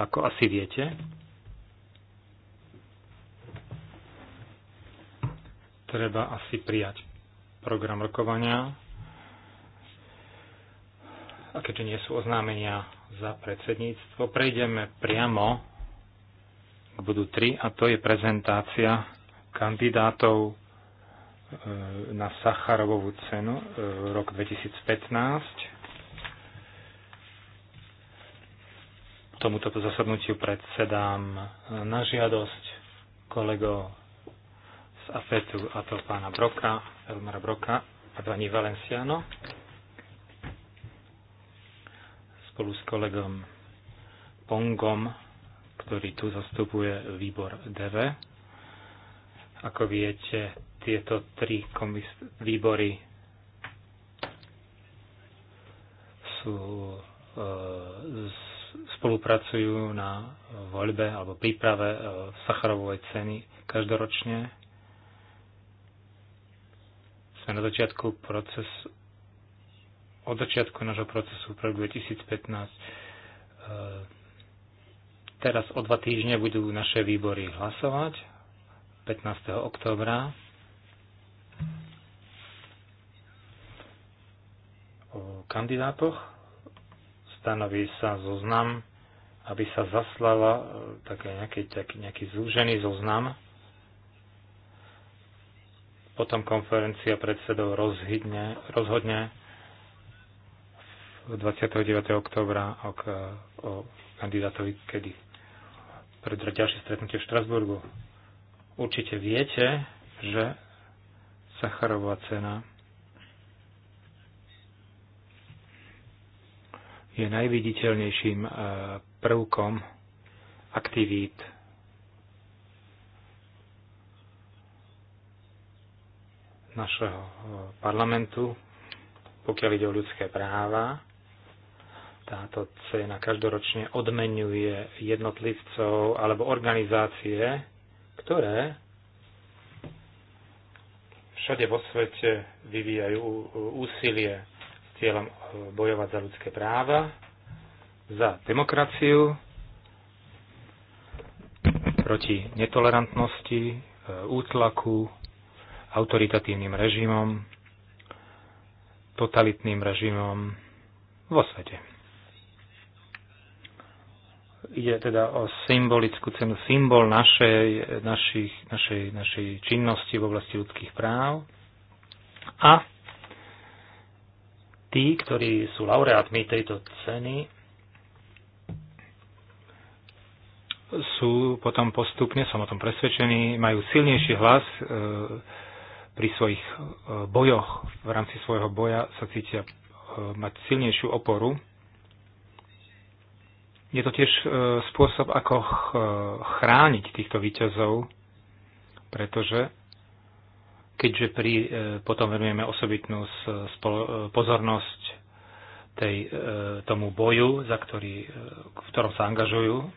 Ako asi viete, treba asi prijať program rokovania. A keďže nie sú oznámenia za predsedníctvo, prejdeme priamo k bodu 3 a to je prezentácia kandidátov e, na Sacharovovú cenu e, rok 2015 tomuto zasadnutiu predsedám na žiadosť kolego z AFETu, a to pána Broka, Elmara Broka a pani Valenciano, spolu s kolegom Pongom, ktorý tu zastupuje výbor DV. Ako viete, tieto tri výbory sú e, spolupracujú na voľbe alebo príprave e, Sacharovej ceny každoročne. Sme na začiatku proces, od začiatku nášho procesu pre 2015. Teraz o dva týždne budú naše výbory hlasovať 15. oktobra. o kandidátoch stanoví sa zoznam, aby sa zaslala e, také nejaký, taký, nejaký zúžený zoznam. Potom konferencia predsedov rozhodne, rozhodne 29. oktobra o, o kandidátovi kedy pre ďalšie stretnutie v Štrasburgu. Určite viete, že Sacharová cena je najviditeľnejším eh, prvkom aktivít našeho eh, parlamentu, pokiaľ ide o ľudské práva. Táto cena každoročne odmenuje jednotlivcov alebo organizácie, ktoré všade vo svete vyvíjajú eh, úsilie cieľom e, bojovať za ľudské práva, za demokraciu, proti netolerantnosti, e, útlaku, autoritatívnym režimom, totalitným režimom vo svete. Ide teda o symbolickú cenu, symbol našej, našich, našej, našej činnosti v oblasti ľudských práv a tí, ktorí sú laureátmi tejto ceny, sú potom postupne, som o tom presvedčený, majú silnejší hlas e, pri svojich e, bojoch, v rámci svojho boja sa cítia e, mať silnejšiu oporu. Je to tiež spôsob, ako chrániť týchto výťazov, pretože keďže pri, e, potom venujeme osobitnú e, pozornosť tej, e, tomu boju, za ktorý, v ktorom sa angažujú.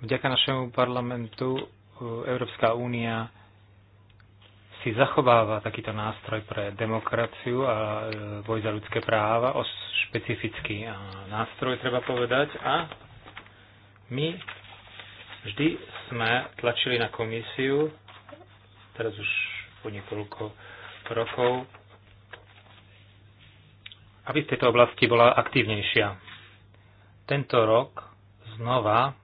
Vďaka našemu parlamentu Európska únia si zachováva takýto nástroj pre demokraciu a boj za ľudské práva, o špecifický nástroj treba povedať a my Vždy sme tlačili na komisiu, teraz už po niekoľko rokov, aby v tejto oblasti bola aktívnejšia. Tento rok znova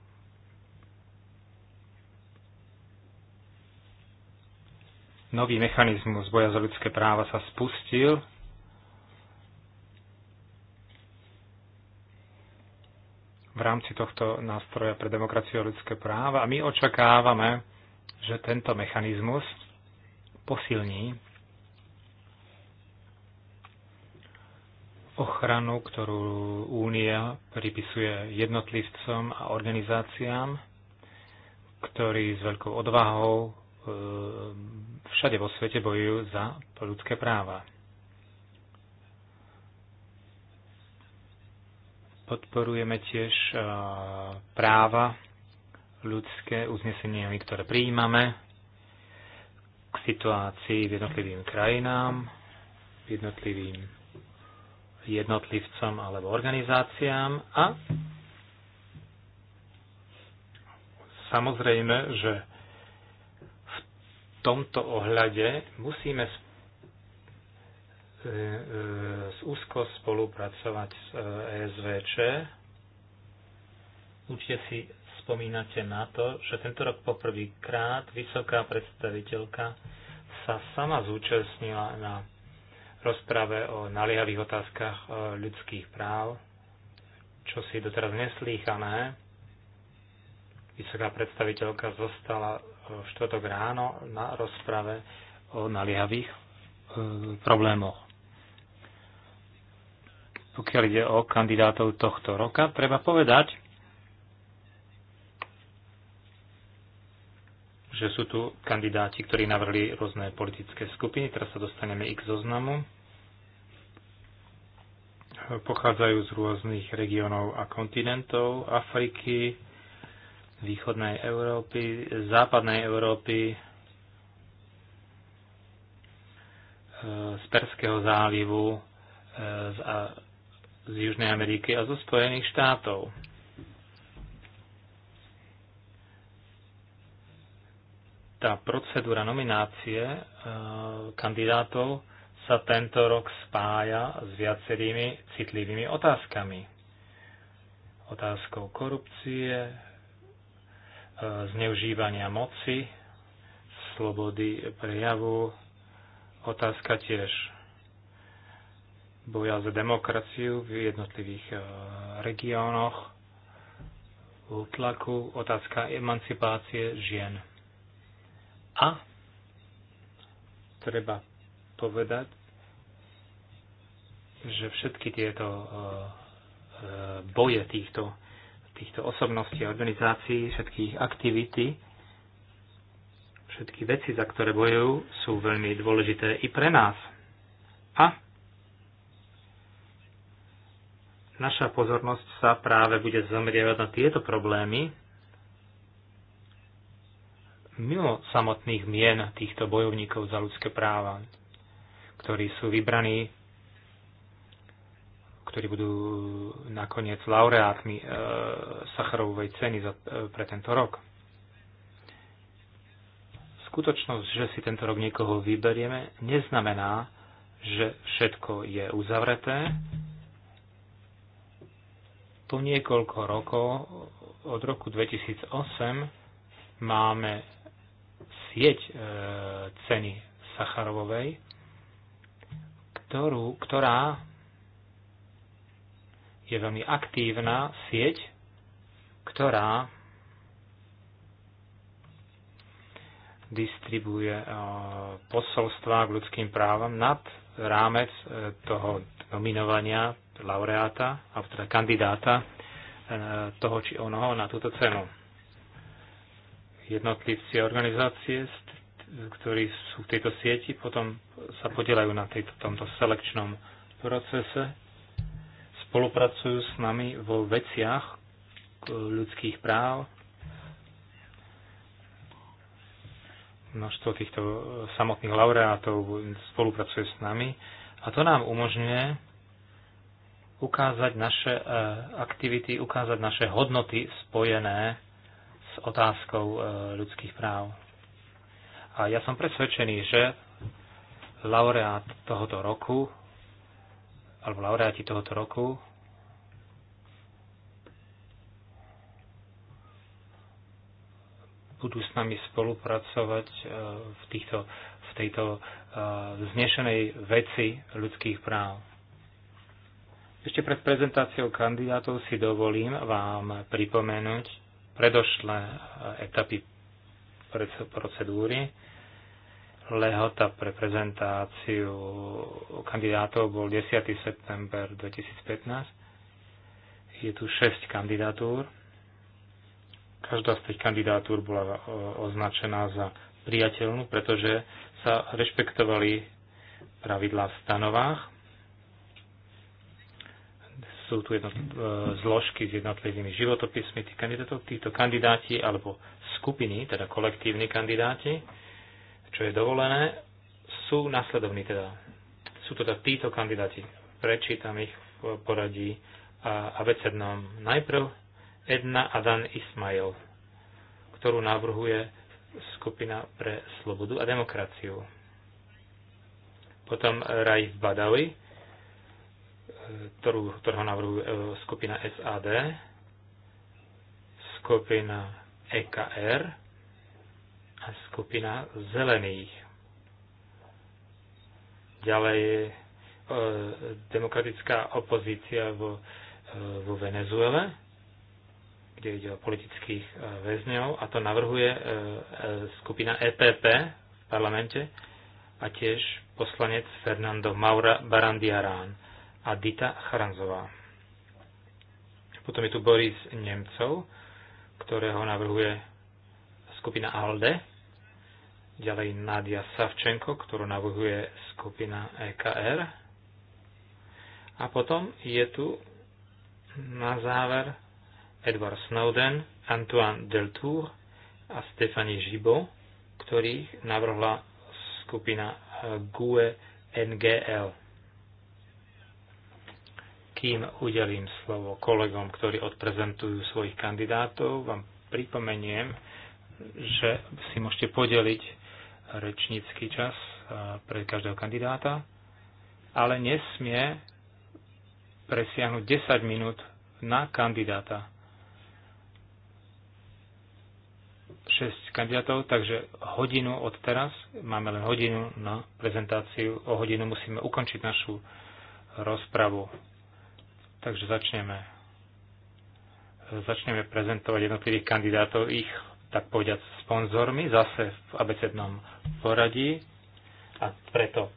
nový mechanizmus boja za ľudské práva sa spustil v rámci tohto nástroja pre demokraciu a ľudské práva a my očakávame, že tento mechanizmus posilní ochranu, ktorú Únia pripisuje jednotlivcom a organizáciám, ktorí s veľkou odvahou e, všade vo svete bojujú za ľudské práva. Podporujeme tiež práva ľudské uzneseniami, ktoré prijímame k situácii v jednotlivým krajinám, jednotlivým jednotlivcom alebo organizáciám a samozrejme, že v tomto ohľade musíme E, e, úzko spolupracovať s ESVČ. E Určite si spomínate na to, že tento rok poprvýkrát vysoká predstaviteľka sa sama zúčastnila na rozprave o naliehavých otázkach ľudských práv, čo si doteraz neslýchané. Vysoká predstaviteľka zostala v štvrtok ráno na rozprave o naliehavých problémoch pokiaľ ide o kandidátov tohto roka, treba povedať, že sú tu kandidáti, ktorí navrhli rôzne politické skupiny. Teraz sa dostaneme ich k zoznamu. Pochádzajú z rôznych regiónov a kontinentov Afriky, východnej Európy, západnej Európy, e, z Perského zálivu, e, z z Južnej Ameriky a zo Spojených štátov. Tá procedúra nominácie e, kandidátov sa tento rok spája s viacerými citlivými otázkami. Otázkou korupcie, e, zneužívania moci, slobody prejavu, otázka tiež boja za demokraciu v jednotlivých e, regiónoch, útlaku, otázka emancipácie žien. A treba povedať, že všetky tieto e, e, boje týchto, týchto osobností a organizácií, všetkých aktivity, všetky veci, za ktoré bojujú, sú veľmi dôležité i pre nás. A naša pozornosť sa práve bude zameriavať na tieto problémy mimo samotných mien týchto bojovníkov za ľudské práva, ktorí sú vybraní, ktorí budú nakoniec laureátmi e, Sacharovej ceny za, e, pre tento rok. Skutočnosť, že si tento rok niekoho vyberieme, neznamená, že všetko je uzavreté, po niekoľko rokov, od roku 2008, máme sieť e, ceny Sacharovovej, ktorú, ktorá je veľmi aktívna sieť, ktorá distribuje e, posolstva k ľudským právam nad rámec e, toho nominovania laureáta, alebo teda kandidáta e, toho či onoho na túto cenu. Jednotlivci organizácie, ktorí sú v tejto sieti, potom sa podielajú na tejto, tomto selekčnom procese, spolupracujú s nami vo veciach ľudských práv, množstvo týchto e, samotných laureátov spolupracuje s nami a to nám umožňuje ukázať naše e, aktivity, ukázať naše hodnoty spojené s otázkou e, ľudských práv. A ja som presvedčený, že laureát tohoto roku, alebo laureáti tohoto roku, budú s nami spolupracovať e, v, týchto, v tejto znešenej veci ľudských práv ešte pred prezentáciou kandidátov si dovolím vám pripomenúť predošlé e, etapy procedúry. Lehota pre prezentáciu kandidátov bol 10. september 2015. Je tu 6 kandidatúr. Každá z tých kandidatúr bola e, označená za priateľnú, pretože sa rešpektovali pravidlá v stanovách sú tu jednot, e, zložky s jednotlivými životopismi tých kandidátov. Títo kandidáti alebo skupiny, teda kolektívni kandidáti, čo je dovolené, sú nasledovní teda. Sú teda títo kandidáti. Prečítam ich v poradí a, a vecednom. Najprv Edna Adan Ismail, ktorú navrhuje skupina pre slobodu a demokraciu. Potom Raif Badawi, ktorú, ktorého navrhuje e, skupina SAD, skupina EKR a skupina Zelených. Ďalej je e, demokratická opozícia vo, e, vo Venezuele, kde ide o politických e, väzňov, a to navrhuje e, e, skupina EPP v parlamente a tiež poslanec Fernando Maura Barandiarán a Dita Charanzová. Potom je tu Boris Nemcov, ktorého navrhuje skupina ALDE. Ďalej Nadia Savčenko, ktorú navrhuje skupina EKR. A potom je tu na záver Edward Snowden, Antoine Deltour a Stephanie Gibault, ktorých navrhla skupina GUE NGL kým udelím slovo kolegom, ktorí odprezentujú svojich kandidátov, vám pripomeniem, že si môžete podeliť rečnícky čas pre každého kandidáta, ale nesmie presiahnuť 10 minút na kandidáta. 6 kandidátov, takže hodinu od teraz, máme len hodinu na prezentáciu, o hodinu musíme ukončiť našu rozpravu. Takže začneme. Začneme prezentovať jednotlivých kandidátov, ich, tak povediať, sponzormi, zase v abecednom poradí. A preto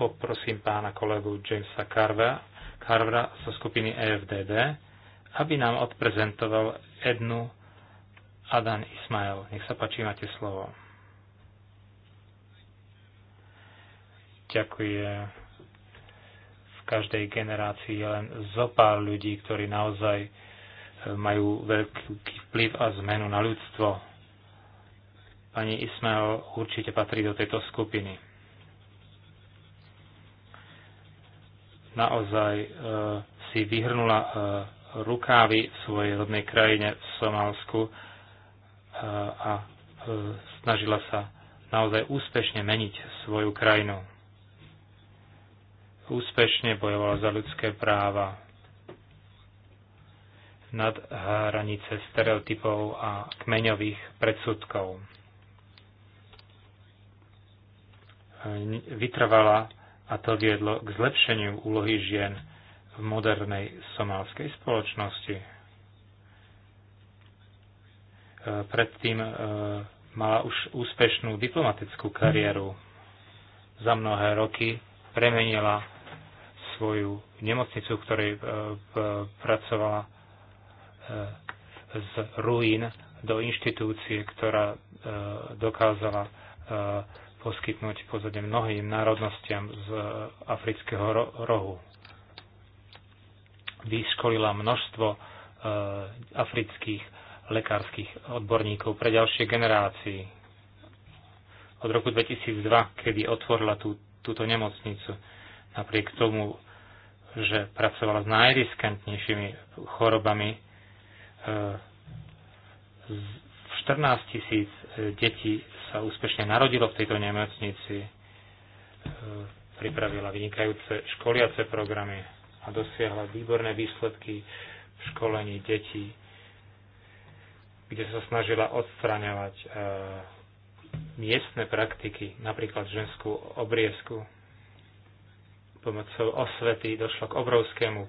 poprosím pána kolegu Jamesa Carvera, Carvera zo skupiny EFDD, aby nám odprezentoval Ednu Adan Ismail. Nech sa páči, máte slovo. Ďakujem každej generácii je len zopár ľudí, ktorí naozaj e, majú veľký vplyv a zmenu na ľudstvo. Pani Ismail určite patrí do tejto skupiny. Naozaj e, si vyhrnula e, rukávy v svojej rodnej krajine v Somálsku e, a e, snažila sa naozaj úspešne meniť svoju krajinu úspešne bojoval za ľudské práva nad hranice stereotypov a kmeňových predsudkov. Vytrvala a to viedlo k zlepšeniu úlohy žien v modernej somálskej spoločnosti. E, predtým e, mala už úspešnú diplomatickú kariéru. Za mnohé roky premenila svoju nemocnicu, v ktorej e, pracovala e, z ruín do inštitúcie, ktorá e, dokázala poskytnúť pozadne mnohým národnostiam z afrického rohu. Vyškolila množstvo afrických lekárskych odborníkov pre ďalšie generácii. Od roku 2002, kedy otvorila tú, túto nemocnicu, napriek tomu že pracovala s najriskantnejšími chorobami. E, v 14 tisíc e, detí sa úspešne narodilo v tejto nemocnici. E, pripravila vynikajúce školiace programy a dosiahla výborné výsledky v školení detí, kde sa snažila odstraňovať miestne praktiky, napríklad ženskú obriezku pomocou osvety došlo k obrovskému e,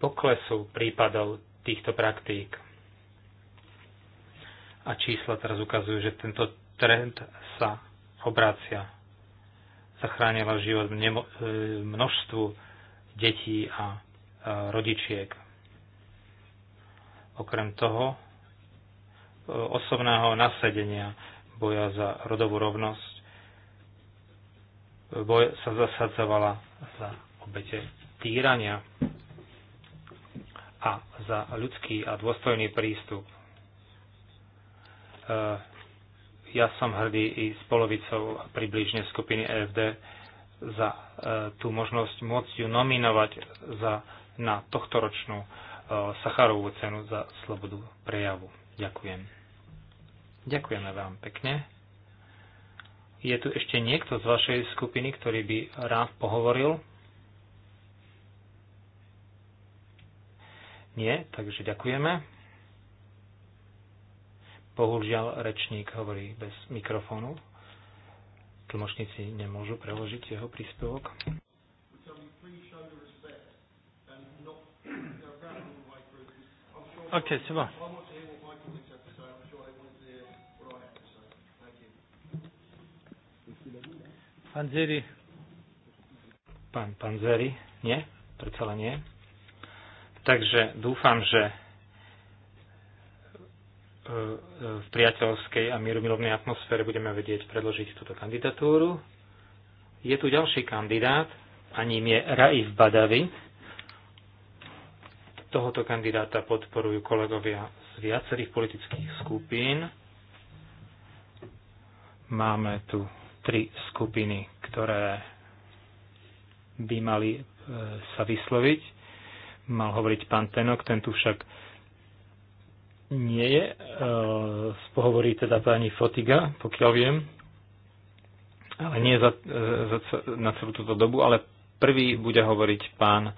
poklesu prípadov týchto praktík. A čísla teraz ukazujú, že tento trend sa obracia. Zachránila život e, množstvu detí a e, rodičiek. Okrem toho osobného nasadenia boja za rodovú rovnosť boj, sa zasadzovala za obete týrania a za ľudský a dôstojný prístup. E, ja som hrdý i s polovicou približne skupiny EFD za e, tú možnosť môcť ju nominovať za, na tohtoročnú e, Sacharovú cenu za slobodu prejavu. Ďakujem. Ďakujeme vám pekne. Je tu ešte niekto z vašej skupiny, ktorý by rád pohovoril? Nie, takže ďakujeme. Bohužiaľ, rečník hovorí bez mikrofónu. Tlmočníci nemôžu preložiť jeho príspevok. OK, Zeri. Pán Panzeri, nie? Predsa len nie. Takže dúfam, že e, e, v priateľskej a mierumilovnej atmosfére budeme vedieť predložiť túto kandidatúru. Je tu ďalší kandidát, a ním je Raif Badavi. Tohoto kandidáta podporujú kolegovia z viacerých politických skupín. Máme tu tri skupiny, ktoré by mali e, sa vysloviť. Mal hovoriť pán Tenok, ten tu však nie je. E, spohovorí teda pani Fotiga, pokiaľ viem. Ale nie za, e, za, na celú túto dobu, ale prvý bude hovoriť pán,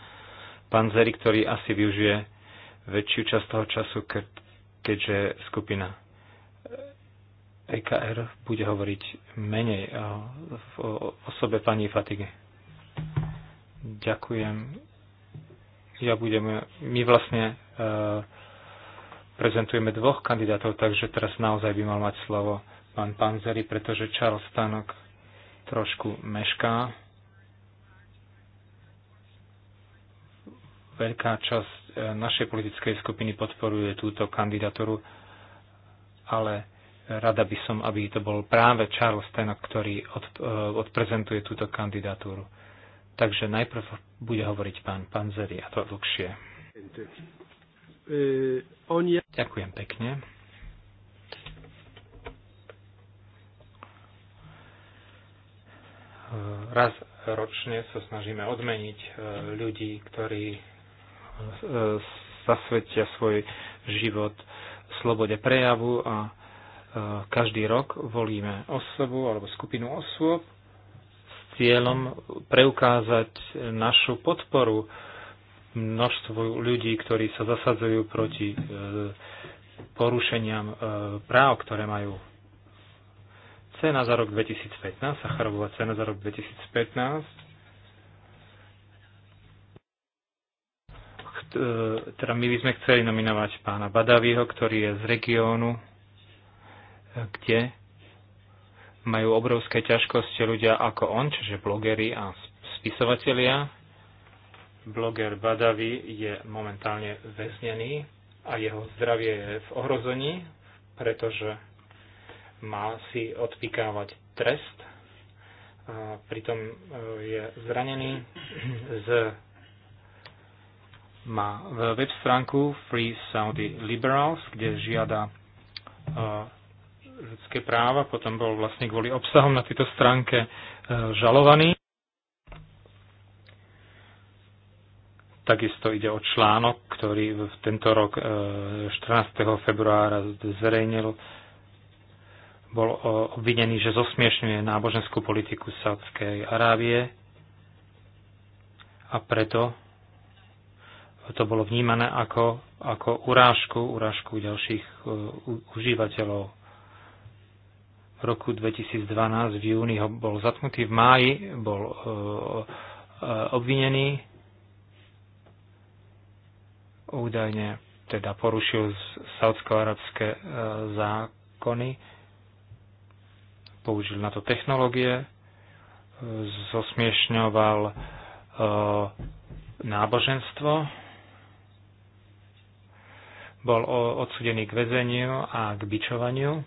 pán Zeri, ktorý asi využije väčšiu časť toho času, keďže skupina EKR bude hovoriť menej v osobe pani Fatige. Ďakujem. Ja budem, my vlastne e, prezentujeme dvoch kandidátov, takže teraz naozaj by mal mať slovo pán Panzeri, pretože Charles Stanok trošku mešká. Veľká časť e, našej politickej skupiny podporuje túto kandidatúru, ale Rada by som, aby to bol práve Charles Tenok, ktorý od, e, odprezentuje túto kandidatúru. Takže najprv bude hovoriť pán Panzeri a to dlhšie. E, Ďakujem pekne. Raz ročne sa snažíme odmeniť e, ľudí, ktorí zasvetia svoj život slobode prejavu a každý rok volíme osobu alebo skupinu osôb s cieľom preukázať našu podporu množstvu ľudí, ktorí sa zasadzujú proti e, porušeniam e, práv, ktoré majú. Cena za rok 2015, Sacharová cena za rok 2015, e, teda my by sme chceli nominovať pána Badavího, ktorý je z regiónu kde majú obrovské ťažkosti ľudia ako on, čiže blogery a spisovatelia. Bloger Badavi je momentálne väznený a jeho zdravie je v ohrození, pretože má si odpikávať trest. A pritom e, je zranený z má e, web stránku Free Saudi Liberals, kde žiada e, ľudské práva, potom bol vlastne kvôli obsahom na tejto stránke e, žalovaný. Takisto ide o článok, ktorý v tento rok 14. E, februára zverejnil. Bol obvinený, že zosmiešňuje náboženskú politiku Sádskej Arábie a preto to bolo vnímané ako, ako urážku, urážku ďalších e, užívateľov roku 2012 v júni ho bol zatknutý, v máji bol e, e obvinený. Údajne teda porušil saudsko-arabské e, zákony, použil na to technológie, e, zosmiešňoval e, náboženstvo, bol odsudený k väzeniu a k bičovaniu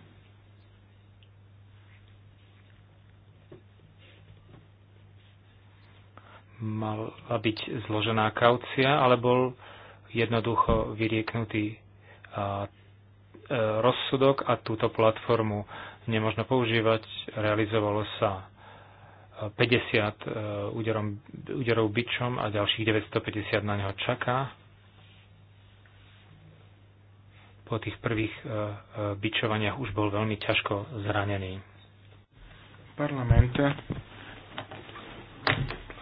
mala byť zložená kaucia, ale bol jednoducho vyrieknutý e, rozsudok a túto platformu nemožno používať. Realizovalo sa 50 e, e, úderom, úderov bičom a ďalších 950 na neho čaká. Po tých prvých bičovaniach už bol veľmi ťažko zranený. Parlament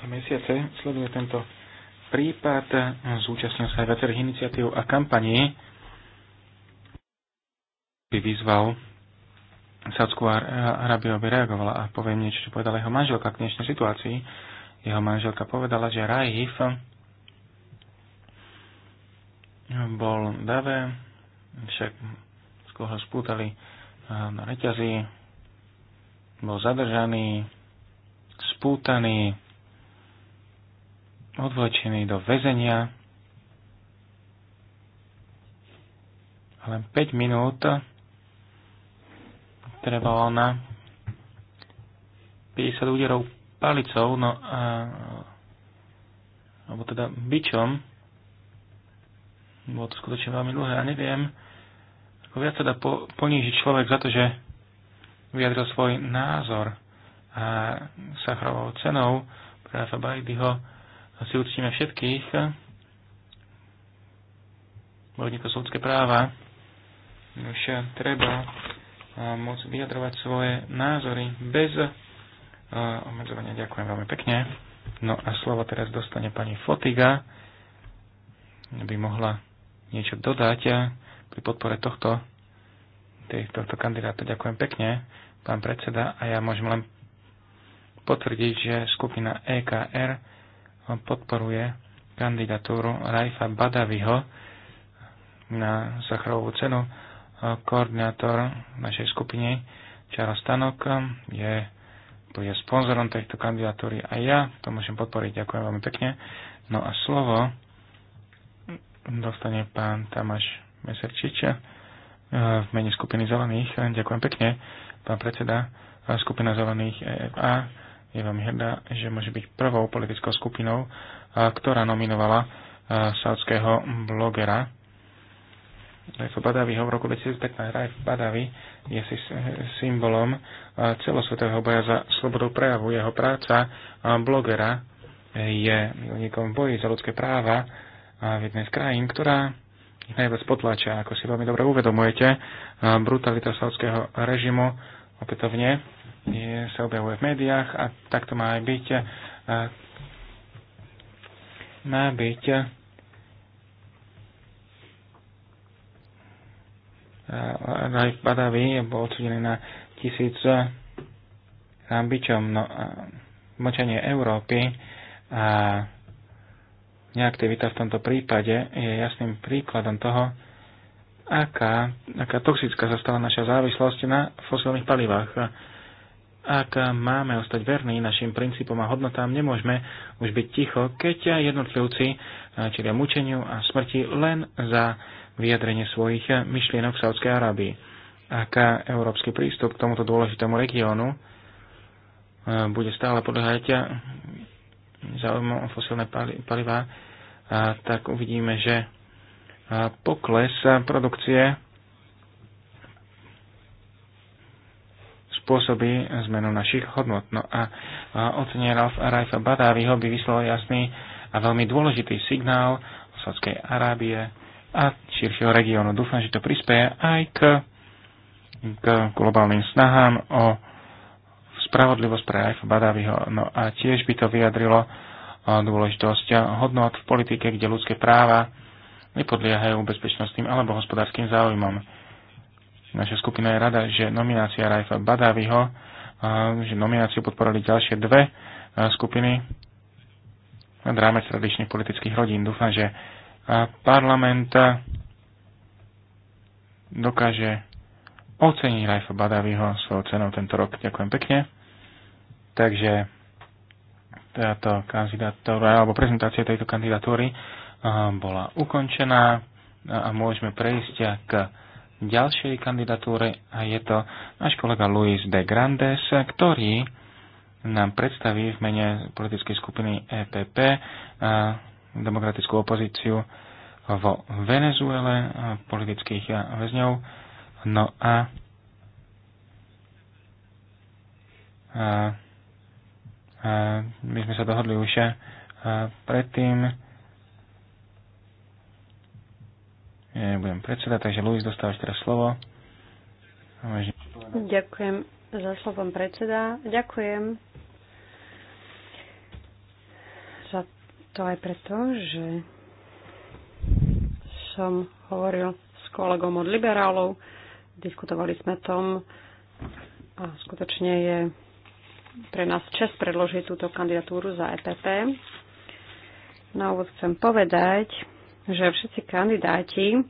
mesiace sleduje tento prípad, zúčastnil sa aj viacerých iniciatív a kampaní, by vyzval Sádskú Arabiu aby reagovala a poviem niečo, čo povedala jeho manželka k dnešnej situácii. Jeho manželka povedala, že Raif bol dave, však skôr koho spútali na reťazi, bol zadržaný, spútaný, odvlečený do väzenia len 5 minút trebalo na 50 úderov palicou, no a alebo teda bičom. Bolo to skutočne veľmi dlhé a neviem, ako viac teda po, ponížiť človek za to, že vyjadril svoj názor a Sacharovou cenou pre Afa Bajdyho si uctíme všetkých bojovníkov ľudské práva. Už treba eh, môcť vyjadrovať svoje názory bez eh, obmedzovania. Ďakujem veľmi pekne. No a slovo teraz dostane pani Fotiga, aby mohla niečo dodať eh, pri podpore tohto, tohto kandidáta. Ďakujem pekne, pán predseda, a ja môžem len potvrdiť, že skupina EKR podporuje kandidatúru Raifa Badaviho na Sacharovú cenu. Koordinátor našej skupiny Čaro Stanok je, je sponzorom tejto kandidatúry a ja to môžem podporiť. Ďakujem veľmi pekne. No a slovo dostane pán Tamáš Meserčič e, v mene skupiny zelených. Ďakujem pekne, pán predseda. Skupina zelených EFA je veľmi hrdá, že môže byť prvou politickou skupinou, ktorá nominovala saudského blogera. Rajf Badavi ho v roku 2015 Rajf Badavi je si symbolom celosvetového boja za slobodu prejavu. Jeho práca blogera je niekom boji za ľudské práva v jednej z krajín, ktorá ich najviac potláča, ako si veľmi dobre uvedomujete, brutalita saudského režimu opätovne je, sa objavuje v médiách a tak to má aj byť. A má byť aj Badavi bol odsudený na tisíc rambičom no, močanie Európy a neaktivita v tomto prípade je jasným príkladom toho, aká, aká toxická sa stala naša závislosť na fosilných palivách ak máme ostať verní našim princípom a hodnotám, nemôžeme už byť ticho, keď jednotlivci eh, čelia mučeniu a smrti len za vyjadrenie svojich eh, myšlienok v Saudskej Arábii. Ak európsky prístup k tomuto dôležitému regiónu eh, bude stále podľahať záujmom o fosilné palivá, tak uvidíme, že pokles produkcie spôsobí zmenu našich hodnot. No a ocenie Ralf Rajfa Badáviho by vyslal jasný a veľmi dôležitý signál o Sádskej Arábie a širšieho regiónu. Dúfam, že to prispieje aj k, k globálnym snahám o spravodlivosť pre Rajfa Badáviho. No a tiež by to vyjadrilo dôležitosť hodnot v politike, kde ľudské práva nepodliehajú bezpečnostným alebo hospodárskym záujmom Naša skupina je rada, že nominácia Rajfa Badaviho, že nomináciu podporili ďalšie dve skupiny v rámec tradičných politických rodín. Dúfam, že parlament dokáže oceniť Rajfa Badaviho svojou cenou tento rok. Ďakujem pekne. Takže táto kandidatúra, alebo prezentácia tejto kandidatúry bola ukončená a môžeme prejsť k ďalšej kandidatúre a je to náš kolega Luis de Grandes, ktorý nám predstaví v mene politickej skupiny EPP a demokratickú opozíciu vo Venezuele politických väzňov. No a, a, a my sme sa dohodli už predtým, ja budem predseda, takže Luis dostávaš teraz slovo. Ďakujem za slovom predseda. Ďakujem za to aj preto, že som hovoril s kolegom od liberálov. Diskutovali sme tom a skutočne je pre nás čest predložiť túto kandidatúru za EPP. Na úvod chcem povedať, že všetci kandidáti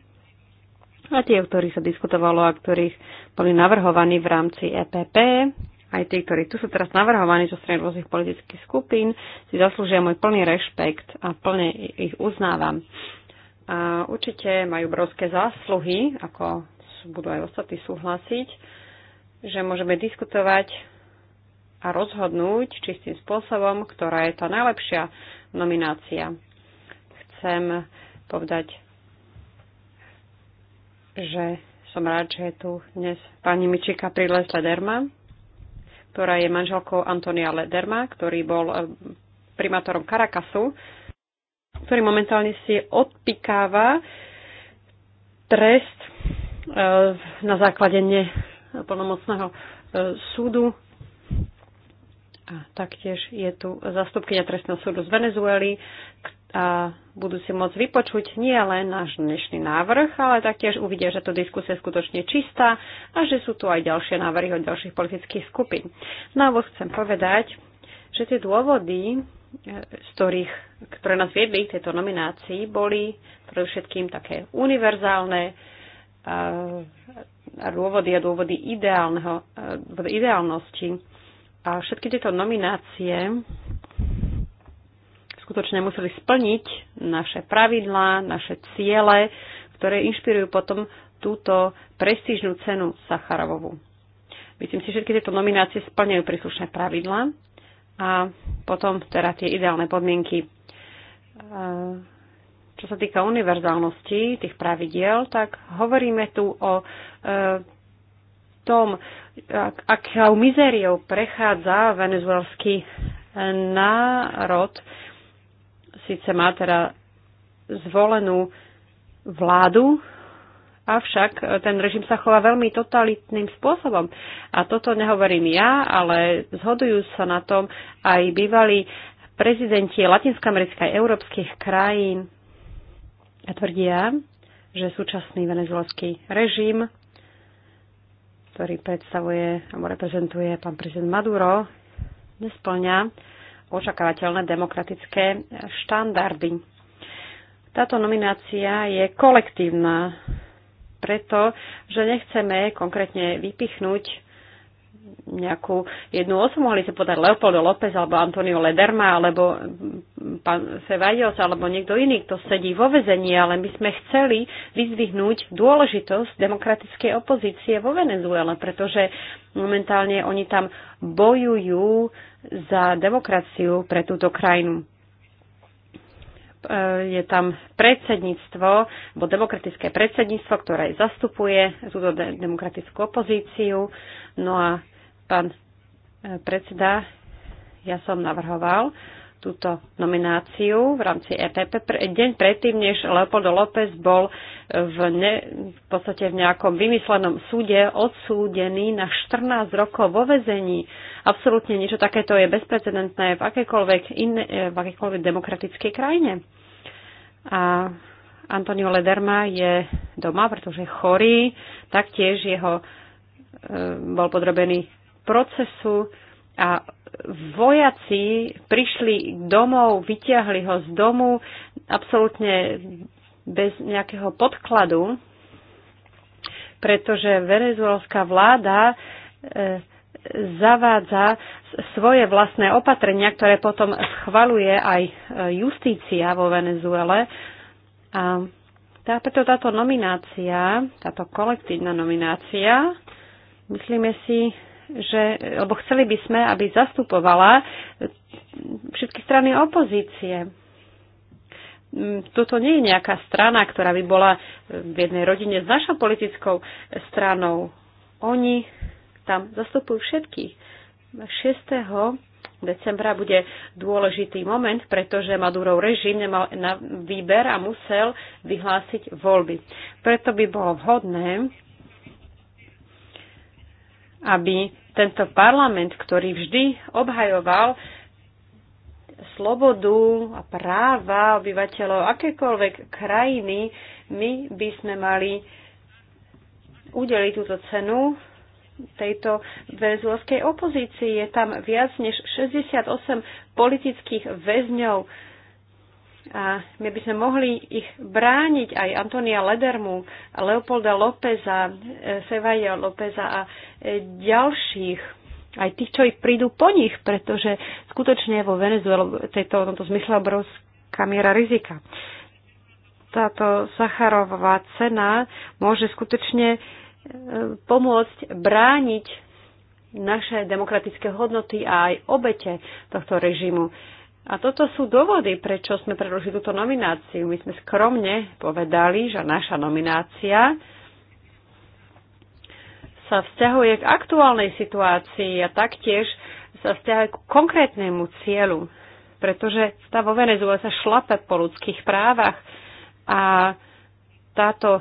a tie, o ktorých sa diskutovalo a ktorých boli navrhovaní v rámci EPP, aj tí, ktorí tu sú teraz navrhovaní zo strany rôznych politických skupín, si zaslúžia môj plný rešpekt a plne ich uznávam. A určite majú obrovské zásluhy, ako budú aj ostatní súhlasiť, že môžeme diskutovať a rozhodnúť čistým spôsobom, ktorá je tá najlepšia nominácia. Chcem povedať, že som rád, že je tu dnes pani Mičika Priles Lederma, ktorá je manželkou Antonia Lederma, ktorý bol eh, primátorom Karakasu, ktorý momentálne si odpikáva trest eh, na základe neplnomocného eh, súdu. A taktiež je tu zastupkynia trestného súdu z Venezuely, a budú si môcť vypočuť nie len náš dnešný návrh, ale taktiež uvidia, že to diskusia je skutočne čistá a že sú tu aj ďalšie návrhy od ďalších politických skupín. Na no, chcem povedať, že tie dôvody, e, z ktorých, ktoré nás viedli k tejto nominácii, boli všetkým také univerzálne e, a dôvody a dôvody ideálneho, e, ideálnosti. A všetky tieto nominácie skutočne museli splniť naše pravidlá, naše ciele, ktoré inšpirujú potom túto prestížnú cenu Sacharovovu. Myslím si, že všetky tieto nominácie splňajú príslušné pravidlá a potom teda tie ideálne podmienky. E, čo sa týka univerzálnosti tých pravidiel, tak hovoríme tu o e, tom, akou mizériou prechádza venezuelský národ síce má teda zvolenú vládu, avšak ten režim sa chová veľmi totalitným spôsobom. A toto nehovorím ja, ale zhodujú sa na tom aj bývalí prezidenti latinskoamerických európskych krajín a tvrdia, že súčasný venezuelský režim, ktorý predstavuje alebo reprezentuje pán prezident Maduro, nesplňa očakávateľné demokratické štandardy. Táto nominácia je kolektívna, preto, že nechceme konkrétne vypichnúť nejakú jednu osobu, mohli sa podať Leopoldo López alebo Antonio Lederma alebo pán Sevajos alebo niekto iný, kto sedí vo vezení, ale my sme chceli vyzvihnúť dôležitosť demokratickej opozície vo Venezuele, pretože momentálne oni tam bojujú za demokraciu pre túto krajinu je tam predsedníctvo, alebo demokratické predsedníctvo, ktoré zastupuje túto demokratickú opozíciu. No a Pán e, predseda, ja som navrhoval túto nomináciu v rámci EPP deň predtým, než Leopoldo López bol v, ne, v podstate v nejakom vymyslenom súde odsúdený na 14 rokov vo vezení. Absolútne niečo takéto je bezprecedentné v akékoľvek, iné, e, v akékoľvek demokratickej krajine. A Antonio Lederma je doma, pretože chorý, taktiež jeho e, bol podrobený procesu a vojaci prišli domov, vyťahli ho z domu absolútne bez nejakého podkladu, pretože venezuelská vláda e, zavádza svoje vlastné opatrenia, ktoré potom schvaluje aj e, justícia vo Venezuele. A tá, preto táto nominácia, táto kolektívna nominácia, myslíme si, že, lebo chceli by sme, aby zastupovala všetky strany opozície. Mm, toto nie je nejaká strana, ktorá by bola e, v jednej rodine s našou politickou stranou. Oni tam zastupujú všetkých. 6. decembra bude dôležitý moment, pretože Madurov režim nemal na výber a musel vyhlásiť voľby. Preto by bolo vhodné, aby tento parlament, ktorý vždy obhajoval slobodu a práva obyvateľov akékoľvek krajiny, my by sme mali udeliť túto cenu tejto venezuelskej opozícii. Je tam viac než 68 politických väzňov, a my by sme mohli ich brániť aj Antonia Ledermu, Leopolda Lópeza, eh, Sevaja Lópeza a eh, ďalších, aj tých, čo ich prídu po nich, pretože skutočne vo Venezuele tejto, tomto zmysle obrovská miera rizika. Táto Sacharová cena môže skutočne eh, pomôcť brániť naše demokratické hodnoty a aj obete tohto režimu. A toto sú dôvody, prečo sme predložili túto nomináciu. My sme skromne povedali, že naša nominácia sa vzťahuje k aktuálnej situácii a taktiež sa vzťahuje k konkrétnemu cieľu, pretože stav vo Venezuele sa šlape po ľudských právach a táto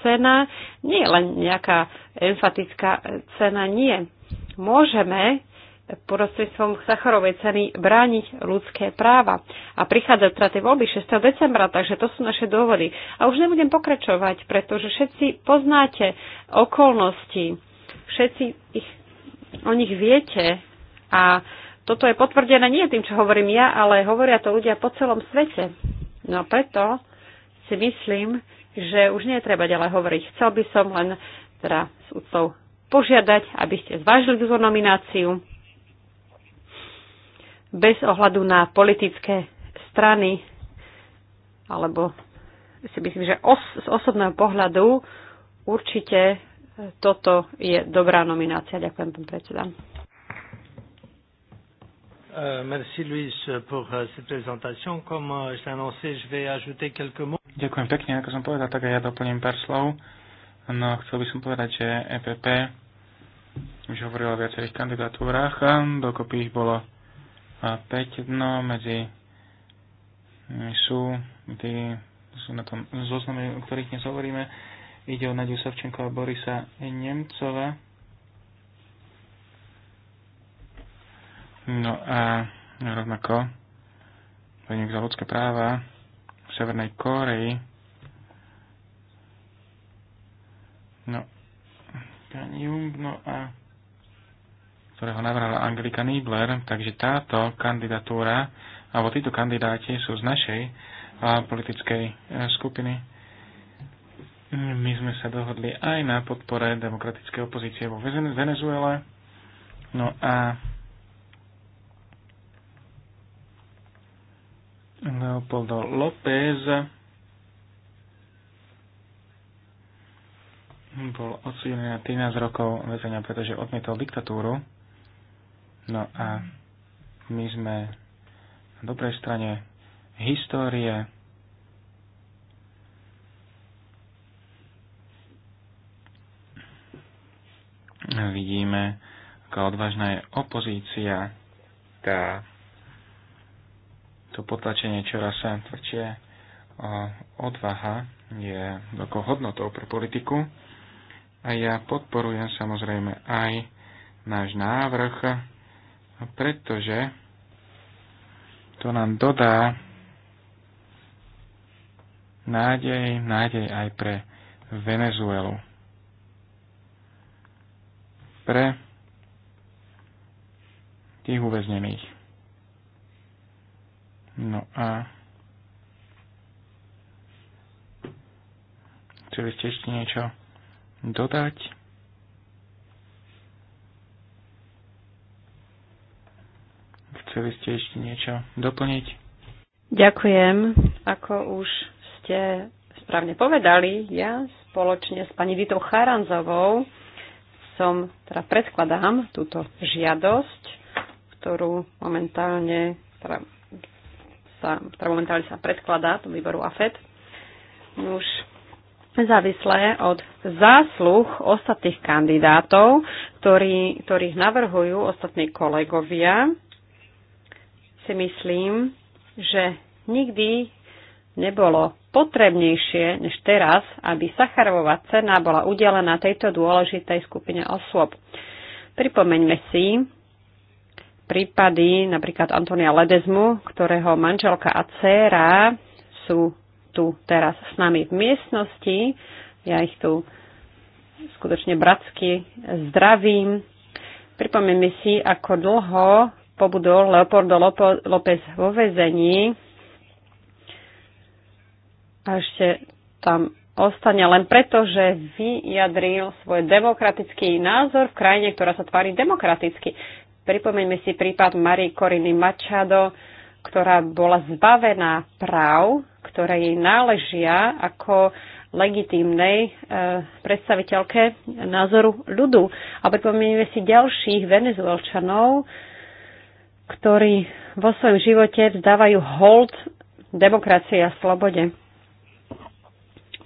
cena nie je len nejaká enfatická cena, nie. Môžeme prostredstvom Sacharovej ceny brániť ľudské práva. A prichádzajú teda tie voľby 6. decembra, takže to sú naše dôvody. A už nebudem pokračovať, pretože všetci poznáte okolnosti, všetci ich, o nich viete a toto je potvrdené nie tým, čo hovorím ja, ale hovoria to ľudia po celom svete. No a preto si myslím, že už nie je treba ďalej hovoriť. Chcel by som len teda s úctou požiadať, aby ste zvážili túto nomináciu bez ohľadu na politické strany, alebo si myslím, že os- z osobného pohľadu určite e, toto je dobrá nominácia. Ďakujem, pán predseda. Euh, euh, euh, Ďakujem pekne, ako som povedal, tak aj ja doplním pár slov. No, chcel by som povedať, že EPP už hovorila o viacerých kandidatúrach dokopy ich bolo a 5, dno medzi mm, sú tí, sú na tom zozname, o ktorých dnes hovoríme. Ide o Nadiu Savčenko a Borisa Nemcova. No a rovnako bojník za ľudské práva v Severnej Koreji. No, Jung, no a ktorého navrhla Angelika Niebler, takže táto kandidatúra, alebo títo kandidáti sú z našej politickej e, skupiny. My sme sa dohodli aj na podpore demokratickej opozície vo Venezuele. No a Leopoldo López bol odsúdený na 13 rokov väzenia, pretože odmietol diktatúru. No a my sme na dobrej strane histórie. Vidíme, aká odvážna je opozícia, tá to potlačenie čoraz sa tvrdšie odvaha je veľkou hodnotou pre politiku a ja podporujem samozrejme aj náš návrh pretože to nám dodá nádej, nádej aj pre Venezuelu. Pre tých uväznených. No a chceli ste ešte niečo dodať? chceli ste ešte niečo doplniť? Ďakujem. Ako už ste správne povedali, ja spoločne s pani Ditou Charanzovou som, teda predkladám túto žiadosť, ktorú momentálne, teda sa, teda momentálne sa predkladá do výboru AFED. Už závislé od zásluh ostatných kandidátov, ktorí, ktorých navrhujú ostatní kolegovia, si myslím, že nikdy nebolo potrebnejšie než teraz, aby Sacharová cena bola udelená tejto dôležitej skupine osôb. Pripomeňme si prípady napríklad Antonia Ledezmu, ktorého manželka a dcéra sú tu teraz s nami v miestnosti. Ja ich tu skutočne bratsky zdravím. Pripomeňme si, ako dlho pobudol Leopoldo López vo vezení a ešte tam ostane len preto, že vyjadril svoj demokratický názor v krajine, ktorá sa tvári demokraticky. Pripomeňme si prípad Marie Koriny Machado, ktorá bola zbavená práv, ktoré jej náležia ako legitímnej e, predstaviteľke názoru ľudu. A pripomeňme si ďalších venezuelčanov, ktorí vo svojom živote vzdávajú hold demokracie a slobode.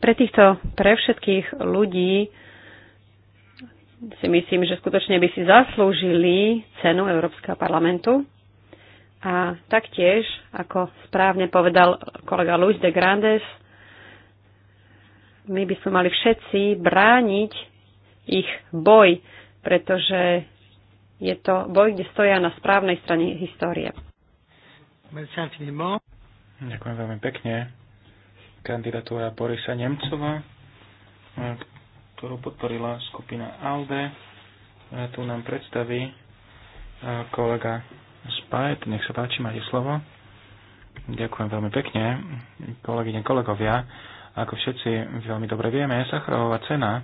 Pre týchto, pre všetkých ľudí si myslím, že skutočne by si zaslúžili cenu Európskeho parlamentu. A taktiež, ako správne povedal kolega Luis de Grandes, my by sme mali všetci brániť ich boj, pretože je to boj, kde stoja na správnej strane histórie. Ďakujem veľmi pekne. Kandidatúra Borisa Nemcova, e, ktorú podporila skupina ALDE. E, tu nám predstaví e, kolega Spajet. Nech sa páči, máte slovo. Ďakujem veľmi pekne, kolegyne, kolegovia. Ako všetci veľmi dobre vieme, Sacharová cena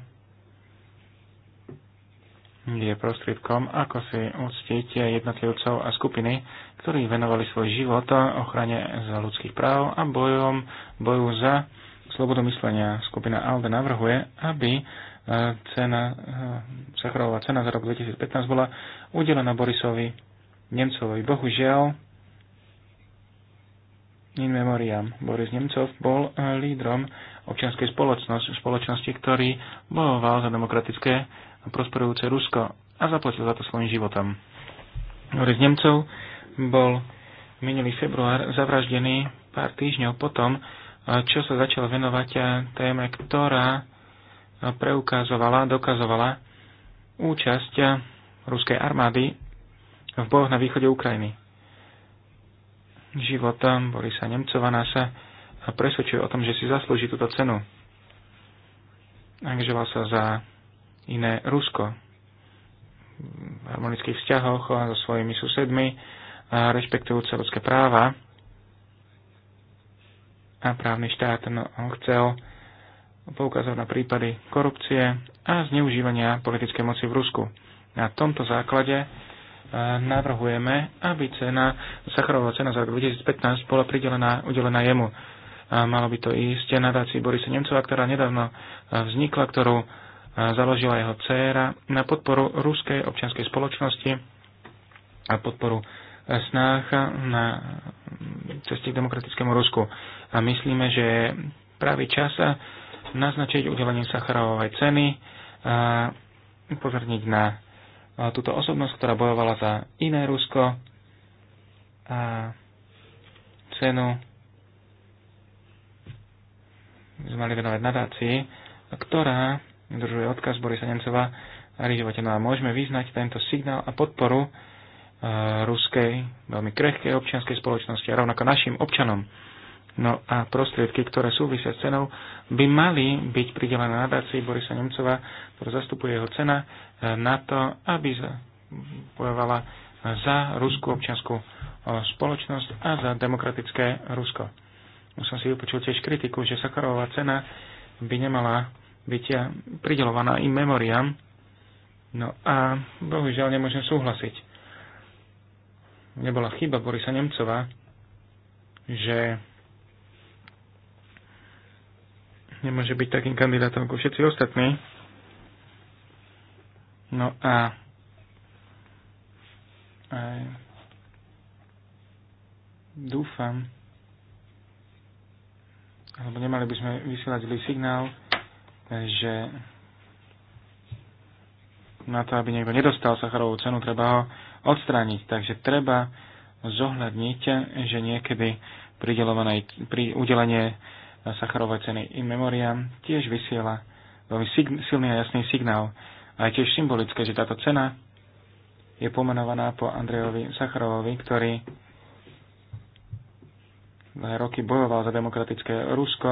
je prostriedkom, ako si uctiť jednotlivcov a skupiny, ktorí venovali svoj život ochrane za ľudských práv a bojom, boju za slobodu myslenia. Skupina ALDE navrhuje, aby e, cena, e, Sacharová cena za rok 2015 bola udelená Borisovi Nemcovi. Bohužiaľ, in memoriam, Boris Nemcov bol e, lídrom občianskej spoločnosti, spoločnosti, ktorý bojoval za demokratické prosperujúce Rusko a zaplatil za to svojim životom. Ktorý z Nemcov bol minulý február zavraždený pár týždňov potom, čo sa začala venovať téme, ktorá preukázovala, dokazovala účasť ruskej armády v bohoch na východe Ukrajiny. Život Borisa Nemcova nás presvedčuje o tom, že si zaslúži túto cenu. Angažoval sa za iné Rusko v harmonických vzťahoch so svojimi susedmi, a rešpektujúce ľudské práva a právny štát. No, on chcel poukázať na prípady korupcie a zneužívania politickej moci v Rusku. Na tomto základe e, navrhujeme, aby cena, Sacharová cena za rok 2015 bola pridelená, udelená jemu. A malo by to ísť nadácii Borisa Nemcova, ktorá nedávno e, vznikla, ktorú založila jeho dcéra na podporu ruskej občianskej spoločnosti a podporu snách na ceste k demokratickému Rusku. A myslíme, že je pravý čas naznačiť udelenie Sacharovej ceny a upozorniť na túto osobnosť, ktorá bojovala za iné Rusko a cenu sme mali venovať nadácii, ktorá udržuje odkaz Borisa Nemcova realizovať. No a môžeme vyznať tento signál a podporu e, ruskej, veľmi krehkej občianskej spoločnosti a rovnako našim občanom. No a prostriedky, ktoré súvisia s cenou, by mali byť pridelené nadácii Borisa Nemcova, ktorú zastupuje jeho cena, e, na to, aby bojovala za ruskú občianskú e, spoločnosť a za demokratické Rusko. Už som si vypočul tiež kritiku, že Sakarová cena by nemala byť pridelovaná im memoriam. No a bohužiaľ nemôžem súhlasiť. Nebola chyba Borisa Nemcova, že nemôže byť takým kandidátom ako všetci ostatní. No a aj dúfam, alebo nemali by sme vysielať zlý signál, že na to, aby niekto nedostal Sacharovú cenu, treba ho odstrániť. Takže treba zohľadniť, že niekedy pri udelenie Sacharovej ceny in memoriam tiež vysiela veľmi silný a jasný signál. A je tiež symbolické, že táto cena je pomenovaná po Andrejovi Sacharovovi, ktorý dlhé roky bojoval za demokratické Rusko,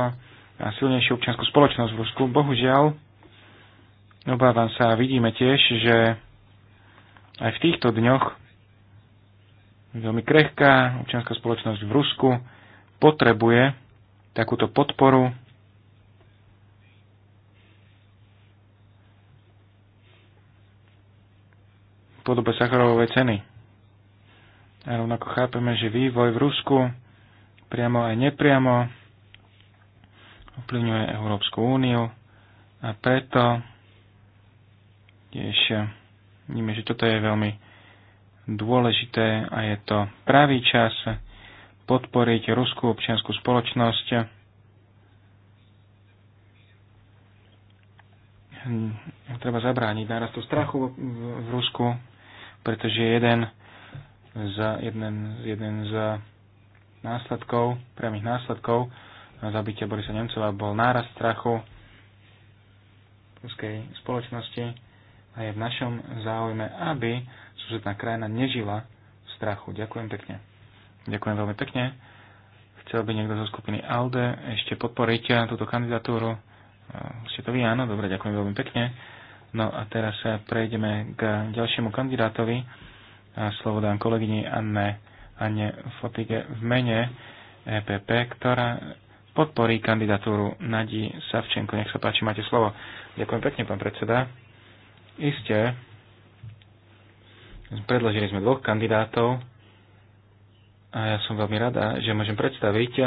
a silnejšiu občianskú spoločnosť v Rusku. Bohužiaľ, obávam sa a vidíme tiež, že aj v týchto dňoch veľmi krehká občianská spoločnosť v Rusku potrebuje takúto podporu v podobe Sacharovovej ceny. A rovnako chápeme, že vývoj v Rusku priamo aj nepriamo ovplyvňuje Európsku úniu a preto tiež vidíme, že toto je veľmi dôležité a je to pravý čas podporiť ruskú občianskú spoločnosť. Hm, treba zabrániť nárastu strachu v Rusku, pretože jeden z, jeden, jeden z následkov, priamých následkov zabitia Borisa Nemcova bol náraz strachu ruskej spoločnosti a je v našom záujme, aby súžetná krajina nežila v strachu. Ďakujem pekne. Ďakujem veľmi pekne. Chcel by niekto zo skupiny ALDE ešte podporiť túto kandidatúru. Eh, ste to vy, áno? Dobre, ďakujem veľmi pekne. No a teraz prejdeme k ďalšiemu kandidátovi. A slovo dám kolegyni Anne, Anne Fotige v mene EPP, ktorá podporí kandidatúru Nadi Savčenko. Nech sa páči, máte slovo. Ďakujem pekne, pán predseda. Isté, predložili sme dvoch kandidátov a ja som veľmi rada, že môžem predstaviť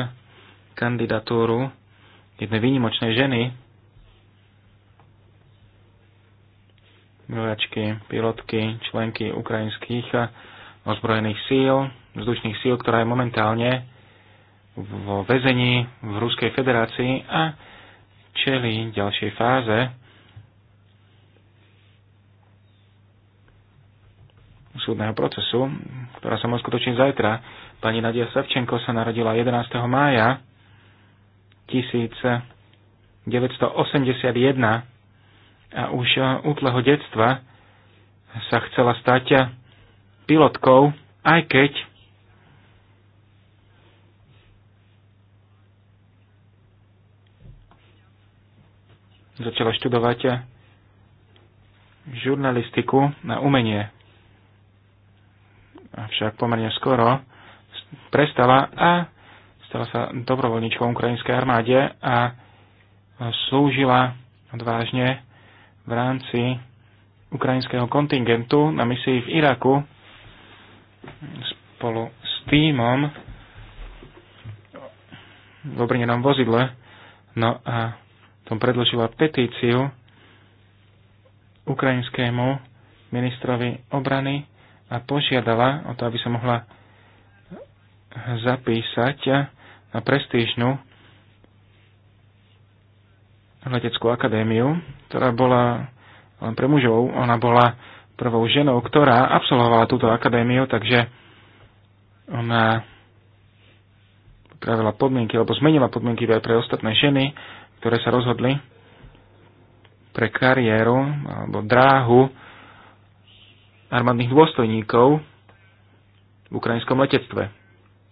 kandidatúru jednej výnimočnej ženy, vojačky, pilotky, členky ukrajinských ozbrojených síl, vzdušných síl, ktorá je momentálne vo väzení v Ruskej federácii a čeli ďalšej fáze súdneho procesu, ktorá sa môže skutočne zajtra. Pani Nadia Savčenko sa narodila 11. mája 1981 a už útleho detstva sa chcela stať pilotkou, aj keď začala študovať žurnalistiku na umenie. Avšak pomerne skoro prestala a stala sa dobrovoľničkou ukrajinskej armáde a slúžila odvážne v rámci ukrajinského kontingentu na misii v Iraku spolu s týmom v obrnenom vozidle. No a tom predložila petíciu ukrajinskému ministrovi obrany a požiadala o to, aby sa mohla zapísať na prestížnu leteckú akadémiu, ktorá bola len pre mužov. Ona bola prvou ženou, ktorá absolvovala túto akadémiu, takže ona pripravila podmienky, alebo zmenila podmienky aj pre ostatné ženy ktoré sa rozhodli pre kariéru alebo dráhu armádnych dôstojníkov v ukrajinskom letectve.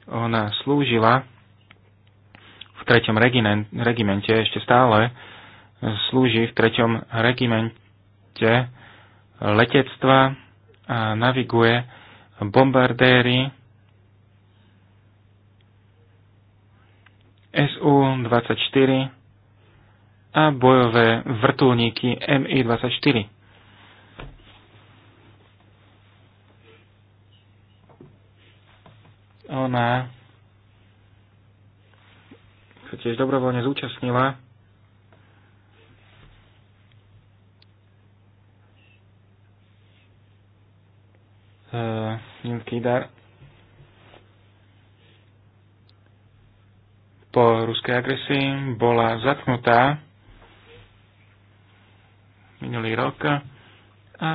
Ona slúžila v 3. regimente, ešte stále slúži v 3. regimente letectva a naviguje bombardéry SU-24 a bojové vrtulníky MI-24. Ona sa tiež dobrovoľne zúčastnila Jim e, dar po ruskej agresii bola zatknutá minulý rok a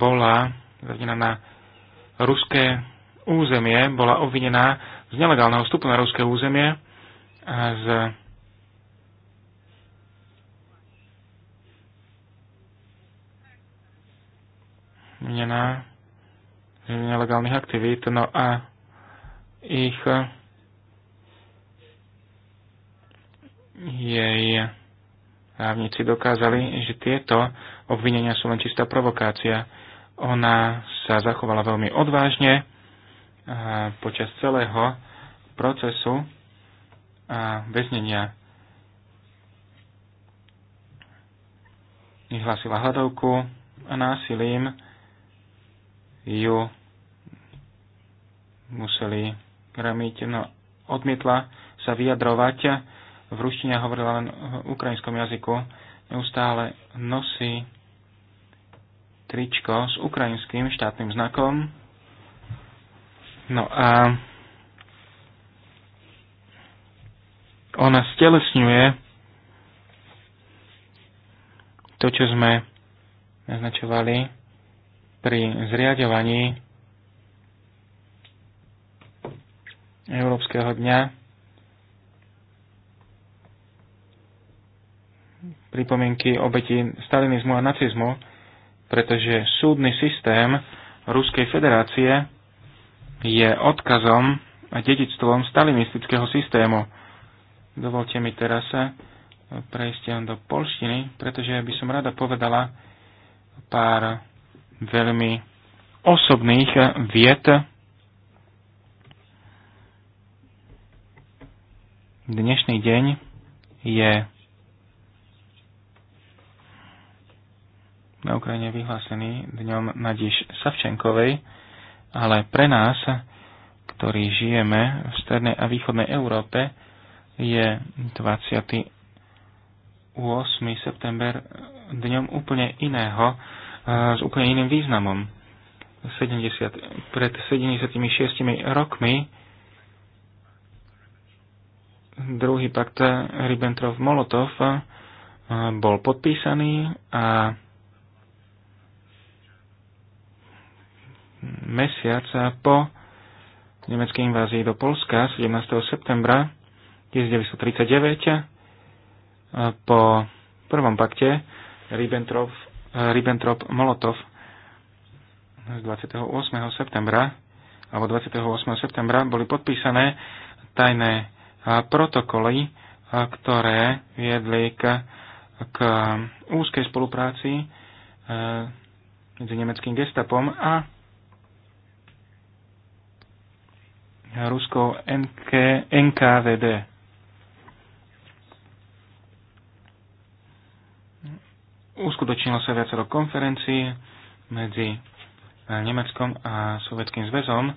bola zradená na ruské územie, bola obvinená z nelegálneho vstupu na ruské územie a z obvinená z nelegálnych aktivít. No a ich jej právnici dokázali, že tieto obvinenia sú len čistá provokácia. Ona sa zachovala veľmi odvážne a počas celého procesu a väznenia vyhlásila hľadovku a násilím ju museli ramiť, no odmietla sa vyjadrovať v ruštine hovorila len v ukrajinskom jazyku, neustále nosí tričko s ukrajinským štátnym znakom. No a ona stelesňuje to, čo sme naznačovali pri zriadovaní Európskeho dňa pripomienky obeti stalinizmu a nacizmu, pretože súdny systém Ruskej federácie je odkazom a dedictvom stalinistického systému. Dovolte mi teraz prejsť do polštiny, pretože by som rada povedala pár veľmi osobných viet. Dnešný deň je na Ukrajine vyhlásený dňom Nadiš Savčenkovej, ale pre nás, ktorí žijeme v strednej a východnej Európe, je 28. september dňom úplne iného, eh, s úplne iným významom. 70, pred 76 rokmi druhý pakt Ribbentrop-Molotov eh, bol podpísaný a mesiac po nemeckej invázii do Polska 17. septembra 1939 po prvom pakte Ribbentrop-Molotov z 28. septembra alebo 28. septembra boli podpísané tajné protokoly, ktoré viedli k, k úzkej spolupráci medzi nemeckým gestapom a ruskou NK, NKVD. Uskutočnilo sa viacero konferencií medzi eh, Nemeckom a Sovjetským zväzom,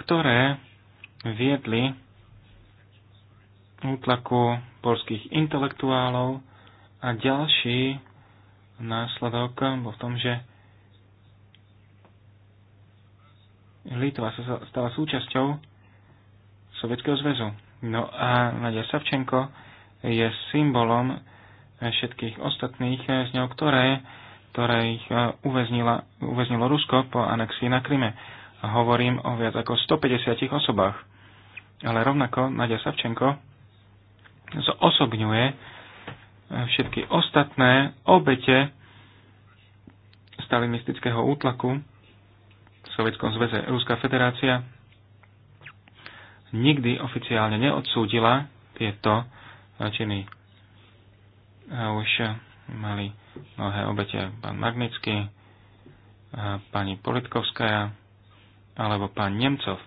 ktoré viedli útlaku polských intelektuálov a ďalší následok bol v tom, že Litva sa stala súčasťou Sovietskeho zväzu. No a Nadia Savčenko je symbolom všetkých ostatných z ňou, ktoré, ktoré ich e, uväznila, uväznilo Rusko po anexii na Kryme. Hovorím o viac ako 150 osobách. Ale rovnako Nadia Savčenko zosobňuje e, všetky ostatné obete stalinistického útlaku v Sovjetskom zväze Ruská federácia nikdy oficiálne neodsúdila tieto činy. A už mali mnohé obete pán Magnický, pani Politkovská alebo pán Nemcov.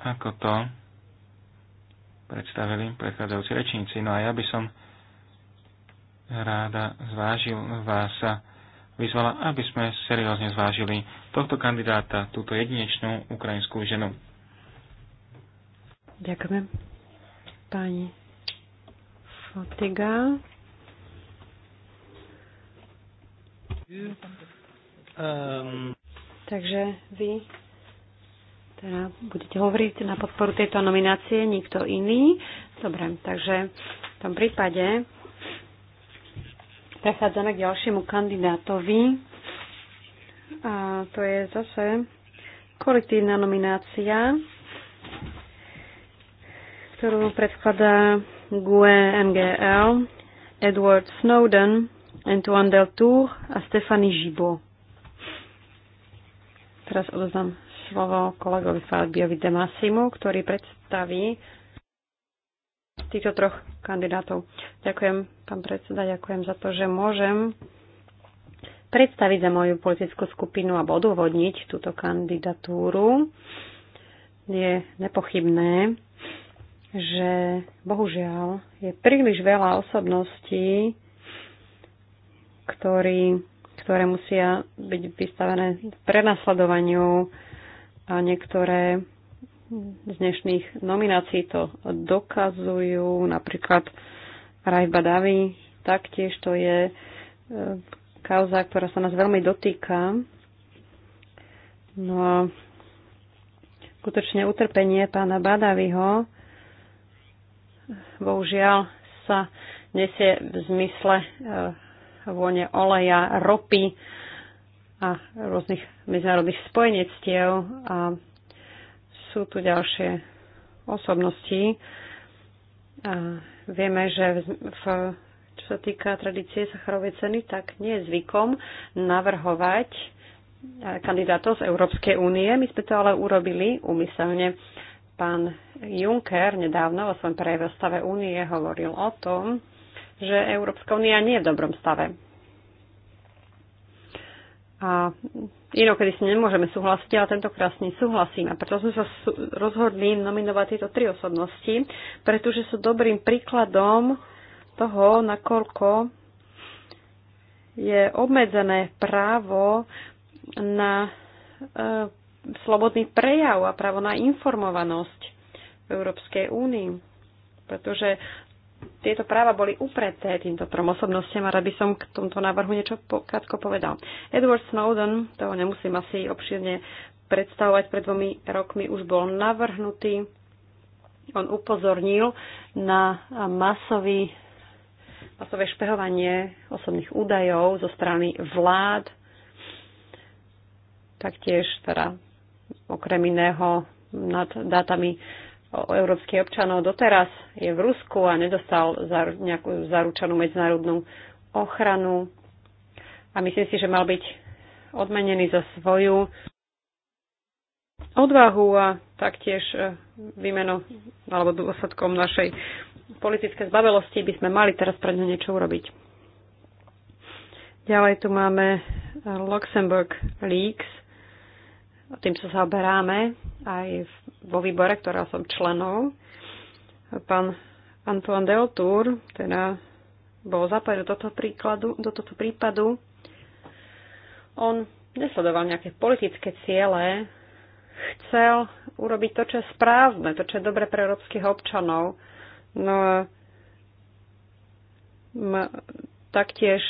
Ako to predstavili predchádzajúci rečníci. No a ja by som ráda zvážil vás a vyzvala, aby sme seriózne zvážili tohto kandidáta, túto jedinečnú ukrajinskú ženu. Ďakujeme. Pani Fotiga. Um. Takže vy teda budete hovoriť na podporu tejto nominácie, nikto iný. Dobre, takže v tom prípade prechádzame k ďalšiemu kandidátovi. A to je zase kolektívna nominácia ktorú predkladá GUE NGL, Edward Snowden, Antoine Deltour a Stefany Žibo. Teraz odoznam slovo kolegovi Fabiovi Demasimu, ktorý predstaví týchto troch kandidátov. Ďakujem, pán predseda, ďakujem za to, že môžem predstaviť za moju politickú skupinu a odôvodniť túto kandidatúru. Je nepochybné, že bohužiaľ je príliš veľa osobností, ktorý, ktoré musia byť vystavené prenasledovaniu a niektoré z dnešných nominácií to dokazujú, napríklad Raif Badavi, taktiež to je e, kauza, ktorá sa nás veľmi dotýka. No a skutočne utrpenie pána Badaviho bohužiaľ sa nesie v zmysle e, vône oleja, ropy a rôznych medzinárodných spojenectiev a sú tu ďalšie osobnosti. A vieme, že v, v, čo sa týka tradície Sacharovej ceny, tak nie je zvykom navrhovať e, kandidátov z Európskej únie. My sme to ale urobili úmyselne. Pán Juncker nedávno vo svojom prejave o stave únie hovoril o tom, že Európska únia nie je v dobrom stave. A inokedy si nemôžeme súhlasiť, ale tento krásny súhlasím. A preto sme sa rozhodli nominovať tieto tri osobnosti, pretože sú dobrým príkladom toho, nakoľko je obmedzené právo na e, slobodný prejav a právo na informovanosť v Európskej únii. Pretože tieto práva boli upreté týmto trom osobnostiam a rád by som k tomto návrhu niečo po, krátko povedal. Edward Snowden, toho nemusím asi obširne predstavovať, pred dvomi rokmi už bol navrhnutý. On upozornil na masový, masové špehovanie osobných údajov zo strany vlád, taktiež teda okrem iného nad dátami európskych občanov doteraz je v Rusku a nedostal nejakú zaručenú medzinárodnú ochranu. A myslím si, že mal byť odmenený za svoju odvahu a taktiež e, výmenu alebo dôsledkom našej politické zbavelosti by sme mali teraz pre ňu niečo urobiť. Ďalej tu máme Luxemburg Leaks. Tým sa zaoberáme aj vo výbore, ktorá som členov. Pán Antoine Deltour, teda bol zapojený do tohto, príkladu, do tohto prípadu. On nesledoval nejaké politické ciele, chcel urobiť to, čo je správne, to, čo je dobre pre európskych občanov. No m, taktiež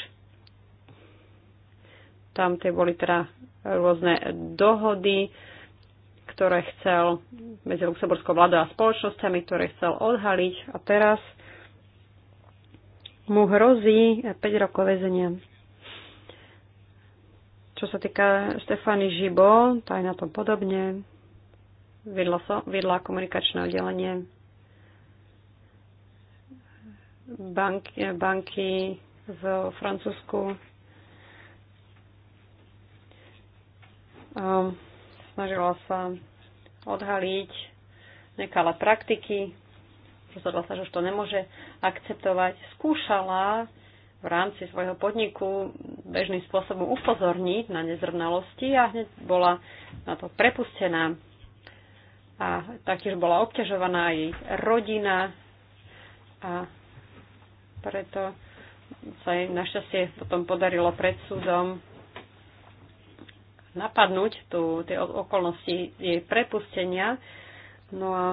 tam tie boli teda rôzne dohody, ktoré chcel medzi luxemburskou vládou a spoločnosťami, ktoré chcel odhaliť a teraz mu hrozí 5 rokov väzenia. Čo sa týka Štefany Žibo, tá je na tom podobne. Vidla, so, vidla komunikačné oddelenie banky, banky v Francúzsku Ehm, snažila sa odhaliť nekalé praktiky, rozhodla sa, že už to nemôže akceptovať. Skúšala v rámci svojho podniku bežným spôsobom upozorniť na nezrovnalosti a hneď bola na to prepustená. A taktiež bola obťažovaná jej rodina a preto sa jej našťastie potom podarilo pred súdom napadnúť tu, tie okolnosti jej prepustenia. No a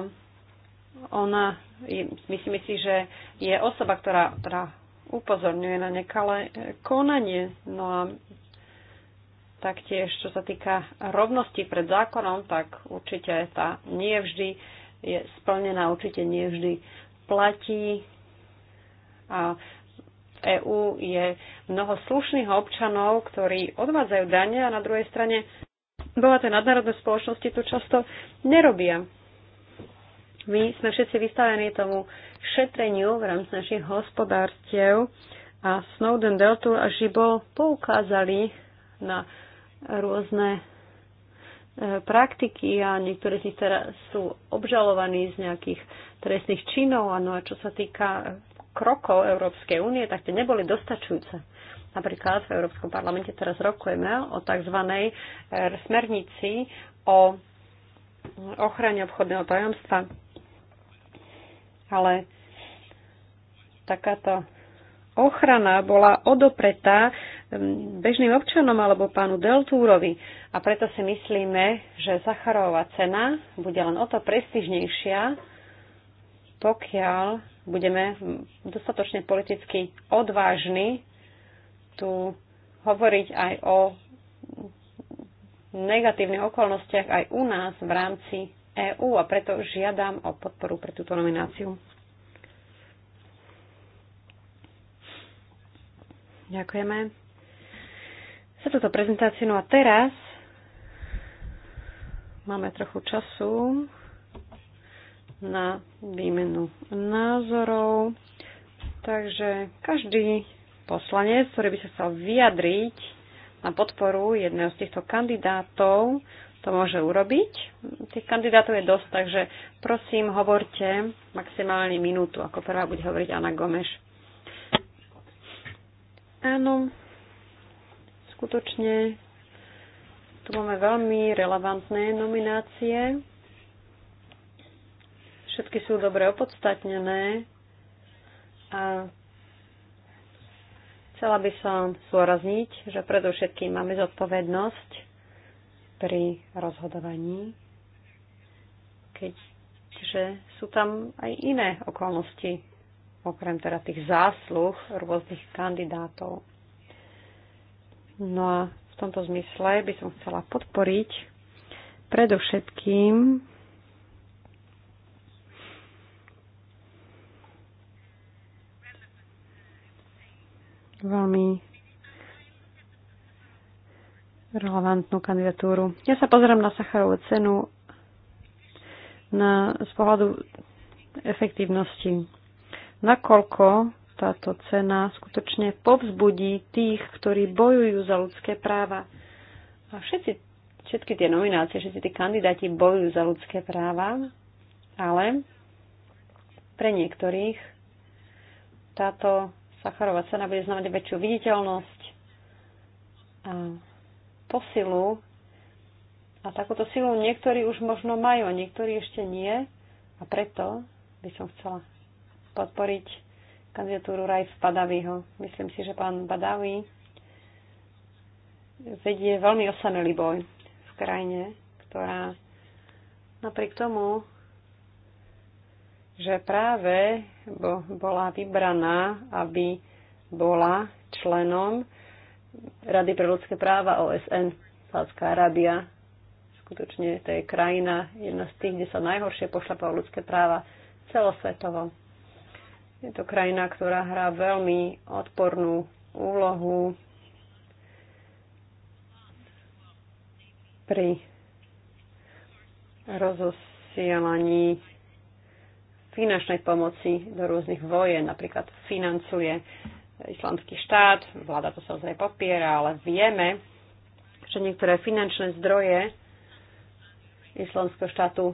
ona, my si, že je osoba, ktorá, ktorá upozorňuje na nekalé e, konanie. No a taktiež, čo sa týka rovnosti pred zákonom, tak určite tá nie vždy je splnená, určite nie vždy platí. A EÚ je mnoho slušných občanov, ktorí odvádzajú dane a na druhej strane bohaté nadnárodné spoločnosti to často nerobia. My sme všetci vystavení tomu šetreniu v rámci našich hospodárstiev a Snowden, Deltu a Žibol poukázali na rôzne e, praktiky a niektoré z nich teraz sú obžalovaní z nejakých trestných činov. Ano, a čo sa týka krokov Európskej únie tak tie neboli dostačujúce. Napríklad v Európskom parlamente teraz rokujeme o tzv. Eh, smernici o ochrane obchodného tajomstva. Ale takáto ochrana bola odopretá mm, bežným občanom alebo pánu Deltúrovi. A preto si myslíme, že Zacharová cena bude len o to prestižnejšia, pokiaľ budeme dostatočne politicky odvážni tu hovoriť aj o negatívnych okolnostiach aj u nás v rámci EÚ a preto žiadam o podporu pre túto nomináciu. Ďakujeme za túto prezentáciu. No a teraz máme trochu času na výmenu názorov. Takže každý poslanec, ktorý by sa chcel vyjadriť na podporu jedného z týchto kandidátov, to môže urobiť. Tých kandidátov je dosť, takže prosím, hovorte maximálne minútu. Ako prvá bude hovoriť Anna Gomeš. Áno, skutočne tu máme veľmi relevantné nominácie. Všetky sú dobre opodstatnené a chcela by som zdôrazniť, že predovšetkým máme zodpovednosť pri rozhodovaní, keďže sú tam aj iné okolnosti, okrem teda tých zásluh rôznych kandidátov. No a v tomto zmysle by som chcela podporiť predovšetkým veľmi relevantnú kandidatúru. Ja sa pozerám na Sacharovú cenu na, z pohľadu efektívnosti. Nakoľko táto cena skutočne povzbudí tých, ktorí bojujú za ľudské práva. A všetci, všetky tie nominácie, všetci tí kandidáti bojujú za ľudské práva, ale pre niektorých táto Sacharová cena bude znamenáť väčšiu viditeľnosť a posilu. A takúto silu niektorí už možno majú, niektorí ešte nie. A preto by som chcela podporiť kandidatúru Rajf Badavýho. Myslím si, že pán Badavý vedie veľmi osamelý boj v krajine, ktorá napriek tomu, že práve bola vybraná, aby bola členom Rady pre ľudské práva OSN. Sádzka Arábia skutočne to je krajina, jedna z tých, kde sa najhoršie pošľapajú ľudské práva celosvetovo. Je to krajina, ktorá hrá veľmi odpornú úlohu pri rozosielaní finančnej pomoci do rôznych vojen, napríklad financuje islamský štát, vláda to samozrejme popiera, ale vieme, že niektoré finančné zdroje islamského štátu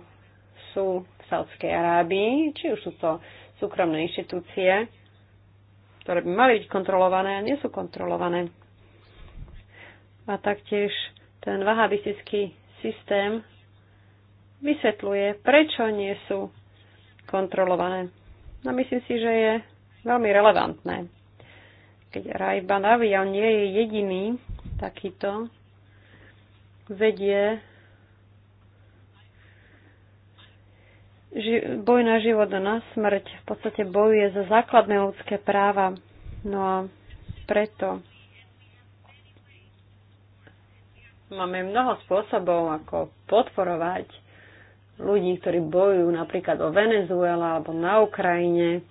sú v Saudskej Arábii, či už sú to súkromné inštitúcie, ktoré by mali byť kontrolované a nie sú kontrolované. A taktiež ten vahabistický systém vysvetľuje, prečo nie sú kontrolované. No myslím si, že je veľmi relevantné. Keď Rajban on nie je jediný takýto, vedie boj na život a na smrť. V podstate bojuje za základné ľudské práva. No a preto máme mnoho spôsobov, ako podporovať ľudí, ktorí bojujú napríklad o Venezuela alebo na Ukrajine,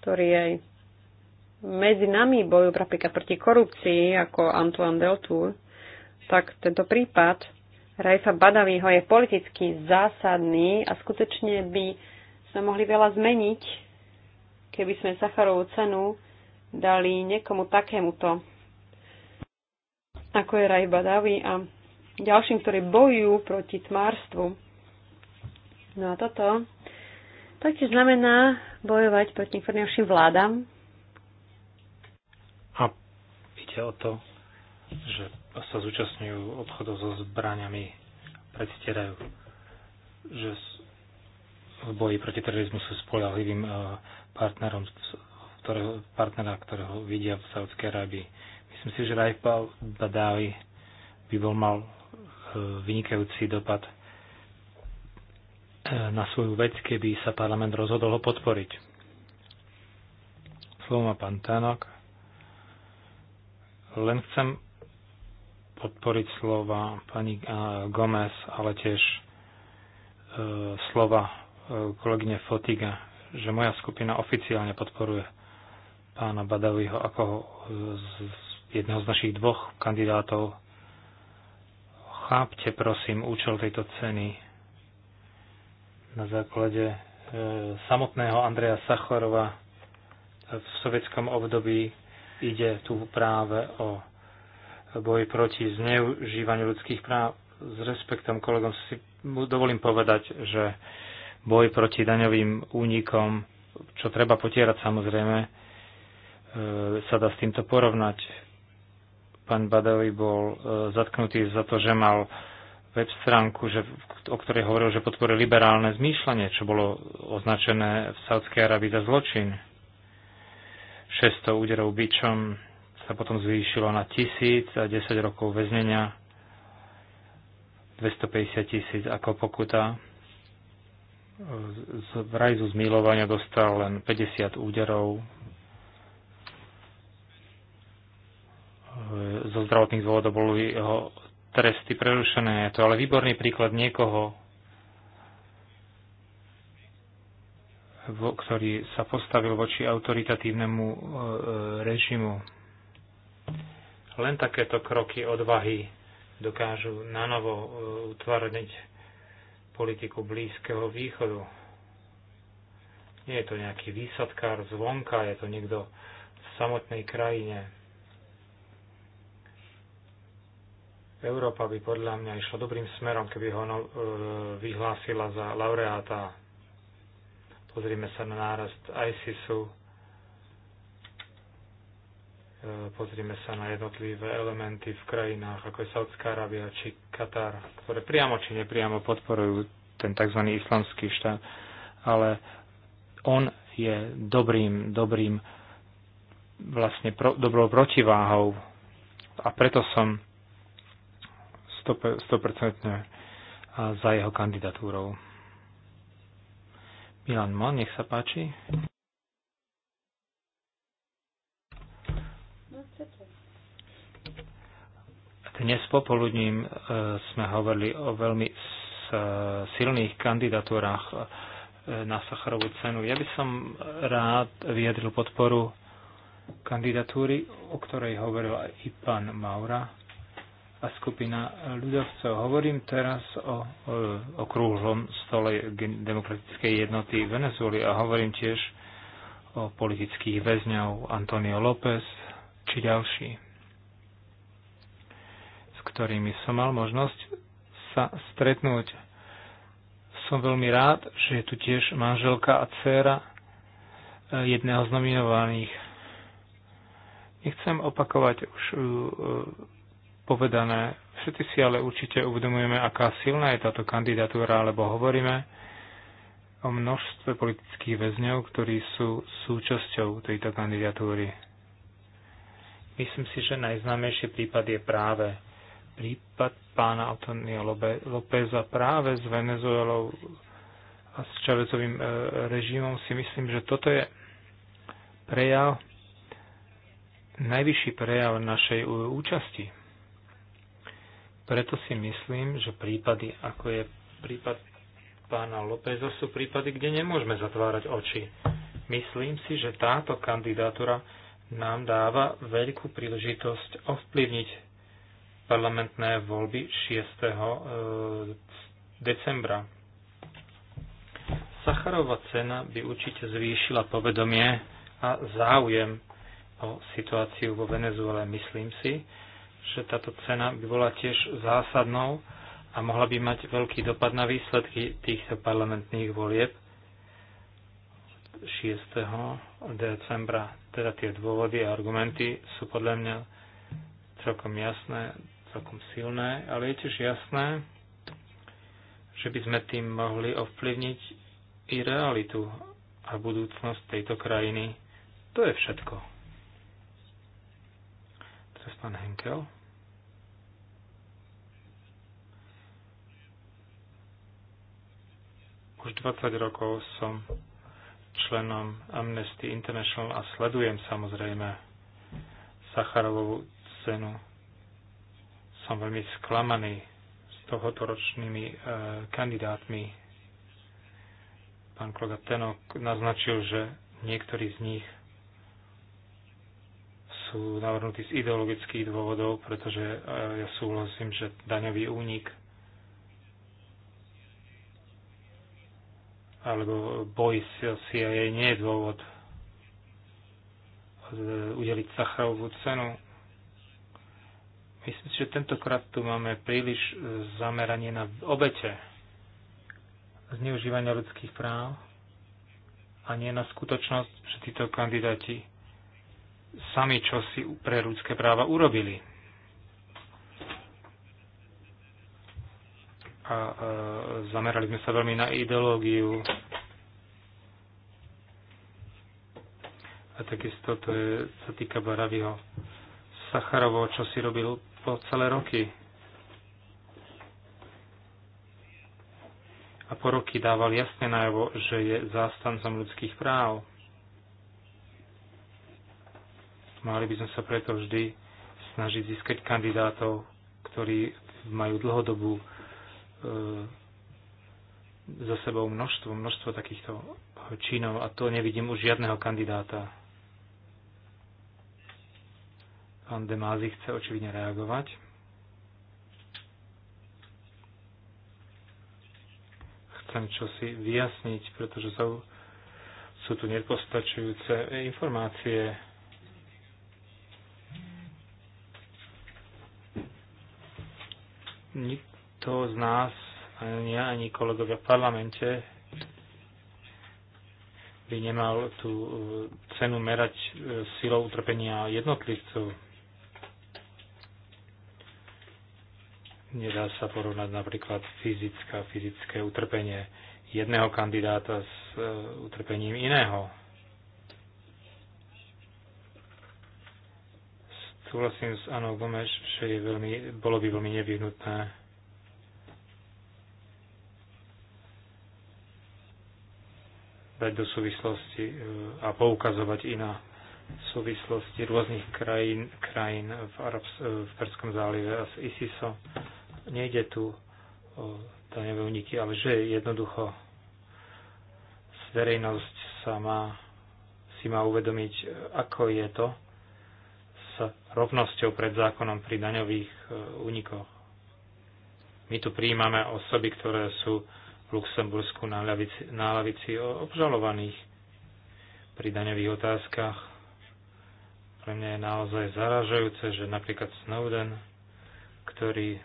ktorí aj medzi nami bojujú napríklad proti korupcii, ako Antoine Deltour, tak tento prípad Rajfa Badavýho je politicky zásadný a skutočne by sme mohli veľa zmeniť, keby sme Sacharovú cenu dali niekomu takémuto, ako je Raj Badavý a ďalším, ktorí bojujú proti tmárstvu. No a toto taktiež znamená bojovať proti niektorým vládam. A ide o to, že sa zúčastňujú obchodov so zbraniami, predstierajú, že v boji proti terorizmu sú spolahlivým e, partnerom, ktorého, partnera, ktorého vidia v Saudskej Arábii. Myslím si, že Raif Badawi by bol mal vynikajúci dopad e, na svoju vec, keby sa parlament rozhodol ho podporiť. Slovo má pán tánok. Len chcem podporiť slova pani e, Gomez, ale tiež e, slova kolegyne Fotiga, že moja skupina oficiálne podporuje pána Badaviho ako jedného z našich dvoch kandidátov Chápte, prosím, účel tejto ceny. Na základe e, samotného Andreja Sachorova e, v sovietskom období ide tu práve o boj proti zneužívaniu ľudských práv. S respektom kolegom si dovolím povedať, že boj proti daňovým únikom, čo treba potierať samozrejme, e, sa dá s týmto porovnať Pán Badawi bol e, zatknutý za to, že mal web stránku, že, o ktorej hovoril, že podporuje liberálne zmýšľanie, čo bolo označené v Saudskej Arabii za zločin. 600 úderov bičom sa potom zvýšilo na tisíc a 10 rokov väznenia, 250 tisíc ako pokuta. Z rajzu zmilovania dostal len 50 úderov, zo zdravotných dôvodov boli jeho tresty prerušené. Je to ale výborný príklad niekoho, ktorý sa postavil voči autoritatívnemu e, e, režimu. Len takéto kroky odvahy dokážu nanovo e, utvárniť politiku Blízkeho východu. Nie je to nejaký výsadkár zvonka, je to niekto v samotnej krajine. Európa by podľa mňa išla dobrým smerom, keby ho no, e, vyhlásila za laureáta. Pozrime sa na nárast ISISu, e, pozrime sa na jednotlivé elementy v krajinách, ako je Saudská Arábia či Katar, ktoré priamo či nepriamo podporujú ten tzv. islamský štát, ale on je dobrým, dobrým vlastne pro, dobrou protiváhou a preto som 100% za jeho kandidatúrou. Milan Mon, nech sa páči. Dnes popoludním e, sme hovorili o veľmi e, silných kandidatúrach e, na Sacharovú cenu. Ja by som rád vyjadril podporu kandidatúry, o ktorej hovoril aj pán Maura a skupina ľudovcov. Hovorím teraz o, o, o krúhlom stole demokratickej jednoty Venezuely a hovorím tiež o politických väzňov Antonio López či ďalší, s ktorými som mal možnosť sa stretnúť. Som veľmi rád, že je tu tiež manželka a dcéra e, jedného z nominovaných. Nechcem opakovať už e, povedané. Všetci si ale určite uvedomujeme, aká silná je táto kandidatúra, lebo hovoríme o množstve politických väzňov, ktorí sú súčasťou tejto kandidatúry. Myslím si, že najznámejší prípad je práve prípad pána Antonia Lópeza práve s Venezuelou a s Čavezovým e, režimom si myslím, že toto je prejav, najvyšší prejav našej účasti preto si myslím, že prípady, ako je prípad pána Lópeza, sú prípady, kde nemôžeme zatvárať oči. Myslím si, že táto kandidatúra nám dáva veľkú príležitosť ovplyvniť parlamentné voľby 6. E, decembra. Sacharová cena by určite zvýšila povedomie a záujem o situáciu vo Venezuele. Myslím si, že táto cena by bola tiež zásadnou a mohla by mať veľký dopad na výsledky týchto parlamentných volieb 6. decembra. Teda tie dôvody a argumenty sú podľa mňa celkom jasné, celkom silné, ale je tiež jasné, že by sme tým mohli ovplyvniť i realitu a budúcnosť tejto krajiny. To je všetko cez pán Henkel. Už 20 rokov som členom Amnesty International a sledujem samozrejme Sacharovú cenu. Som veľmi sklamaný s tohoto ročnými e, kandidátmi. Pán kolega Tenok naznačil, že niektorí z nich sú navrhnutí z ideologických dôvodov, pretože e, ja súhlasím, že daňový únik alebo boj s CIA nie je dôvod e, udeliť Sacharovú cenu. Myslím si, že tentokrát tu máme príliš e, zameranie na obete zneužívania ľudských práv a nie na skutočnosť, že títo kandidáti sami čo si pre ľudské práva urobili. A e, zamerali sme sa veľmi na ideológiu. A takisto to je, sa týka Baraviho Sacharovo, čo si robil po celé roky. A po roky dával jasne najavo, že je zástancom ľudských práv. Mali by sme sa preto vždy snažiť získať kandidátov, ktorí majú dlhodobú e, za sebou množstvo, množstvo takýchto činov a to nevidím už žiadneho kandidáta. Pán Demázi chce očividne reagovať. Chcem čosi vyjasniť, pretože sú, sú tu nepostačujúce informácie nikto z nás, ani ja, ani kolegovia v parlamente, by nemal tú eh, cenu merať eh, silou utrpenia jednotlivcov. Nedá sa porovnať napríklad fyzická, fyzické utrpenie jedného kandidáta s eh, utrpením iného Súhlasím s Anou Gomeš, že je veľmi, bolo by veľmi nevyhnutné dať do súvislosti e, a poukazovať i na súvislosti rôznych krajín, krajín v, Arabs, e, v Perskom zálive a s ISISO. Nejde tu o daňové uniky, ale že jednoducho verejnosť sa má, si má uvedomiť, ako je to, s rovnosťou pred zákonom pri daňových e, únikoch. My tu prijímame osoby, ktoré sú v Luxembursku na lavici, na lavici obžalovaných pri daňových otázkach. Pre mňa je naozaj zaražajúce, že napríklad Snowden, ktorý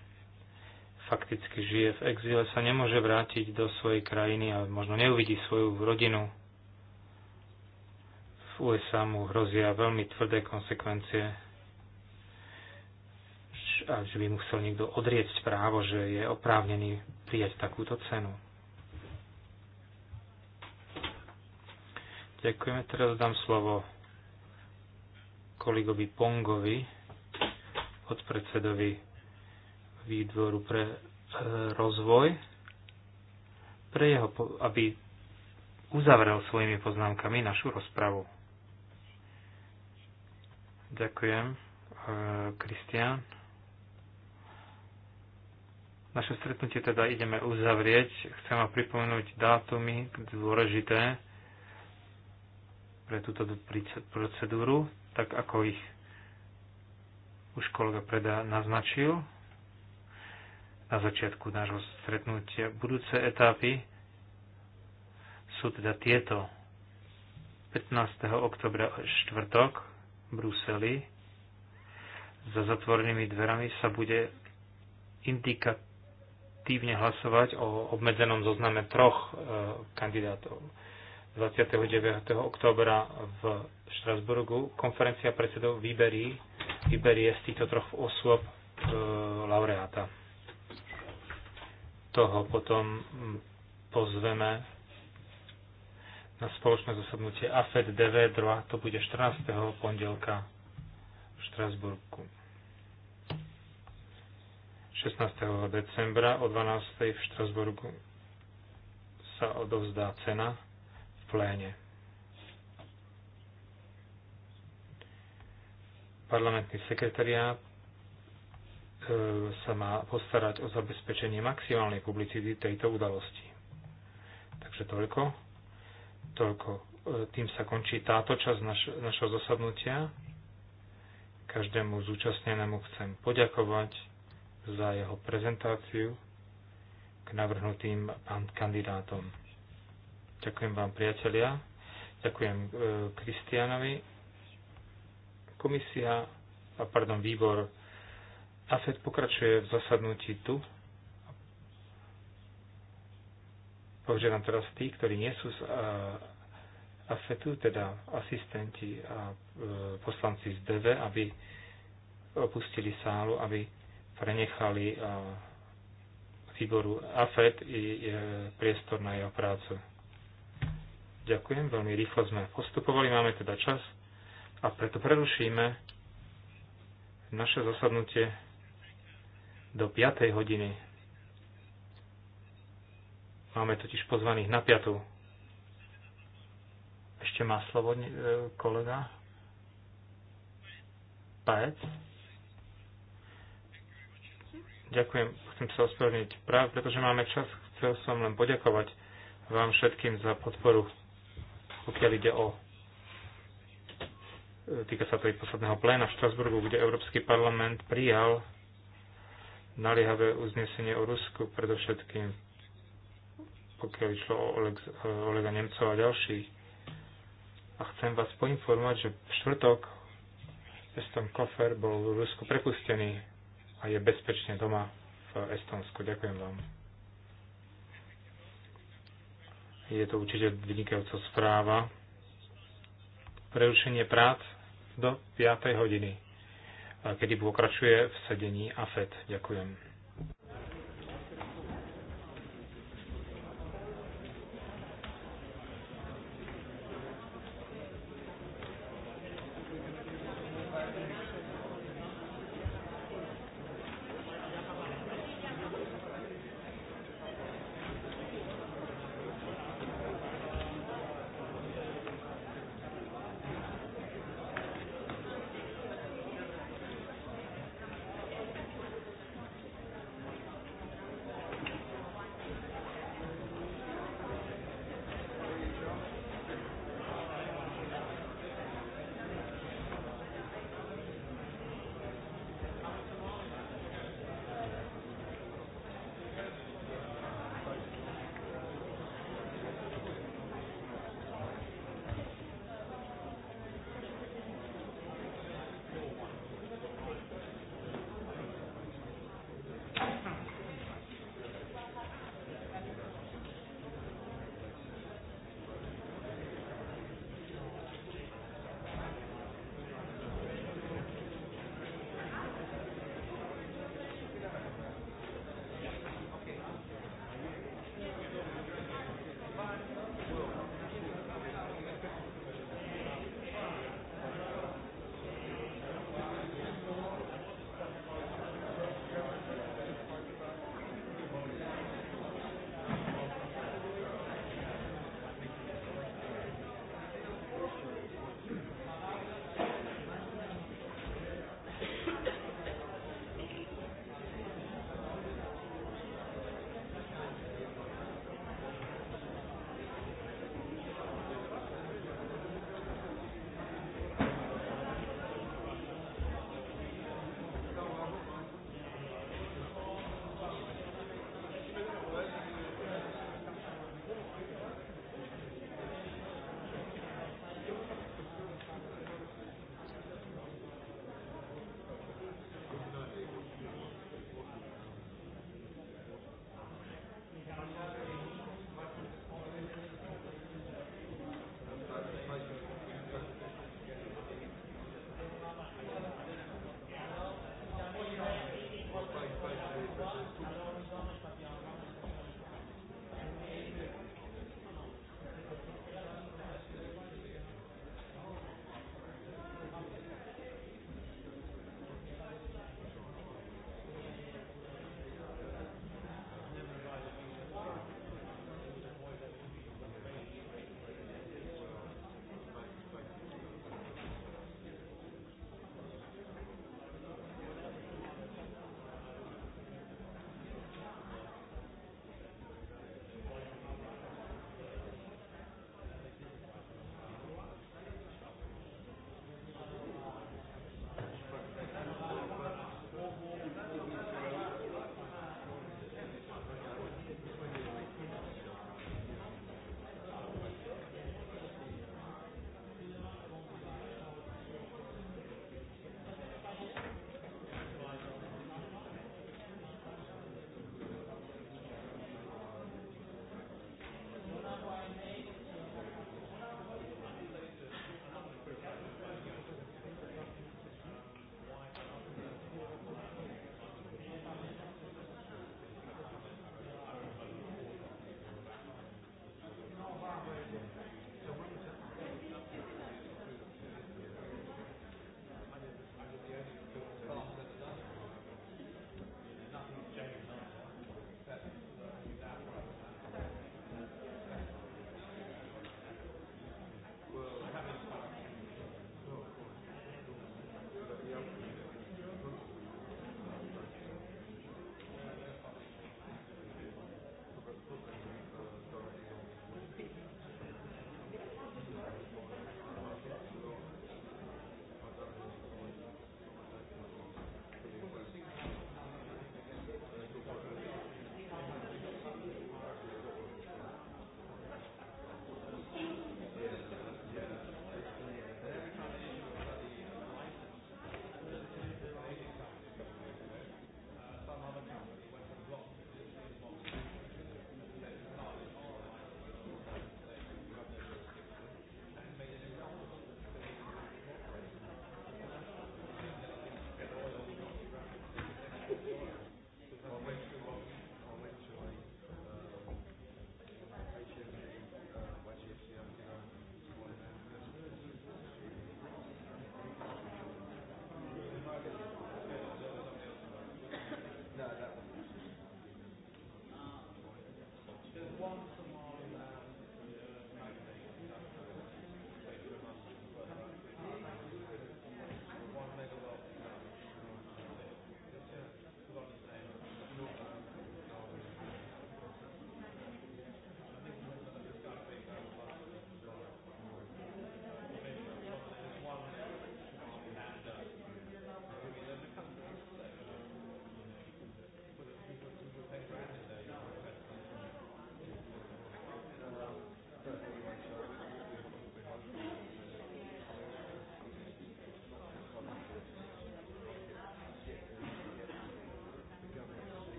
fakticky žije v exíle, sa nemôže vrátiť do svojej krajiny a možno neuvidí svoju rodinu. USA mu hrozia veľmi tvrdé konsekvencie a že by mu chcel niekto odrieť právo, že je oprávnený prijať takúto cenu. Ďakujeme. Teraz dám slovo kolegovi Pongovi, podpredsedovi výdvoru pre e, rozvoj, pre jeho, aby uzavrel svojimi poznámkami našu rozpravu. Ďakujem, e, Kristián. Naše stretnutie teda ideme uzavrieť. Chcem vám pripomenúť dátumy dôležité pre túto procedúru, tak ako ich už kolega Preda naznačil na začiatku nášho stretnutia. Budúce etapy sú teda tieto. 15. oktobra štvrtok Bruseli za zatvorenými dverami sa bude indikatívne hlasovať o obmedzenom zozname troch e, kandidátov. 29. októbra v Štrasburgu konferencia predsedov vyberí, vyberie z týchto troch osôb e, laureáta. Toho potom pozveme na spoločné zasadnutie AFED DV2, to bude 14. pondelka v Štrasburku. 16. decembra o 12. v Štrasburgu sa odovzdá cena v pléne. Parlamentný sekretariát e, sa má postarať o zabezpečenie maximálnej publicity tejto udalosti. Takže toľko Toľko. E, tým sa končí táto časť naš- našho zasadnutia. Každému zúčastnenému chcem poďakovať za jeho prezentáciu k navrhnutým kandidátom. Ďakujem vám, priatelia. Ďakujem e, Kristianovi. Komisia, a pardon, výbor AFED pokračuje v zasadnutí tu Požiadam teraz tí, ktorí nie sú z eh, AFETu, teda asistenti a eh, poslanci z DV, aby opustili sálu, aby prenechali eh, výboru AFET i priestor na jeho prácu. Ďakujem, veľmi rýchlo sme postupovali, máme teda čas a preto prerušíme naše zasadnutie do 5. hodiny Máme totiž pozvaných na piatu. Ešte má slovo e, kolega? Paec? Ďakujem, chcem sa ospravedlniť. Práve pretože máme čas, chcel som len poďakovať vám všetkým za podporu, pokiaľ ide o e, týka sa to i posledného pléna v Štrasburgu, kde Európsky parlament prijal naliehavé uznesenie o Rusku, predovšetkým pokiaľ išlo o Oleg, Olega Nemcov a ďalších. A chcem vás poinformovať, že v štvrtok Eston Koffer bol v Rusku prepustený a je bezpečne doma v Estonsku. Ďakujem vám. Je to určite vynikajúca správa. Prerušenie prác do 5. hodiny, kedy pokračuje v sedení AFED. Ďakujem.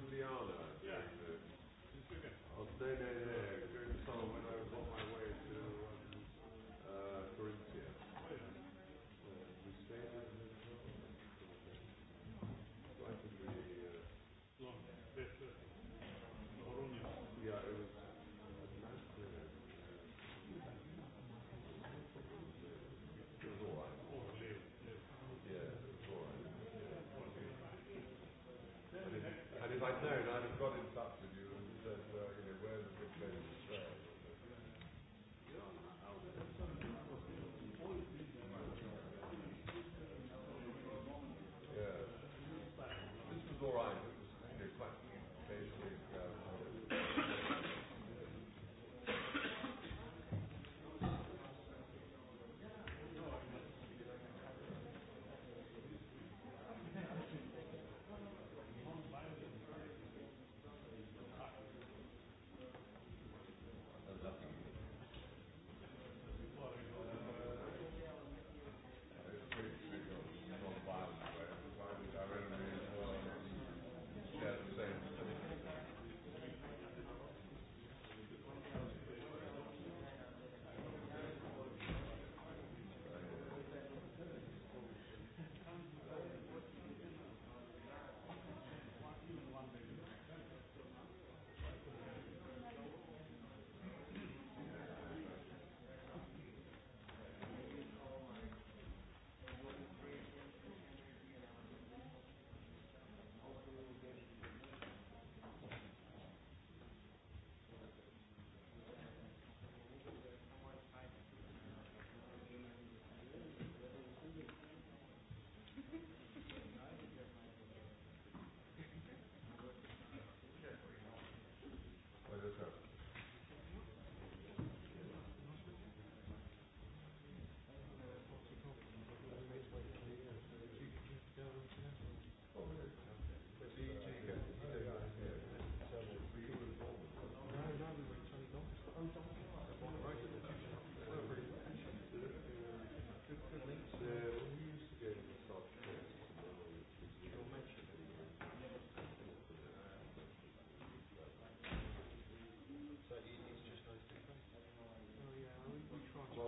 Ljubljana. Yeah. Oh, no, no, no. no. Going to when I was on my right there, and I'd got it.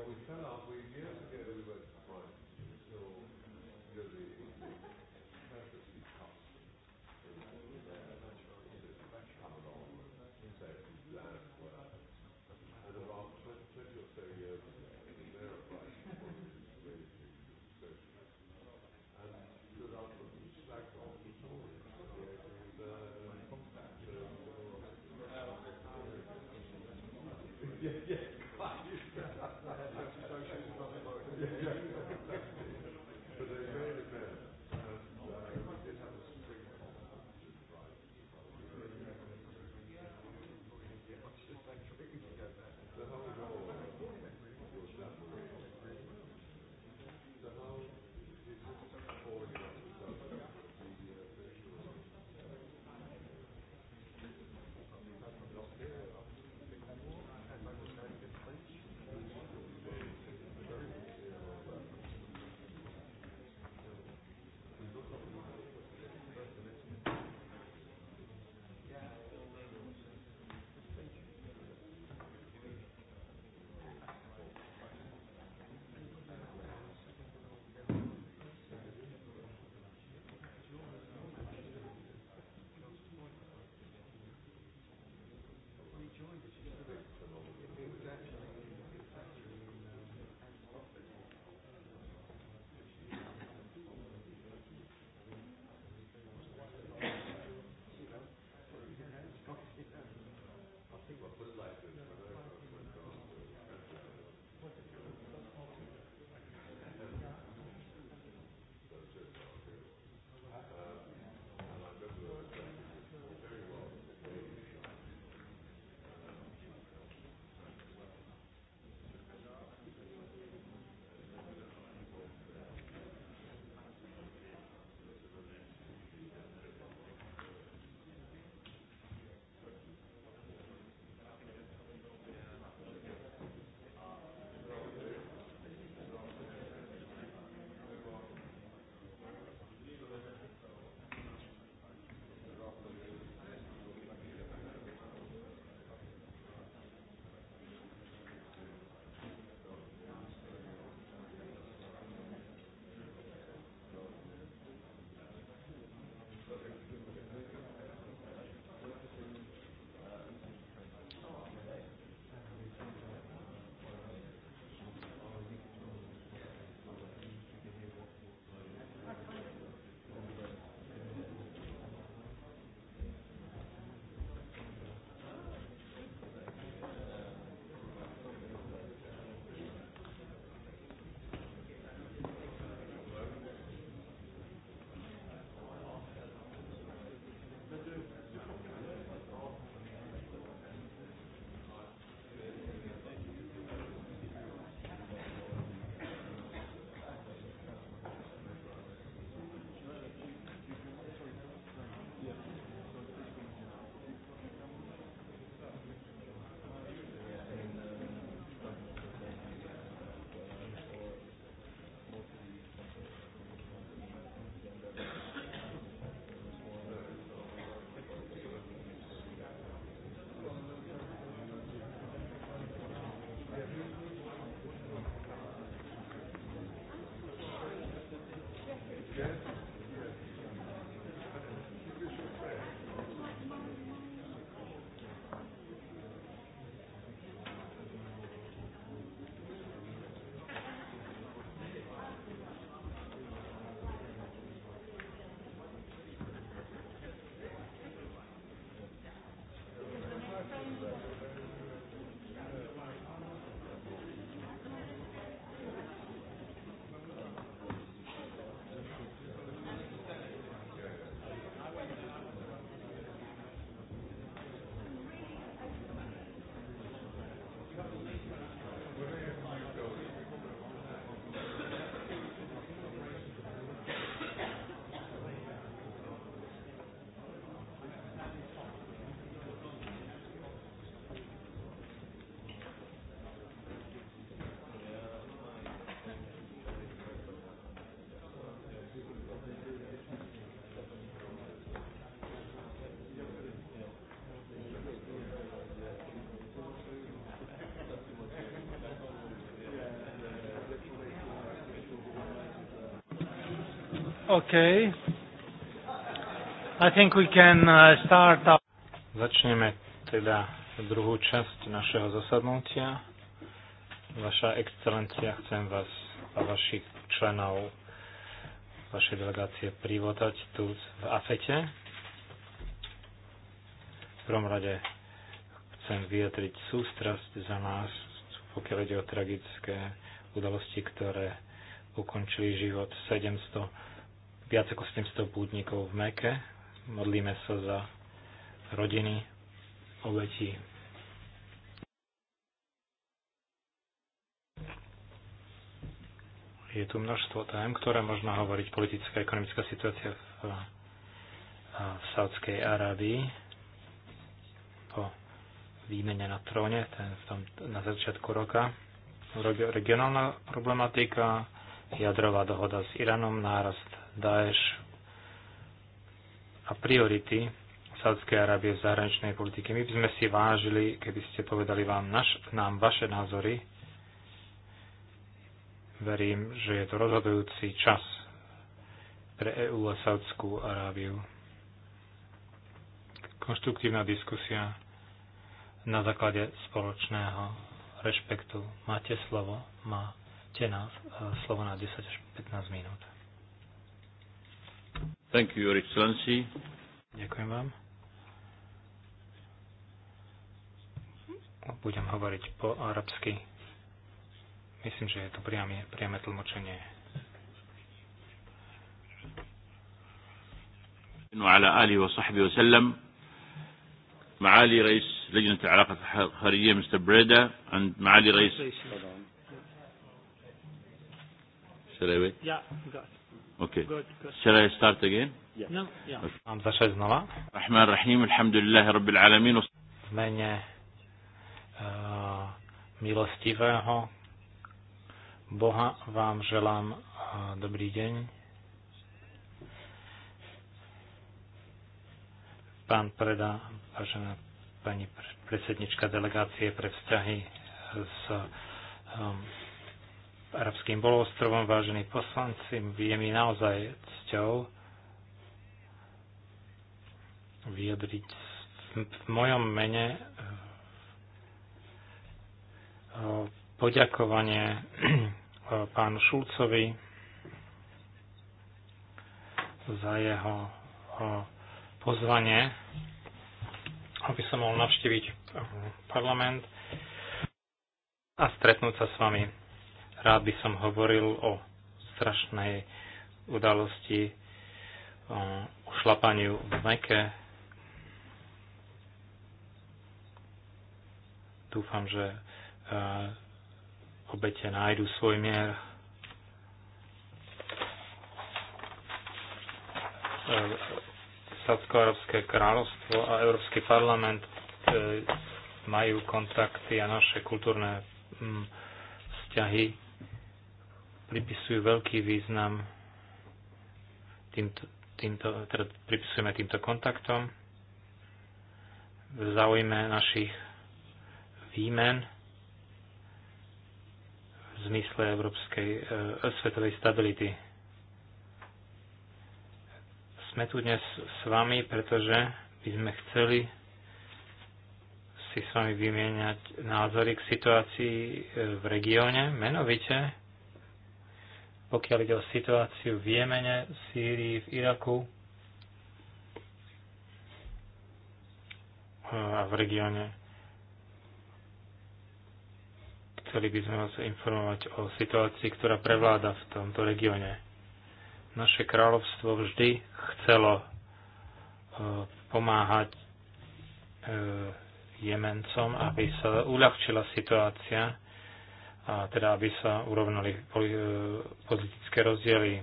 we found we years ago Okay. I think we can uh, start up. Začneme teda druhú časť našeho zasadnutia. Vaša excelencia, chcem vás a vašich členov vašej delegácie privotať tu v AFETE. V prvom rade chcem vyjadriť sústrasť za nás, pokiaľ ide o tragické udalosti, ktoré ukončili život 700 viac ako 700 pútnikov v Meke. Modlíme sa za rodiny obeti. Je tu množstvo tém, ktoré možno hovoriť politická a ekonomická situácia v, v Saudskej Arábii po výmene na tróne ten v tom, na začiatku roka. Regionálna problematika, jadrová dohoda s Iránom, nárast Daesh a priority Sádskej Arábie v zahraničnej politike. My by sme si vážili, keby ste povedali vám naš, nám vaše názory. Verím, že je to rozhodujúci čas pre EÚ a Sádskú Arábiu. Konštruktívna diskusia na základe spoločného rešpektu. Máte slovo, máte nás slovo na 10 až 15 minút. Thank you, Your Excellency. Ďakujem vám. Budem hovoriť po arabsky. Myslím, že je to priame, priame tlmočenie. وعلى آله وصحبه وسلم معالي رئيس لجنة العلاقات الخارجية مستر بريدا and معالي رئيس Should Yeah, Okay. Shall I start again? Yes. No, yeah. Okay. znova? Rahman Rahim, alhamdulillah, rabbil alamin. V mene uh, milostivého Boha vám želám uh, dobrý deň. Pán Preda, vážená pani predsednička delegácie pre vzťahy s um, arabským polostrovom, vážení poslanci, je mi naozaj cťou vyjadriť v mojom mene eh, poďakovanie eh, pánu Šulcovi za jeho eh, pozvanie, aby som mohol navštíviť parlament a stretnúť sa s vami Rád by som hovoril o strašnej udalosti, o šlapaniu v Meke. Dúfam, že e, obete nájdu svoj mier. E, Sadsko-Arabské kráľovstvo a Európsky parlament e, majú kontakty a naše kultúrne mm, vzťahy pripisujú veľký význam týmto, týmto, teda pripisujeme týmto kontaktom v záujme našich výmen v zmysle európskej e, svetovej stability. Sme tu dnes s vami, pretože by sme chceli si s vami vymieňať názory k situácii e, v regióne, menovite pokiaľ ide o situáciu v Jemene, v Sýrii, v Iraku a v regióne. Chceli by sme vás informovať o situácii, ktorá prevláda v tomto regióne. Naše kráľovstvo vždy chcelo e, pomáhať e, Jemencom, aby sa uľahčila situácia a teda aby sa urovnali e, politické rozdiely.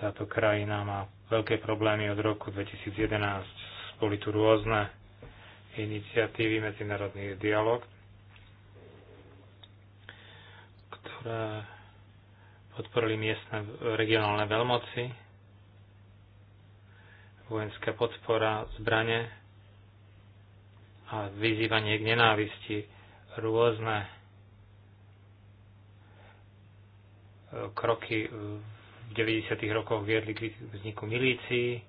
Táto krajina má veľké problémy od roku 2011. Boli tu rôzne iniciatívy, medzinárodný dialog, ktoré podporili miestne regionálne veľmoci, vojenská podpora, zbranie a vyzývanie k nenávisti rôzne e, kroky v 90. rokoch viedli k vzniku milícií,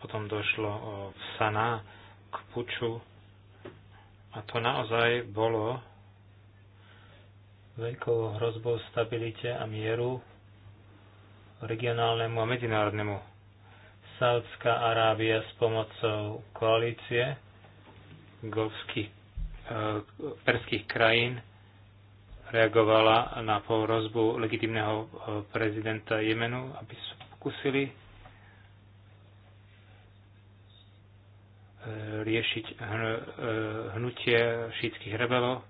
potom došlo e, v Sana k puču a to naozaj bolo veľkou hrozbou stabilite a mieru regionálnemu a medzinárodnému Saudská Arábia s pomocou koalície golfských e, perských krajín reagovala na porozbu legitimného eh, prezidenta Jemenu, aby sa pokusili eh, riešiť hnutie šítskych rebelov.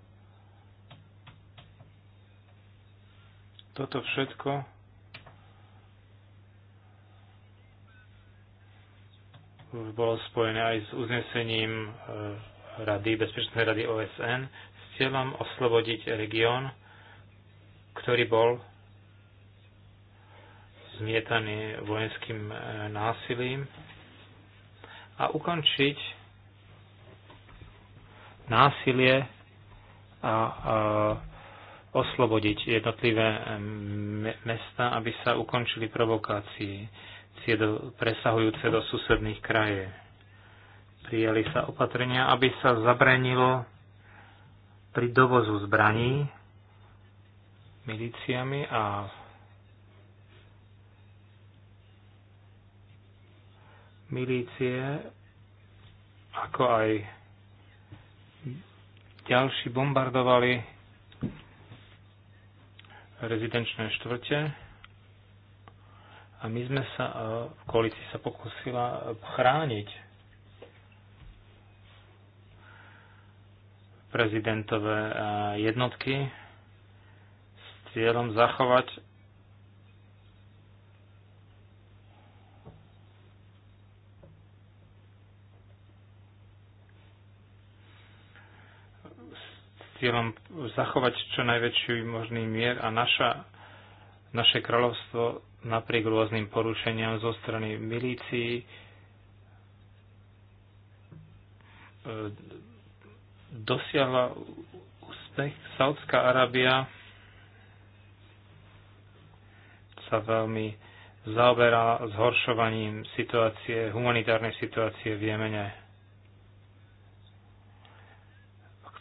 Toto všetko bolo spojené aj s uznesením e, Rady, Bezpečnostnej rady OSN s cieľom oslobodiť región, ktorý bol zmietaný vojenským e, násilím a ukončiť násilie a, a oslobodiť jednotlivé mesta, aby sa ukončili provokácie sankcie do, presahujúce do susedných kraje. Prijali sa opatrenia, aby sa zabranilo pri dovozu zbraní milíciami a milície, ako aj ďalší bombardovali rezidenčné štvrte a my sme sa, e, v koalícii sa pokusila chrániť prezidentové e, jednotky s cieľom zachovať cieľom zachovať čo najväčší možný mier a naša, naše kráľovstvo napriek rôznym porušeniam zo strany milícií e, dosiahla úspech. Saudská Arábia sa veľmi zaoberá zhoršovaním situácie, humanitárnej situácie v Jemene.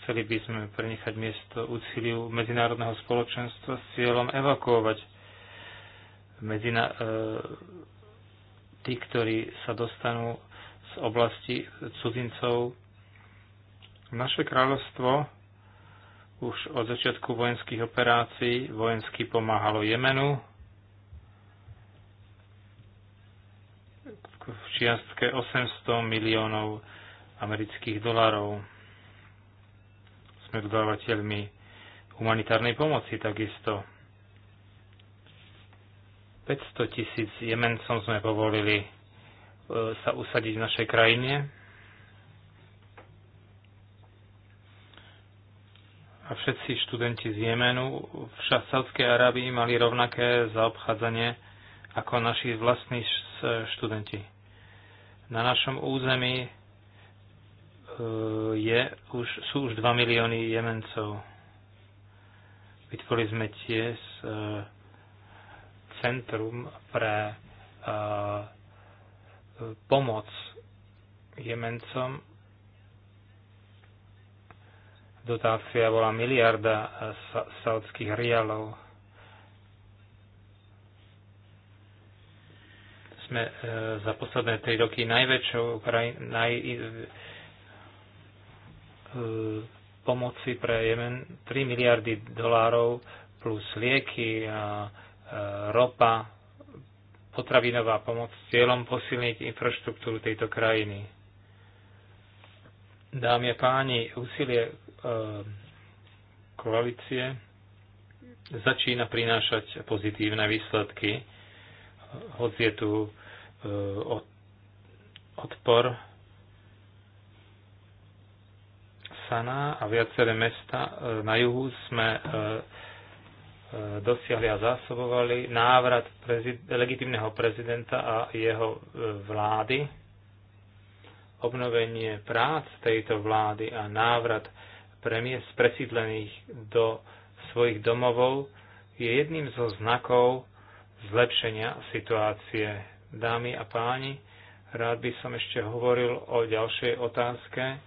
Chceli by sme prenechať miesto úsiliu medzinárodného spoločenstva s cieľom evakuovať na, e, tí, ktorí sa dostanú z oblasti cudzincov. Naše kráľovstvo už od začiatku vojenských operácií vojensky pomáhalo Jemenu v čiastke 800 miliónov amerických dolárov. Sme dodávateľmi humanitárnej pomoci takisto. 500 tisíc Jemencom sme povolili e, sa usadiť v našej krajine. A všetci študenti z Jemenu v Saudskej Arábii mali rovnaké zaobchádzanie ako naši vlastní študenti. Na našom území e, je, už, sú už 2 milióny Jemencov. Vytvorili sme tiež e, centrum pre e, pomoc Jemencom. Dotácia bola miliarda e, saudských rialov. Sme e, za posledné tri roky najväčšou naj, e, pomoci pre Jemen 3 miliardy dolárov plus lieky a ropa, potravinová pomoc s cieľom posilniť infraštruktúru tejto krajiny. Dámy a páni, úsilie e, koalície začína prinášať pozitívne výsledky, hoď je tu e, odpor Sana a viaceré mesta e, na juhu sme e, E, dosiahli a zásobovali návrat prezid- legitimného prezidenta a jeho e, vlády, obnovenie prác tejto vlády a návrat premies presídlených do svojich domovov je jedným zo znakov zlepšenia situácie. Dámy a páni, rád by som ešte hovoril o ďalšej otázke,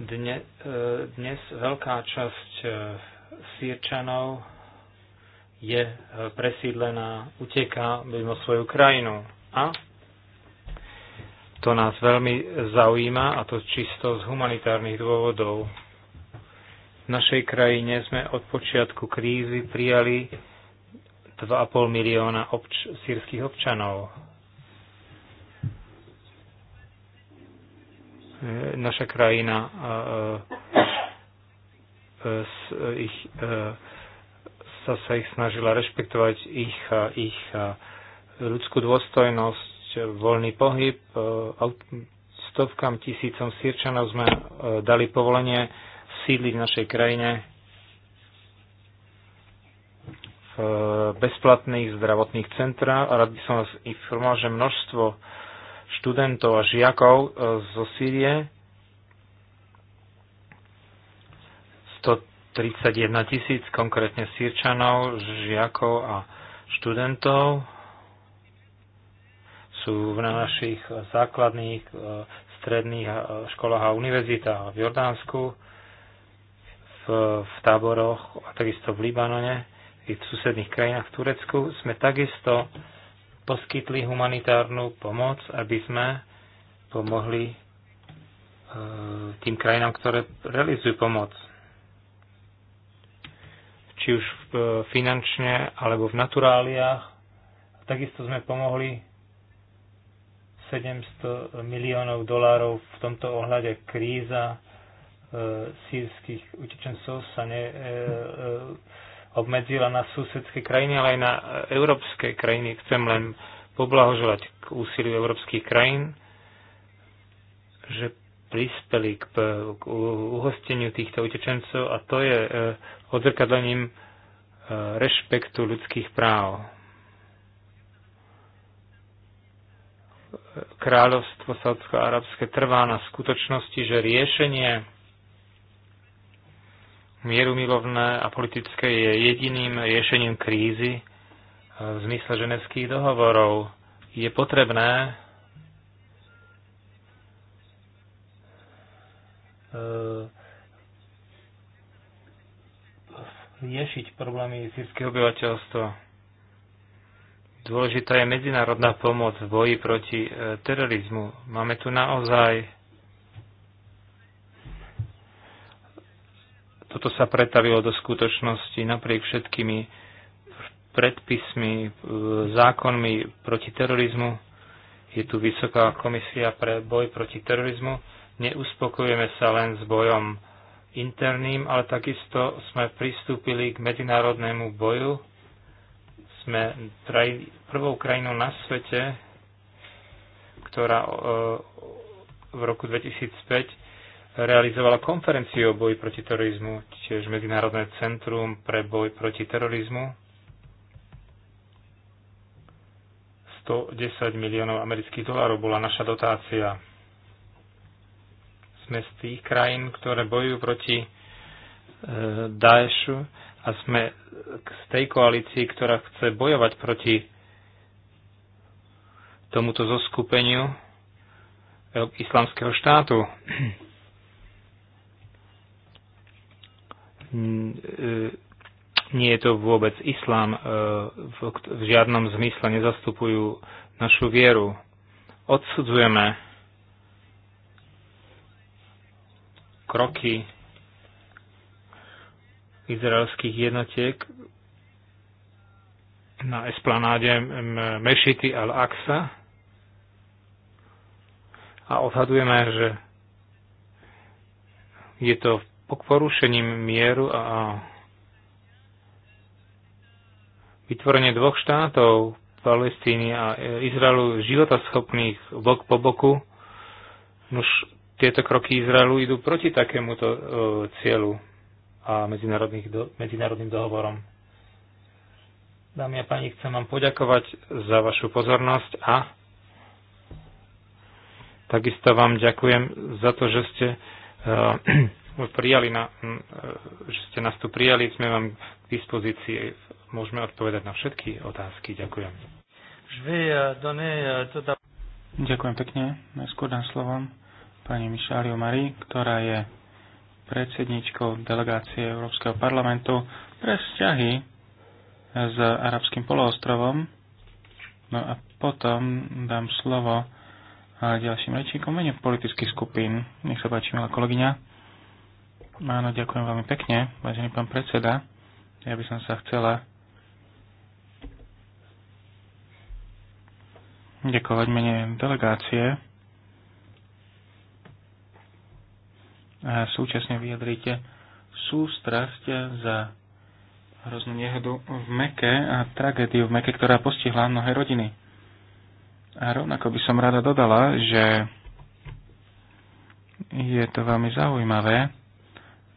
Dne, e, dnes veľká časť e, Sýrčanov je e, presídlená, uteká mimo svoju krajinu. A to nás veľmi zaujíma, a to čisto z humanitárnych dôvodov. V našej krajine sme od počiatku krízy prijali 2,5 milióna obč- sírskych občanov. E, naša krajina e, e, ich, sa, sa ich snažila rešpektovať ich, ich ľudskú dôstojnosť, voľný pohyb. Stovkám tisícom sírčanov sme dali povolenie sídliť v našej krajine v bezplatných zdravotných centrách a rád by som vás informoval, že množstvo študentov a žiakov e, zo Sýrie. 131 tisíc konkrétne sírčanov, žiakov a študentov sú na našich základných e, stredných e, školách a univerzitách v Jordánsku, v, v táboroch a takisto v Libanone, i v susedných krajinách v Turecku. Sme takisto poskytli humanitárnu pomoc, aby sme pomohli e, tým krajinám, ktoré realizujú pomoc. Či už e, finančne, alebo v naturáliách. Takisto sme pomohli 700 miliónov dolárov v tomto ohľade kríza e, sírskych utečencov sa ne, e, e, obmedzila na susedské krajiny, ale aj na e, európske krajiny. Chcem len poblahoželať k úsiliu európskych krajín, že prispeli k, e, k uhosteniu týchto utečencov a to je e, odzrkadlením rešpektu ľudských práv. Kráľovstvo Saudsko-Arabské trvá na skutočnosti, že riešenie mierumilovné a politické je jediným riešením krízy e, v zmysle ženevských dohovorov. Je potrebné e, riešiť problémy sírskeho obyvateľstva. Dôležitá je medzinárodná pomoc v boji proti e, terorizmu. Máme tu naozaj toto sa pretavilo do skutočnosti napriek všetkými predpismi, e, zákonmi proti terorizmu. Je tu Vysoká komisia pre boj proti terorizmu. Neuspokojujeme sa len s bojom interným, ale takisto sme pristúpili k medzinárodnému boju. Sme prvou krajinou na svete, ktorá e, v roku 2005 realizovala konferenciu o boji proti terorizmu, tiež Medzinárodné centrum pre boj proti terorizmu. 110 miliónov amerických dolárov bola naša dotácia. Sme z tých krajín, ktoré bojujú proti e, Daešu a sme z tej koalícii, ktorá chce bojovať proti tomuto zoskupeniu e, islamského štátu Hm, e, nie je to vôbec islám, e, v žiadnom zmysle nezastupujú našu vieru. Odsudzujeme kroky izraelských jednotiek na esplanáde Mešity al-Aqsa a odhadujeme, že je to porušením mieru a vytvorenie dvoch štátov Palestíny a Izraelu životaschopných bok po boku, už tieto kroky Izraelu idú proti takémuto e, cieľu a do, medzinárodným dohovorom. Dámy a páni, chcem vám poďakovať za vašu pozornosť a takisto vám ďakujem za to, že ste e, sme prijali na, e, že ste nás tu prijali, sme vám k dispozícii, môžeme odpovedať na všetky otázky. Ďakujem. Ďakujem pekne. Najskôr dám slovo pani Mišáriu Mari, ktorá je predsedničkou delegácie Európskeho parlamentu pre vzťahy s arabským poloostrovom. No a potom dám slovo ďalším rečníkom menej politických skupín. Nech sa páči, milá kolegyňa. Áno, ďakujem veľmi pekne, vážený pán predseda. Ja by som sa chcela ďakovať mene delegácie a súčasne vyjadriť sústrasť za hroznú nehodu v Meke a tragédiu v Meke, ktorá postihla mnohé rodiny. A rovnako by som rada dodala, že je to veľmi zaujímavé,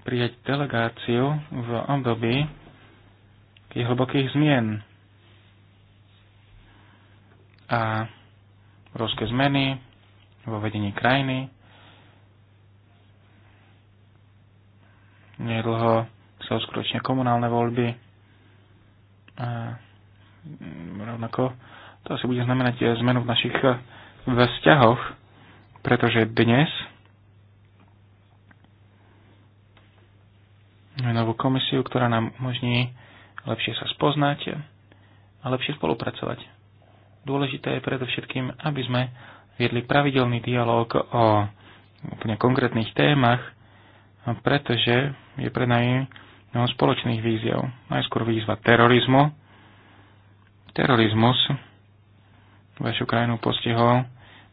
prijať delegáciu v období tých hlbokých zmien a rôzke zmeny vo vedení krajiny. Nedlho sa uskutočne komunálne voľby. A rovnako to asi bude znamenať zmenu v našich eh, vzťahoch, pretože dnes novú komisiu, ktorá nám umožní lepšie sa spoznať a lepšie spolupracovať. Dôležité je predovšetkým, aby sme viedli pravidelný dialog o úplne konkrétnych témach, pretože je pred nami mnoho spoločných víziev. Najskôr výzva terorizmu. Terorizmus vašu krajinu postihol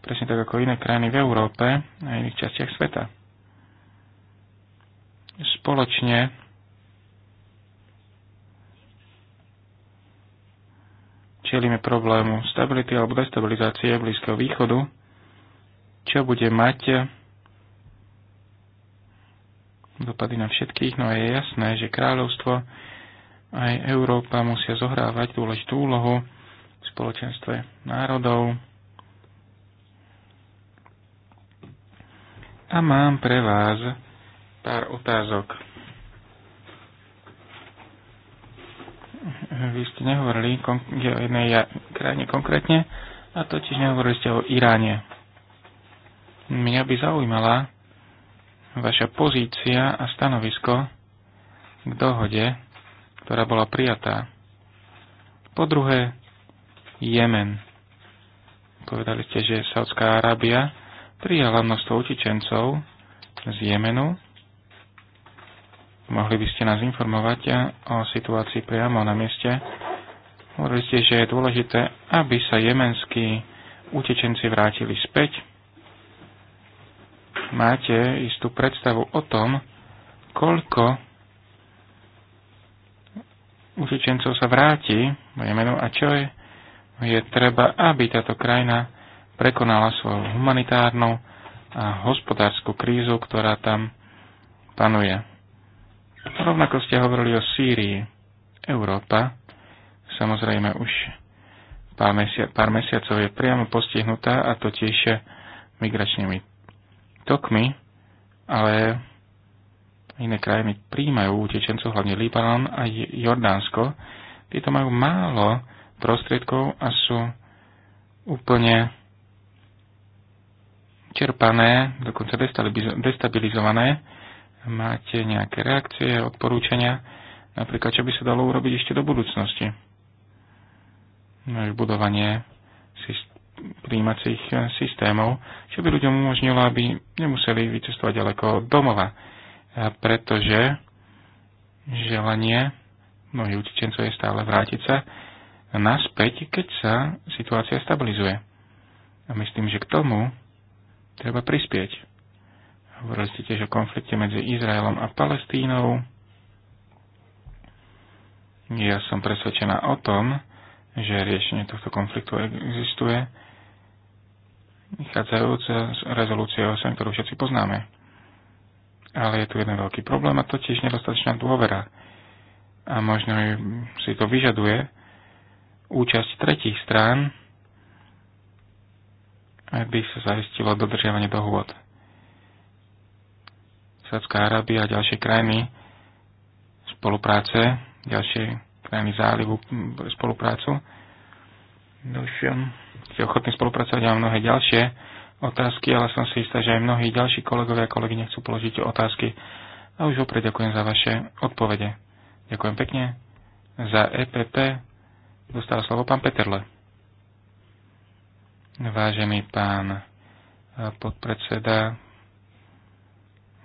presne tak ako iné krajiny v Európe a iných častiach sveta spoločne čelíme problému stability alebo destabilizácie Blízkeho východu, čo bude mať dopady na všetkých, no je jasné, že kráľovstvo aj Európa musia zohrávať dôležitú úlohu v spoločenstve národov. A mám pre vás pár otázok. Vy ste nehovorili o jednej krajine konkrétne, a totiž nehovorili ste o Iráne. Mňa by zaujímala vaša pozícia a stanovisko k dohode, ktorá bola prijatá. Po druhé, Jemen. Povedali ste, že Saudská Arábia prijala množstvo utečencov z Jemenu Mohli by ste nás informovať eh, o situácii priamo na mieste? Hovorili ste, že je dôležité, aby sa jemenskí utečenci vrátili späť. Máte istú predstavu o tom, koľko utečencov sa vráti v Jemenu a čo je, je treba, aby táto krajina prekonala svoju humanitárnu a hospodárskú krízu, ktorá tam panuje. Rovnako ste hovorili o Sýrii. Európa, samozrejme už pár, mesia- pár mesiacov je priamo postihnutá a to tiež migračnými tokmi, ale iné krajiny príjmajú utečencov, hlavne Libanon a Jordánsko. Títo majú málo prostriedkov a sú úplne čerpané, dokonca destabilizované máte nejaké reakcie, odporúčania, napríklad čo by sa dalo urobiť ešte do budúcnosti. Budovanie príjímacích eh, systémov, čo by ľuďom umožnilo, aby nemuseli vycestovať ďaleko od domova, pretože želanie mnohých utečencov je stále vrátiť sa naspäť, keď sa situácia stabilizuje. A myslím, že k tomu treba prispieť. Hovorili ste tiež o konflikte medzi Izraelom a Palestínou. Ja som presvedčená o tom, že riešenie tohto konfliktu existuje, Vychádzajúce z rezolúcie 8, ktorú všetci poznáme. Ale je tu jeden veľký problém a totiž nedostatečná dôvera. A možno si to vyžaduje účasť tretich strán, aby sa zaistilo dodržiavanie dohôd. Sádzka Arábia a ďalšie krajiny spolupráce, ďalšie krajiny zálivu spoluprácu. Už no, je ochotný spolupracovať a mnohé ďalšie otázky, ale som si istá, že aj mnohí ďalší kolegovia a kolegyne chcú položiť otázky. A už opred ďakujem za vaše odpovede. Ďakujem pekne. Za EPP dostáva slovo pán Peterle. Vážený pán podpredseda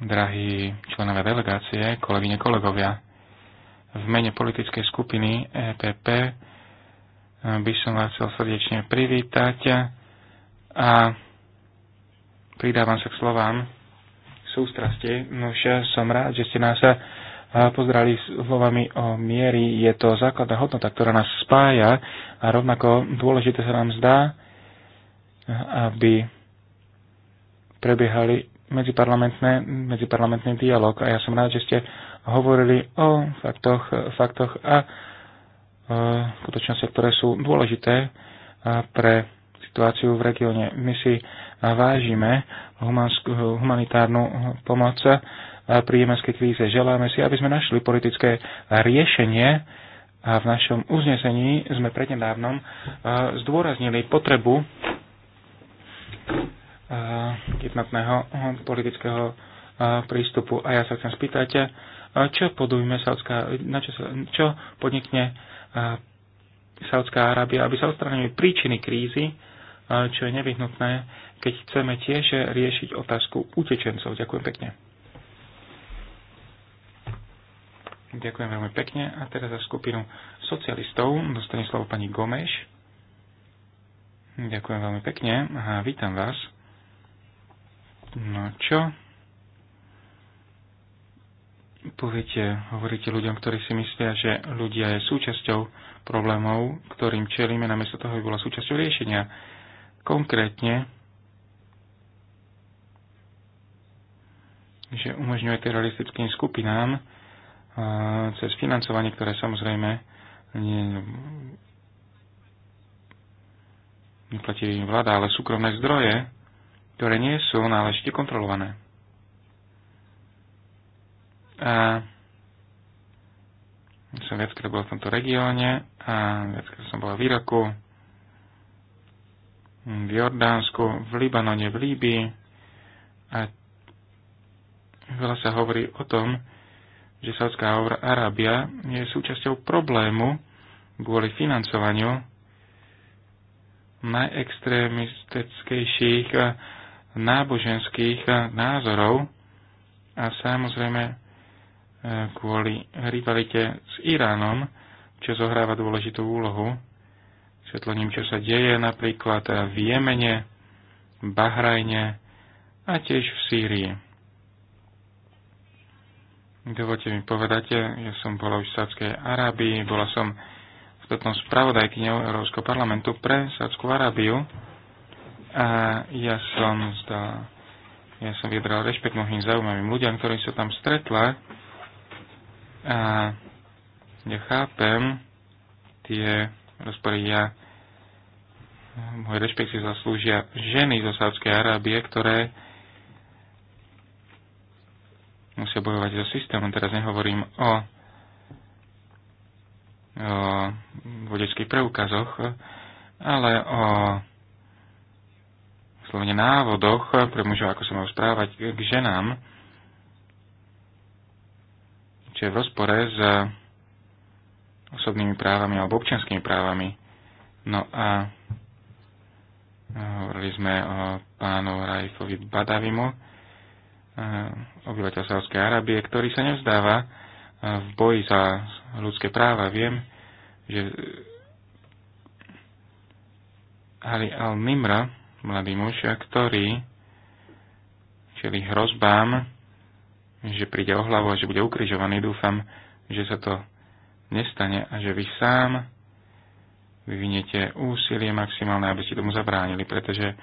drahí členové delegácie, kolegyne, kolegovia. V mene politickej skupiny EPP eh, by som vás chcel srdečne privítať a pridávam sa k slovám sústrasti. Nož som rád, že ste nás eh, pozdrali slovami o miery. Je to základná hodnota, ktorá nás spája a rovnako dôležité sa nám zdá, eh, aby prebiehali medziparlamentný dialog. A ja som rád, že ste hovorili o faktoch, faktoch a e, skutočnosti, ktoré sú dôležité e, pre situáciu v regióne. My si vážime humanitárnu pomoc pri jemenskej kríze. Želáme si, aby sme našli politické riešenie a v našom uznesení sme prednedávnom e, zdôraznili potrebu jednotného eh, politického eh, prístupu. A ja sa chcem spýtať, eh, čo podujme Saudská, na čo, čo podnikne Saudská Arábia, aby sa odstranili príčiny krízy, čo je nevyhnutné, keď chceme tiež riešiť otázku utečencov. Ďakujem pekne. Ďakujem veľmi pekne. A teraz za skupinu socialistov dostane slovo pani Gomeš. Ďakujem veľmi pekne. Aha, vítam vás. No čo? Poviete, hovoríte ľuďom, ktorí si myslia, že ľudia je súčasťou problémov, ktorým čelíme, namiesto toho, aby bola súčasťou riešenia. Konkrétne, že umožňuje teroristickým skupinám cez financovanie, ktoré samozrejme nie, neplatí vláda, ale súkromné zdroje, ktoré nie sú náležite kontrolované. A som viackrát bol v tomto regióne a viackrát som bol v Iraku, v Jordánsku, v Libanone, v Líbii a veľa sa hovorí o tom, že Saudská Arábia je súčasťou problému kvôli financovaniu najextrémistickejších náboženských eh, názorov a samozrejme eh, kvôli rivalite s Iránom, čo zohráva dôležitú úlohu, svetlením, čo sa deje napríklad v Jemene, Bahrajne a tiež v Sýrii. Dovolte mi povedať, že eh, som bola už v Sádskej Arábii, bola som tom spravodajkyňou Európskeho parlamentu pre Sádskú Arábiu a ja som zda. ja som vybral rešpekt mnohým zaujímavým ľuďom, ktorí sa tam stretla. A ja tie rozpory. Ja, môj rešpekt si zaslúžia ženy zo Sávskej Arábie, ktoré musia bojovať so systémom. Teraz nehovorím o, o vodeckých preukazoch, ale o slovene návodoch pre mužov, ako sa majú správať k ženám, čo je v rozpore s osobnými právami alebo občianskými právami. No a hovorili sme o pánu Rajfovi Badavimu, obyvateľ Sávskej Arábie, ktorý sa nevzdáva v boji za ľudské práva. Viem, že Ali al-Nimra, mladý muž, ktorý čili hrozbám, že príde o hlavu a že bude ukrižovaný. Dúfam, že sa to nestane a že vy sám vyviniete úsilie maximálne, aby ste tomu zabránili, pretože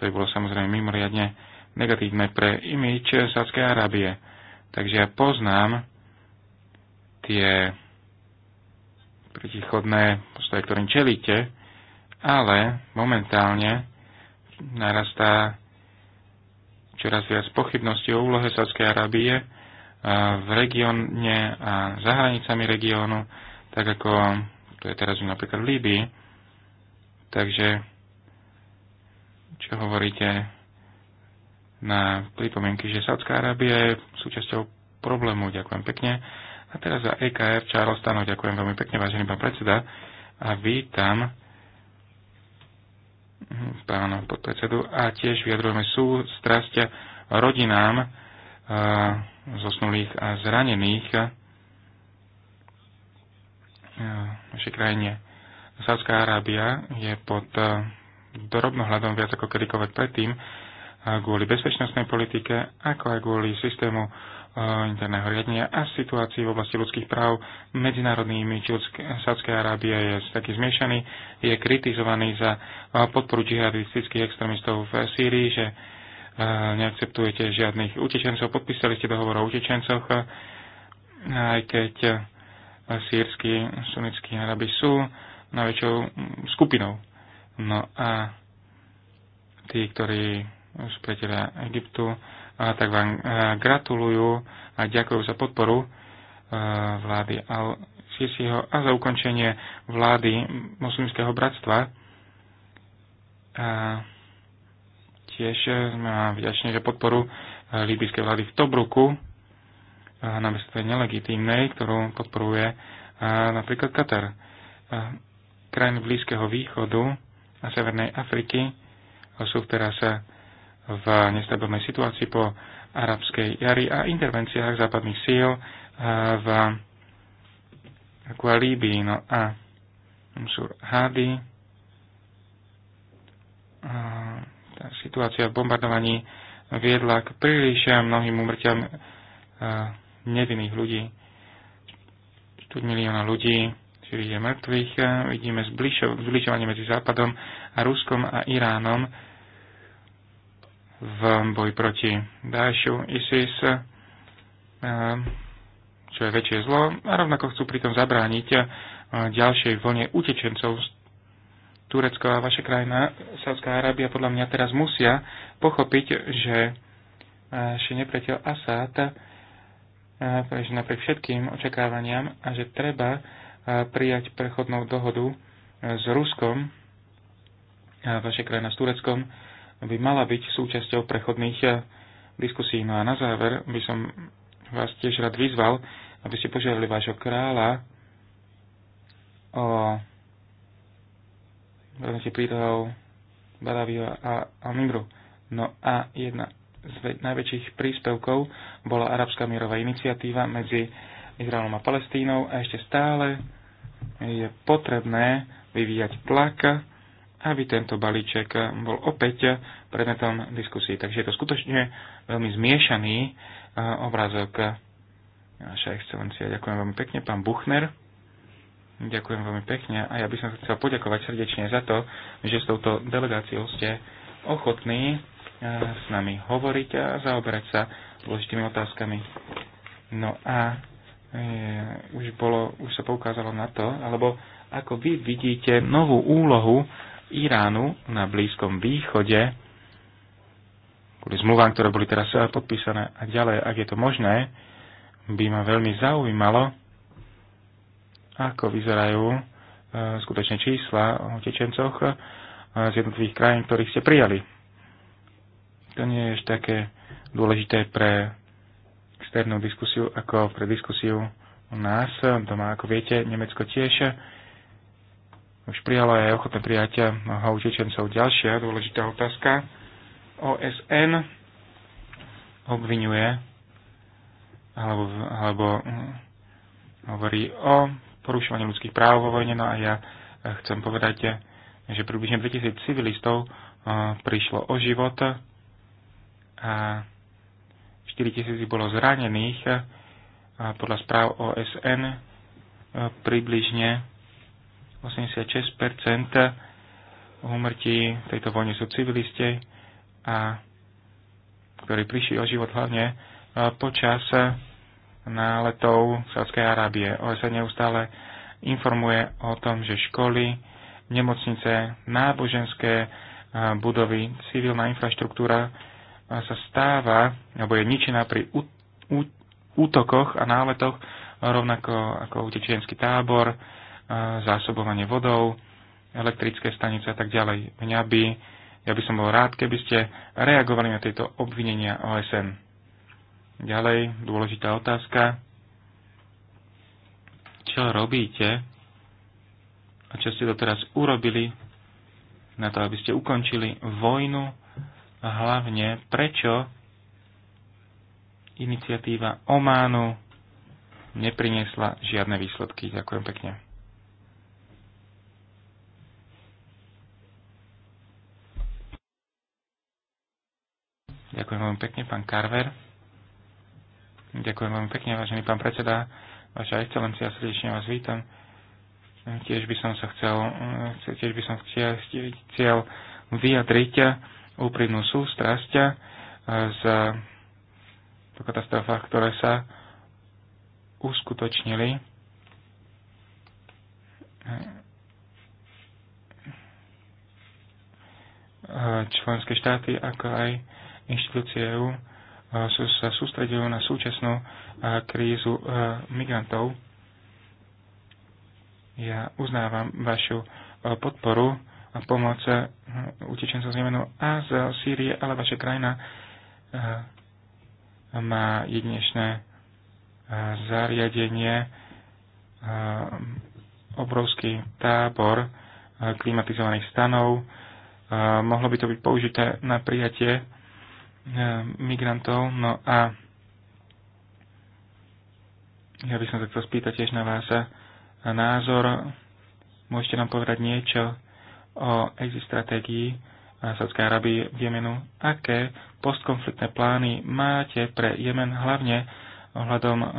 to by bolo samozrejme mimoriadne negatívne pre imič Sádskej Arábie. Takže ja poznám tie protichodné postoje, ktorým čelíte, ale momentálne narastá čoraz viac pochybností o úlohe Sádskej Arábie v regióne a za hranicami regiónu, tak ako to je teraz napríklad v Líbii. Takže čo hovoríte na pripomienky, že Sádska Arábia je súčasťou problému. Ďakujem pekne. A teraz za EKR Charles Stano, ďakujem veľmi pekne, vážený pán predseda. A vítam pána podpredsedu a tiež vyjadrujeme sústrasť rodinám eh, zosnulých a zranených eh, v našej krajine. Sávská Arábia je pod eh, drobnohľadom viac ako kedykoľvek predtým kvôli bezpečnostnej politike, ako aj kvôli systému interného riadenia a situácii v oblasti ľudských práv medzinárodnými Sádskej Arábie je taký zmiešaný, je kritizovaný za podporu džihadistických extrémistov v Sýrii, že neakceptujete žiadnych utečencov, podpísali ste dohovor o utečencoch, aj keď sírsky sunnickí Arabi sú najväčšou skupinou. No a tí, ktorí sú Egyptu, tak vám e, gratulujú a ďakujú za podporu e, vlády Al-Sisiho a za ukončenie vlády moslimského bratstva. A tiež e, sme vám vďační za podporu líbyskej vlády v Tobruku, namiesto tej nelegitímnej, ktorú podporuje napríklad Katar. Krajiny Blízkeho východu a Severnej Afriky sú teraz sa v nestabilnej situácii po arabskej jari a intervenciách západných síl eh, v Kualíbi No a Musur Hadi, eh, tá situácia v bombardovaní viedla k príliš mnohým umrťam eh, nevinných ľudí. 4 milióna ľudí, Syrii je mŕtvych, vidíme zbližovanie medzi Západom a Ruskom a Iránom, v boji proti Dášu, ISIS, eh, čo je väčšie zlo, a rovnako chcú pritom zabrániť eh, ďalšej vlne utečencov z Turecko a vaša krajina, Sávská Arábia, podľa mňa teraz musia pochopiť, že ešte eh, nepriateľ Asad, že napriek všetkým očakávaniam a že treba prijať prechodnú dohodu s Ruskom, vaša krajina s Tureckom, by mala byť súčasťou prechodných eh, diskusí. No a na záver by som vás tiež rád vyzval, aby ste požiadali vášho kráľa o veľmi prídohov Baravio a Almimru. No a jedna z najväčších príspevkov bola arabská mierová iniciatíva medzi Izraelom a Palestínou a ešte stále je potrebné vyvíjať tlak aby tento balíček bol opäť predmetom diskusí. Takže je to skutočne veľmi zmiešaný e, obrázok naša excelencia, ďakujem veľmi pekne, pán Buchner. Ďakujem veľmi pekne a ja by som chcel poďakovať srdečne za to, že s touto delegáciou ste ochotní e, s nami hovoriť a zaoberať sa dôležitými otázkami. No a e, už, bolo, už sa poukázalo na to, alebo ako vy vidíte novú úlohu Iránu na Blízkom východe, kvôli zmluvám, ktoré boli teraz eh, podpísané a ďalej, ak je to možné, by ma veľmi zaujímalo, ako vyzerajú eh, skutočné čísla o tečencoch eh, z jednotlivých krajín, ktorých ste prijali. To nie je ešte také dôležité pre externú diskusiu ako pre diskusiu u nás doma. Ako viete, Nemecko tiež už prijala aj ochotné prijatia mnoho utečencov. Ďalšia dôležitá otázka. OSN obvinuje alebo, alebo hm, hovorí o porušovaní ľudských práv vo vojne. No a ja chcem povedať, že približne 2000 civilistov hm, prišlo o život a 4000 bolo zranených. A podľa správ OSN hm, približne 86% umrtí tejto vojne sú civilisti, a ktorí prišli o život hlavne e, počas náletov Sádskej Arábie. OSN neustále informuje o tom, že školy, nemocnice, náboženské e, budovy, civilná infraštruktúra e, sa stáva, alebo je ničená pri útokoch a náletoch, rovnako ako utečenský tábor, zásobovanie vodou, elektrické stanice a tak ďalej. Mňa by, ja by som bol rád, keby ste reagovali na tieto obvinenia OSN. Ďalej, dôležitá otázka. Čo robíte a čo ste doteraz urobili na to, aby ste ukončili vojnu a hlavne prečo iniciatíva Ománu nepriniesla žiadne výsledky. Ďakujem pekne. Ďakujem veľmi pekne, pán Carver. Ďakujem veľmi pekne, vážený pán predseda. Vaša excelencia, srdečne vás vítam. Tiež by som sa chcel, eh, tiež by som chcel, chcel vyjadriť úprimnú sústrasť eh, z po katastrofách, ktoré sa uskutočnili. Eh, členské štáty, ako aj inštitúcie EU e, sa sústredujú na súčasnú e, krízu e, migrantov. Ja uznávam vašu podporu a pomoc utečencov z Jemenu a z Sýrie, ale vaša krajina má jedinečné zariadenie, obrovský tábor klimatizovaných stanov. Mohlo by to byť použité na prijatie E, migrantov. No a ja by som sa chcel spýtať tiež na vás názor. Môžete nám povedať niečo o exit stratégii Sádskej Arabii v Jemenu. Aké postkonfliktné plány máte pre Jemen, hlavne ohľadom e, e,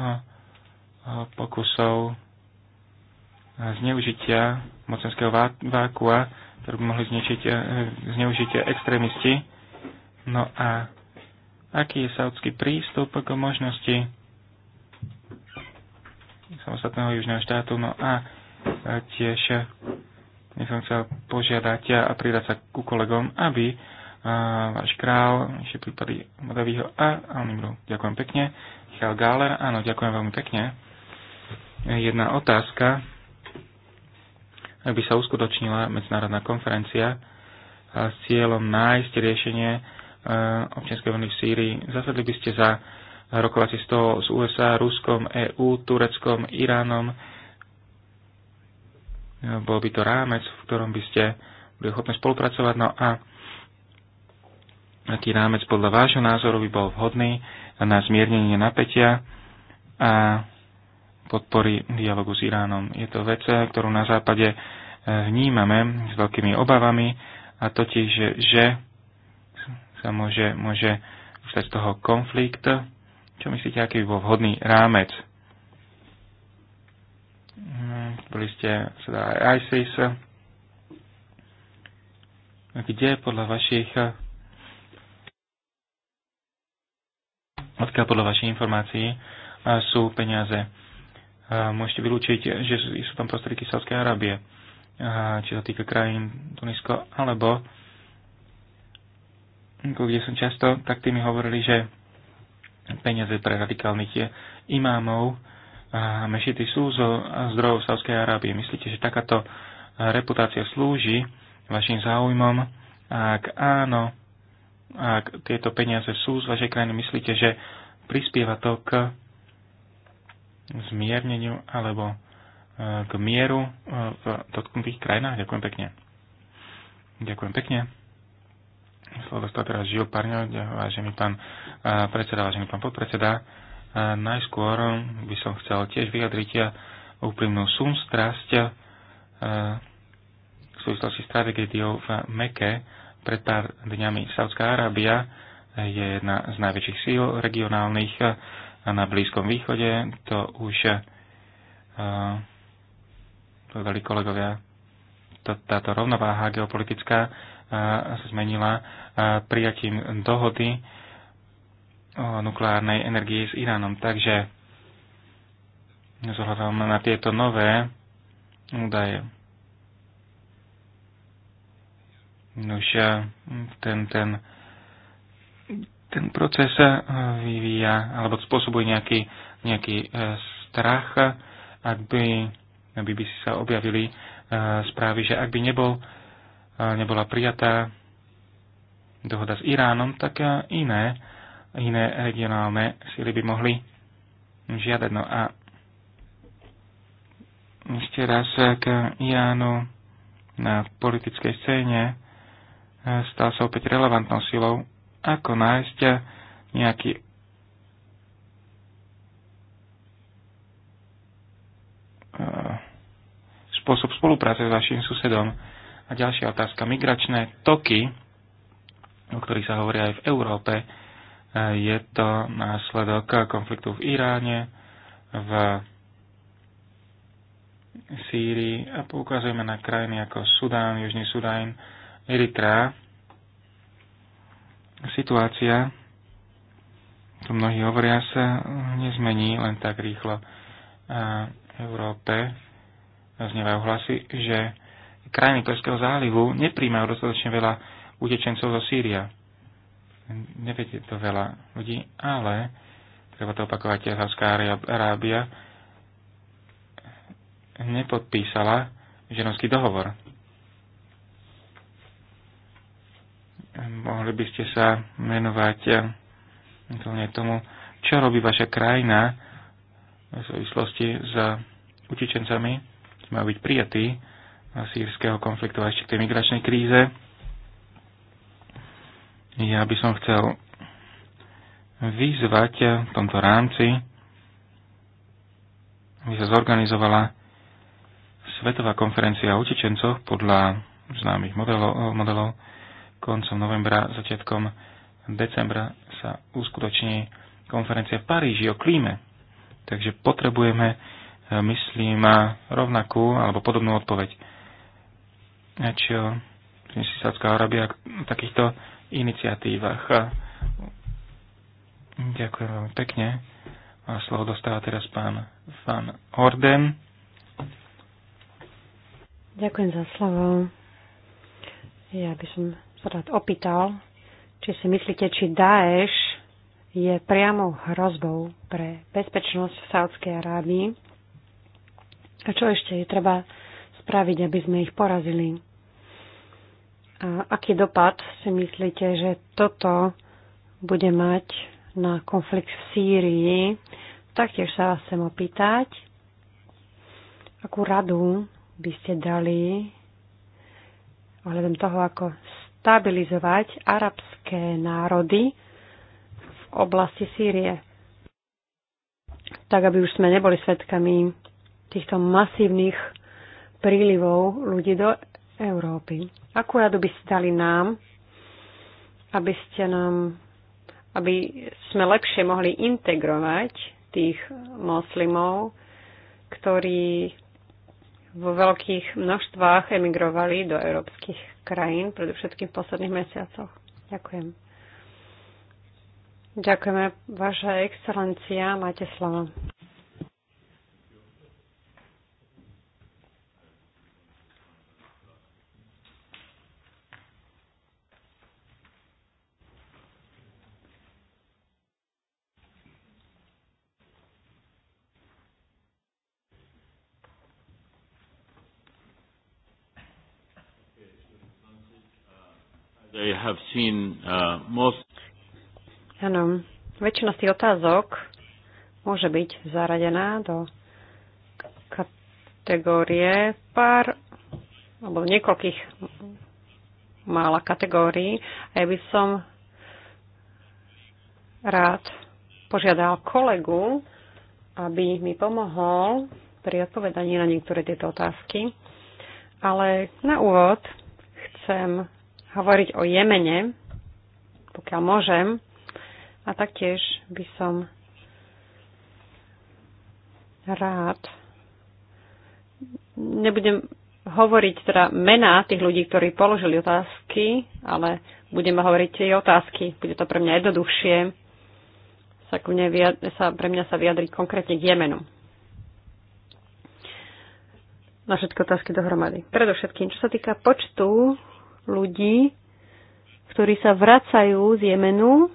pokusov zneužitia mocenského vákua, ktorú by mohli zničiť, zneužiť extrémisti. No a aký je saudský prístup k možnosti samostatného južného štátu. No a e, tiež ja e, som chcel požiadať a pridať sa ku kolegom, aby e, váš král, ešte prípady Modavího a Alnimru. Ďakujem pekne. Michal Gáler, áno, ďakujem veľmi pekne. Jedna otázka, aby sa uskutočnila medzinárodná konferencia s cieľom nájsť riešenie Eh, občianskej vojny v Sýrii. Zasadli by ste za rokovací stôl s USA, Ruskom, EÚ, Tureckom, Iránom. Eh, bol by to rámec, v ktorom by ste boli ochotné spolupracovať. No a aký rámec podľa vášho názoru by bol vhodný na zmiernenie napätia a podpory dialogu s Iránom. Je to vec, eh, ktorú na západe vnímame s veľkými obavami, a totiž, že sa môže, môže stať z toho konflikt. Čo myslíte, aký by bol vhodný rámec? Hm, boli ste teda aj ISIS. Kde podľa vašich odkiaľ podľa vašich informácií sú peniaze. Môžete vylúčiť, že sú tam prostriedky Sávskej Arábie, či sa týka krajín Tunisko alebo kde som často, tak tí mi hovorili, že peniaze pre radikálnych je imámov a mešity sú zo zdrojov Sávskej Arábie. Myslíte, že takáto reputácia slúži vašim záujmom? ak áno, ak tieto peniaze sú z vašej krajiny, myslíte, že prispieva to k zmierneniu alebo e, k mieru e, v dotknutých krajinách? Ďakujem pekne. Ďakujem pekne. Slovo dostal teraz Žil Parňo, vážený pán predseda, vážený pán podpredseda. Najskôr by som chcel tiež vyjadriť úprimnú sústrasť v súvislosti s tragédiou v Meke. Pred pár dňami Saudská Arábia je jedna z najväčších síl regionálnych na Blízkom východe. To už povedali kolegovia. Táto rovnováha geopolitická zmenila prijatím dohody o nukleárnej energii s Iránom. Takže zohľadom na tieto nové údaje. Už ten, ten, ten proces vyvíja alebo spôsobuje nejaký, nejaký e, strach, ak by by si sa objavili e, správy, že ak by nebol nebola prijatá dohoda s Iránom, tak iné, iné regionálne síly by mohli žiadať. No a ešte raz k Iránu na politickej scéne e, stal sa opäť relevantnou silou, ako nájsť nejaký e, spôsob spolupráce s vašim susedom. A ďalšia otázka. Migračné toky, o ktorých sa hovorí aj v Európe, e, je to následok konfliktu v Iráne, v Sýrii a poukazujeme na krajiny ako Sudán, Južný Sudán, Eritrea. Situácia, to mnohí hovoria, sa nezmení len tak rýchlo. A v Európe znievajú hlasy, že krajiny Perského zálivu nepríjmajú dostatočne veľa utečencov zo Sýria. Neviete to veľa ľudí, ale treba to opakovať, Sávská Arábia nepodpísala ženovský dohovor. Mohli by ste sa menovať eh, tomu, čo robí vaša krajina v súvislosti s utečencami, majú byť prijatí sírskeho konfliktu a ešte k tej migračnej kríze. Ja by som chcel vyzvať v tomto rámci, aby sa zorganizovala Svetová konferencia o utečencoch podľa známych modelov, modelov. Koncom novembra, začiatkom decembra sa uskutoční konferencia v Paríži o klíme. Takže potrebujeme, eh, myslím, eh, rovnakú alebo podobnú odpoveď čo si Sádzka Arábia v takýchto iniciatívach. Ďakujem veľmi pekne. A slovo dostáva teraz pán Van Orden. Ďakujem za slovo. Ja by som sa rád opýtal, či si myslíte, či Daesh je priamou hrozbou pre bezpečnosť v Sádskej Arábii a čo ešte je treba spraviť, aby sme ich porazili. A aký dopad si myslíte, že toto bude mať na konflikt v Sýrii? Taktiež sa vás chcem opýtať, akú radu by ste dali ohľadom toho, ako stabilizovať arabské národy v oblasti Sýrie, tak aby už sme neboli svetkami týchto masívnych prílivov ľudí do Európy. Akú radu by ste dali nám, aby ste nám, aby sme lepšie mohli integrovať tých moslimov, ktorí vo veľkých množstvách emigrovali do európskych krajín, predovšetkým v posledných mesiacoch. Ďakujem. Ďakujeme, Vaša excelencia, máte slovo. They have seen, uh, most... Áno, väčšina z tých otázok môže byť zaradená do kategórie pár alebo niekoľkých mála kategórií. A ja by som rád požiadal kolegu, aby mi pomohol pri odpovedaní na niektoré tieto otázky. Ale na úvod chcem hovoriť o Jemene, pokiaľ môžem. A taktiež by som rád. Nebudem hovoriť teda mená tých ľudí, ktorí položili otázky, ale budeme hovoriť tie otázky. Bude to pre mňa jednoduchšie sa, ku mne, sa pre mňa sa vyjadriť konkrétne k Jemenu. Na všetky otázky dohromady. Predovšetkým, čo sa týka počtu ľudí, ktorí sa vracajú z Jemenu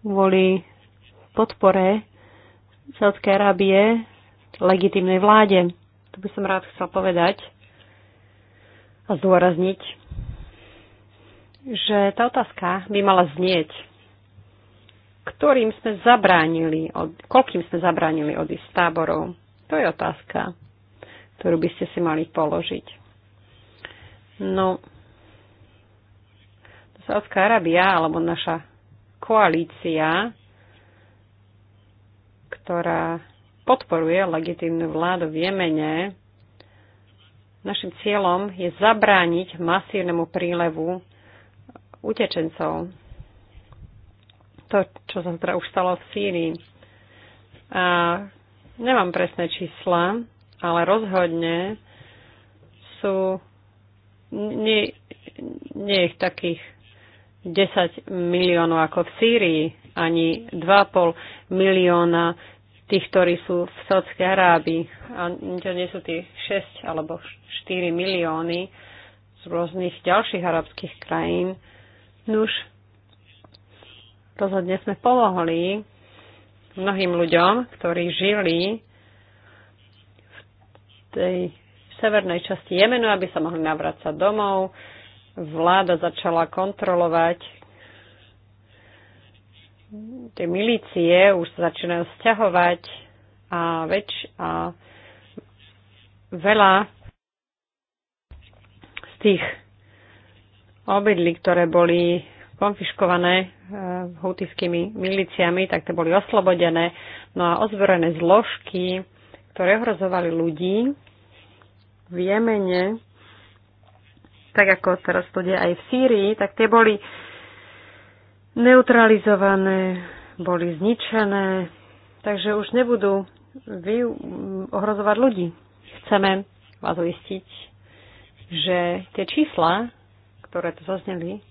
kvôli podpore Saudskej Arábie legitimnej vláde. To by som rád chcel povedať a zdôrazniť, že tá otázka by mala znieť, ktorým sme zabránili, od, koľkým sme zabránili od táborov. To je otázka ktorú by ste si mali položiť. No, Sádzka Arábia alebo naša koalícia, ktorá podporuje legitímnu vládu v Jemene, našim cieľom je zabrániť masívnemu prílevu utečencov. To, čo sa teda už stalo v Sýrii. A nemám presné čísla, ale rozhodne sú nie, nie ich takých 10 miliónov ako v Sýrii, ani 2,5 milióna tých, ktorí sú v Sádskej Arábii. A to nie sú tých 6 alebo 4 milióny z rôznych ďalších arabských krajín. Nuž, rozhodne sme pomohli mnohým ľuďom, ktorí žili tej severnej časti Jemenu, aby sa mohli navrácať domov. Vláda začala kontrolovať tie milície, už sa začínajú sťahovať a, väč, a veľa z tých obydlí, ktoré boli konfiškované hutijskými eh, milíciami, tak to boli oslobodené. No a ozbrojené zložky, ktoré ohrozovali ľudí, v Jemene, tak ako teraz to aj v Sýrii, tak tie boli neutralizované, boli zničené, takže už nebudú vy, ohrozovať ľudí. Chceme vás uistiť, že tie čísla, ktoré tu zazneli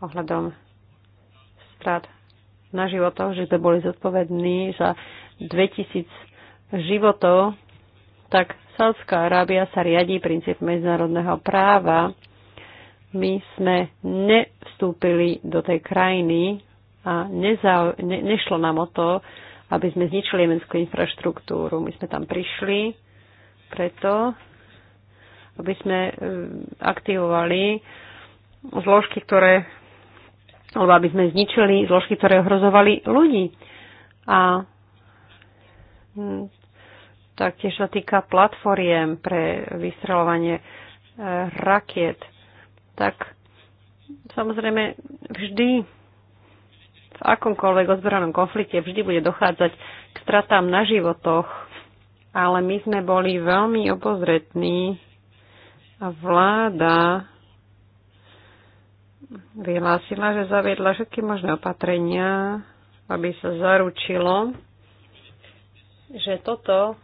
ohľadom strát na životoch, že sme boli zodpovední za 2000 životov tak Saudská Arábia sa riadí princíp medzinárodného práva. My sme nevstúpili do tej krajiny a nezau, ne, nešlo nám o to, aby sme zničili jemenskú infraštruktúru. My sme tam prišli preto, aby sme e, aktivovali zložky, ktoré alebo aby sme zničili zložky, ktoré ohrozovali ľudí. A taktiež sa týka platformiem pre vystreľovanie eh, rakiet, tak samozrejme vždy v akomkoľvek ozbrojenom konflikte vždy bude dochádzať k stratám na životoch, ale my sme boli veľmi obozretní a vláda vyhlásila, že zaviedla všetky možné opatrenia, aby sa zaručilo, že toto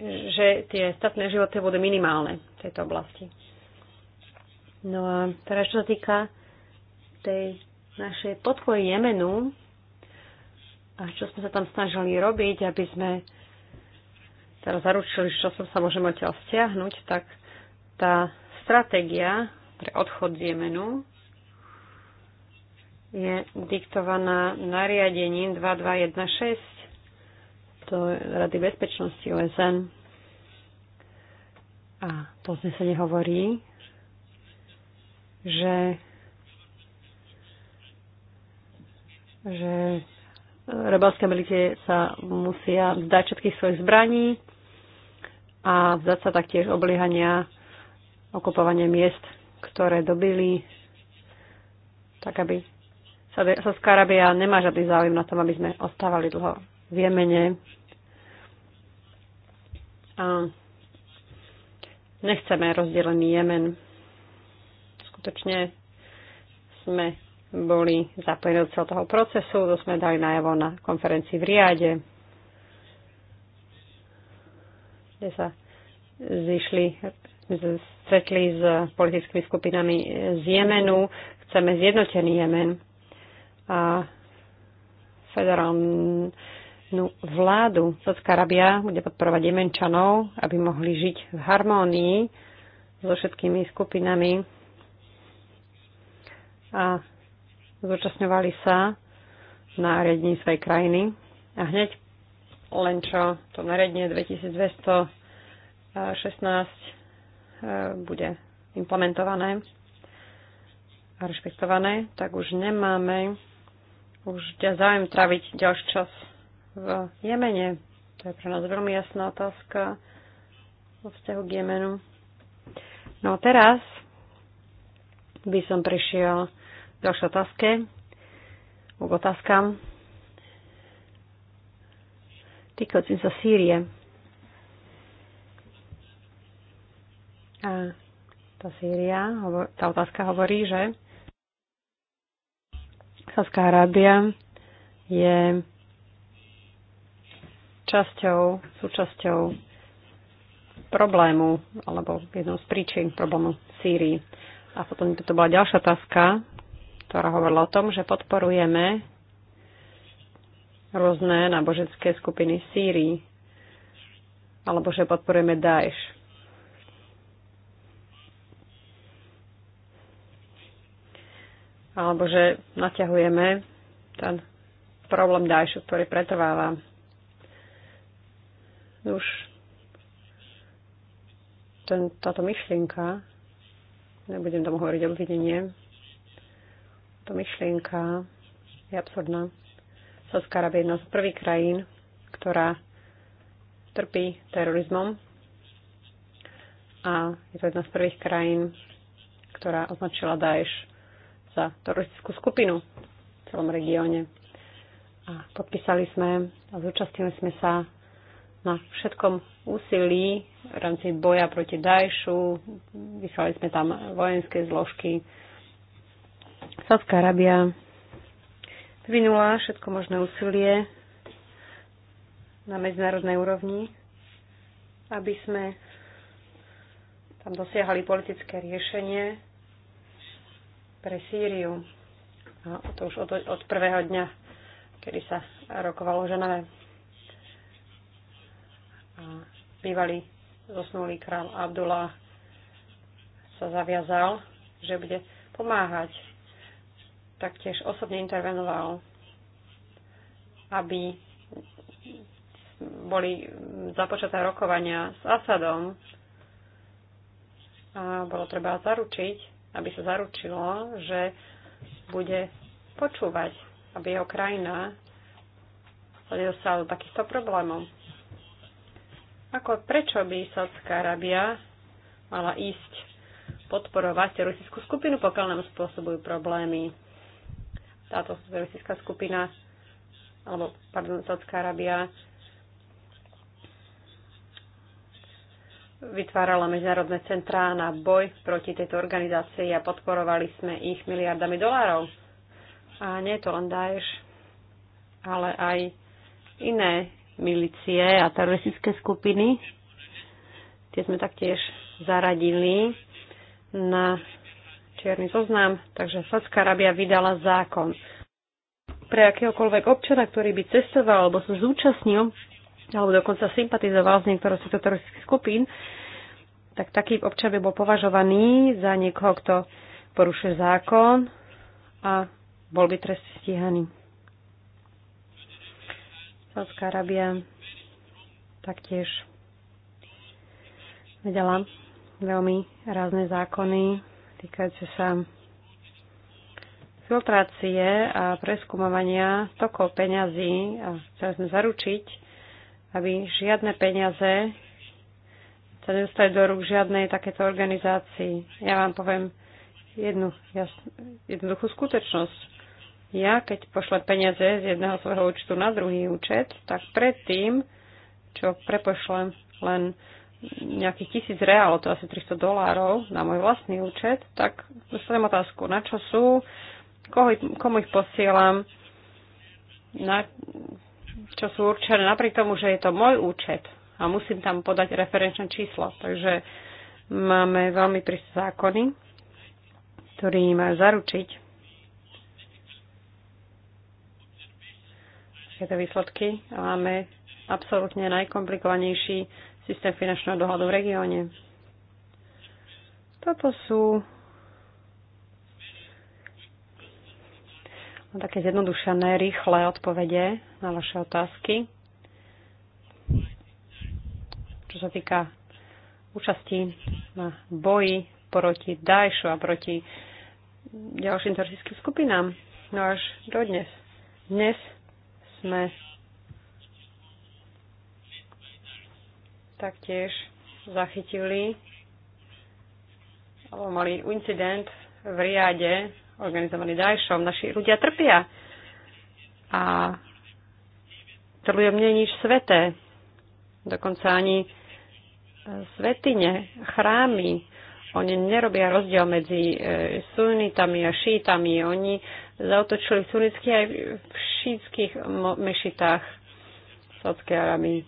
že tie statné životy budú minimálne v tejto oblasti. No a teraz čo sa týka tej našej podpory Jemenu a čo sme sa tam snažili robiť, aby sme teraz zaručili, čo som sa môžeme odtiaľ stiahnuť, tak tá stratégia pre odchod z Jemenu je diktovaná nariadením 2216 do Rady bezpečnosti OSN. A to sa nehovorí, že, že rebelské milície sa musia vzdať všetkých svojich zbraní a vzdať sa taktiež obliehania okupovania miest, ktoré dobili, tak aby Sádska Arábia nemá žiadny záujem na tom, aby sme ostávali dlho v Jemene. A nechceme rozdelený Jemen. Skutočne sme boli zapojení do celého toho procesu, to sme dali najavo na konferencii v Riade, kde sa zišli, stretli s politickými skupinami z Jemenu. Chceme zjednotený Jemen. A federálne jednotnú vládu. Sotská Arábia bude podporovať Jemenčanov, aby mohli žiť v harmónii so všetkými skupinami a zúčastňovali sa na riadení svojej krajiny. A hneď len čo to nariadenie 2216 e, bude implementované a rešpektované, tak už nemáme už záujem traviť ďalší čas v Jemene? To je pre nás veľmi jasná otázka vo vzťahu k Jemenu. No a teraz by som prišiel k ďalšej otázke, k otázkam týkajúcim sa Sýrie. A tá Sýria, tá otázka hovorí, že Sávská Arábia je súčasťou, súčasťou problému, alebo jednou z príčin problému v Sýrii. A potom to bola ďalšia otázka, ktorá hovorila o tom, že podporujeme rôzne náboženské skupiny v Sýrii, alebo že podporujeme Daesh. Alebo že naťahujeme ten problém Daesh, ktorý pretrváva už ten, táto myšlienka, nebudem tomu hovoriť obvinenie, táto myšlienka je absurdná. Saudská Arábia je jedna z prvých krajín, ktorá trpí terorizmom a je to jedna z prvých krajín, ktorá označila Daesh za teroristickú skupinu v celom regióne. A podpísali sme a zúčastnili sme sa na všetkom úsilí v rámci boja proti Dajšu. Vyslali sme tam vojenské zložky. Sádzka Arábia vyvinula všetko možné úsilie na medzinárodnej úrovni, aby sme tam dosiahali politické riešenie pre Sýriu. A to už od, od prvého dňa, kedy sa rokovalo ženové Bývalý zosnulý král Abdullah sa zaviazal, že bude pomáhať. Taktiež osobne intervenoval, aby boli započaté rokovania s Asadom a bolo treba zaručiť, aby sa zaručilo, že bude počúvať, aby jeho krajina sa nedostala do takýchto problémov. Ako, prečo by Sádzka Arábia mala ísť podporovať teroristickú skupinu, pokiaľ nám spôsobujú problémy? Táto teroristická skupina, alebo, pardon, Sádzka Arábia vytvárala medzinárodné centrá na boj proti tejto organizácii a podporovali sme ich miliardami dolárov. A nie je to len Daesh, ale aj iné milície a teroristické skupiny. Tie sme taktiež zaradili na čierny zoznam, takže Sadská Arábia vydala zákon. Pre akéhokoľvek občana, ktorý by cestoval alebo sa zúčastnil, alebo dokonca sympatizoval s niektorou z týchto teroristických skupín, tak taký občan by bol považovaný za niekoho, kto porušuje zákon a bol by trest stíhaný. Sádzka Arábia taktiež vedela veľmi rázne zákony týkajúce sa filtrácie a preskúmovania tokov peňazí a chceli sme zaručiť, aby žiadne peniaze sa nedostali do rúk žiadnej takéto organizácii. Ja vám poviem jednu jasn- jednoduchú skutočnosť. Ja, keď pošlem peniaze z jedného svojho účtu na druhý účet, tak predtým, čo prepošlem len nejakých tisíc reálov, to asi 300 dolárov na môj vlastný účet, tak dostanem otázku, na čo sú, koho, komu ich posielam, na čo sú určené, napriek tomu, že je to môj účet a musím tam podať referenčné číslo. Takže máme veľmi prísne zákony, ktorí majú zaručiť tieto výsledky. Máme absolútne najkomplikovanejší systém finančného dohľadu v regióne. Toto sú také zjednodušené, rýchle odpovede na vaše otázky. Čo sa týka účasti na boji proti Dajšu a proti ďalším teroristickým skupinám. No až dodnes. Dnes sme taktiež zachytili alebo mali incident v riade organizovaný Dajšom. Naši ľudia trpia a to ľuďom nie nič sveté. Dokonca ani svetine, chrámy. Oni nerobia rozdiel medzi e, sunitami a šítami. Oni zautočili v aj v šítskych mešitách v Sádskej Arabii.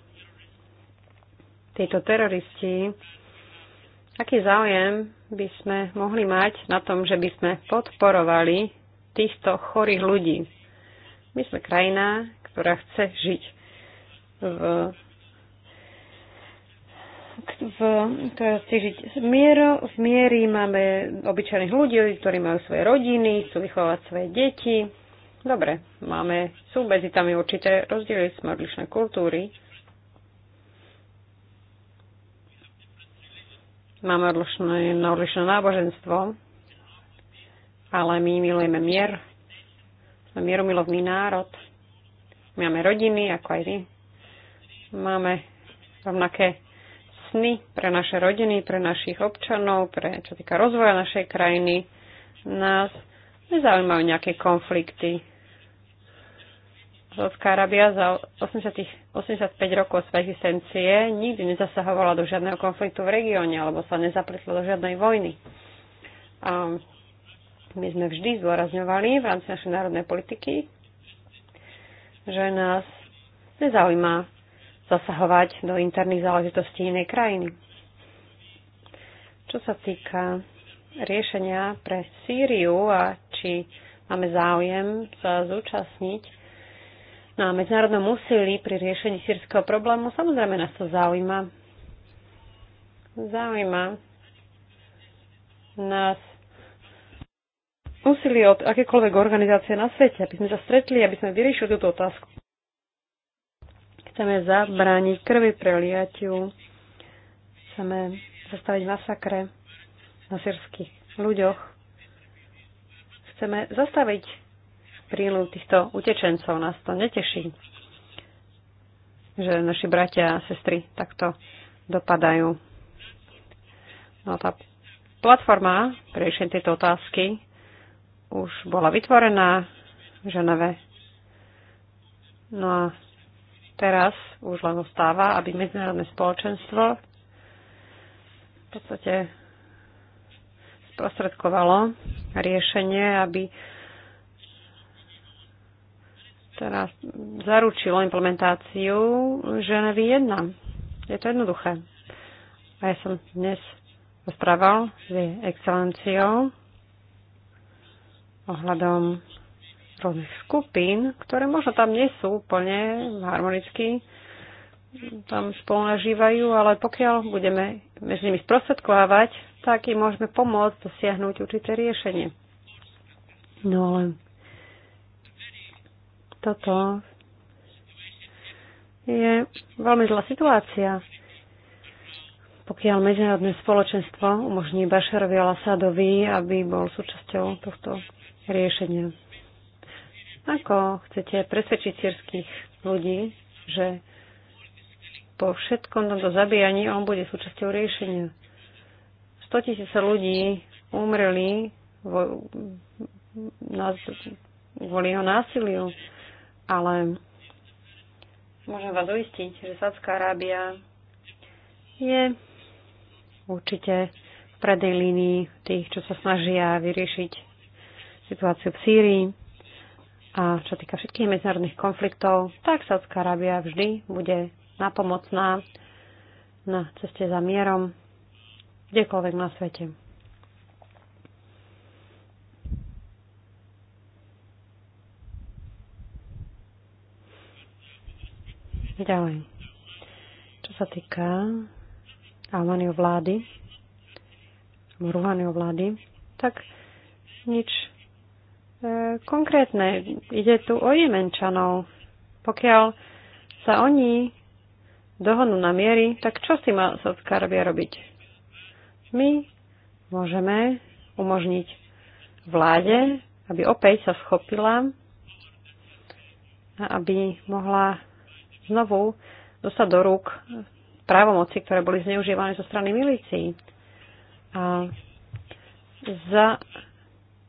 Títo teroristi, aký záujem by sme mohli mať na tom, že by sme podporovali týchto chorých ľudí? My sme krajina, ktorá chce žiť v v, ktorá chce žiť v, v miery. Máme obyčajných ľudí, ktorí majú svoje rodiny, chcú vychovať svoje deti. Dobre, máme, sú medzi tam určité rozdiely, sme odlišné kultúry. Máme odlišné, odlišné náboženstvo, ale my milujeme mier. Sme mieromilovný národ. Máme rodiny, ako aj vy. Máme rovnaké sny pre naše rodiny, pre našich občanov, pre čo týka rozvoja našej krajiny. Nás nezaujímajú nejaké konflikty. Zodská Arábia za 80, 85 rokov svojej existencie nikdy nezasahovala do žiadneho konfliktu v regióne alebo sa nezapletla do žiadnej vojny. A my sme vždy zdôrazňovali v rámci našej národnej politiky, že nás nezaujíma zasahovať do interných záležitostí inej krajiny. Čo sa týka riešenia pre Sýriu a či máme záujem sa zúčastniť na medzinárodnom úsilí pri riešení sírskeho problému, samozrejme nás to zaujíma. Zaujíma nás úsilie od akékoľvek organizácie na svete, aby sme sa stretli, aby sme vyriešili túto otázku. Chceme zabrániť krvi preliatiu. Chceme zastaviť masakre na sírských ľuďoch. Chceme zastaviť príliv týchto utečencov. Nás to neteší, že naši bratia a sestry takto dopadajú. No tá platforma pre riešenie tejto otázky už bola vytvorená v Ženeve. No a Teraz už len ostáva, aby medzinárodné spoločenstvo v podstate sprostredkovalo riešenie, aby teraz zaručilo implementáciu Ženevy 1. Je to jednoduché. A ja som dnes rozprával s excelenciou ohľadom rôznych skupín, ktoré možno tam nie sú úplne harmonicky, tam nažívajú, ale pokiaľ budeme medzi nimi sprostredkovávať, tak im môžeme pomôcť dosiahnuť určité riešenie. No ale toto je veľmi zlá situácia. Pokiaľ medzinárodné spoločenstvo umožní Bašerovi a Lasadovi, aby bol súčasťou tohto riešenia. Ako chcete presvedčiť sírských ľudí, že po všetkom tomto zabíjaní on bude súčasťou riešenia? 100 tisíc ľudí umreli vo, kvôli jeho násiliu, ale môžem vás uistiť, že Sádzka Arábia je určite v predej línii tých, čo sa snažia vyriešiť situáciu v Sýrii a čo týka všetkých medzinárodných konfliktov, tak Saudská Arábia vždy bude napomocná na ceste za mierom, kdekoľvek na svete. Ďalej. Čo sa týka Albánio vlády, Ruhanio vlády, tak nič E, konkrétne. Ide tu o Jemenčanov. Pokiaľ sa oni dohodnú na miery, tak čo si má Saudská Arábia robiť? My môžeme umožniť vláde, aby opäť sa schopila a aby mohla znovu dostať do rúk právomoci, ktoré boli zneužívané zo strany milícií. A za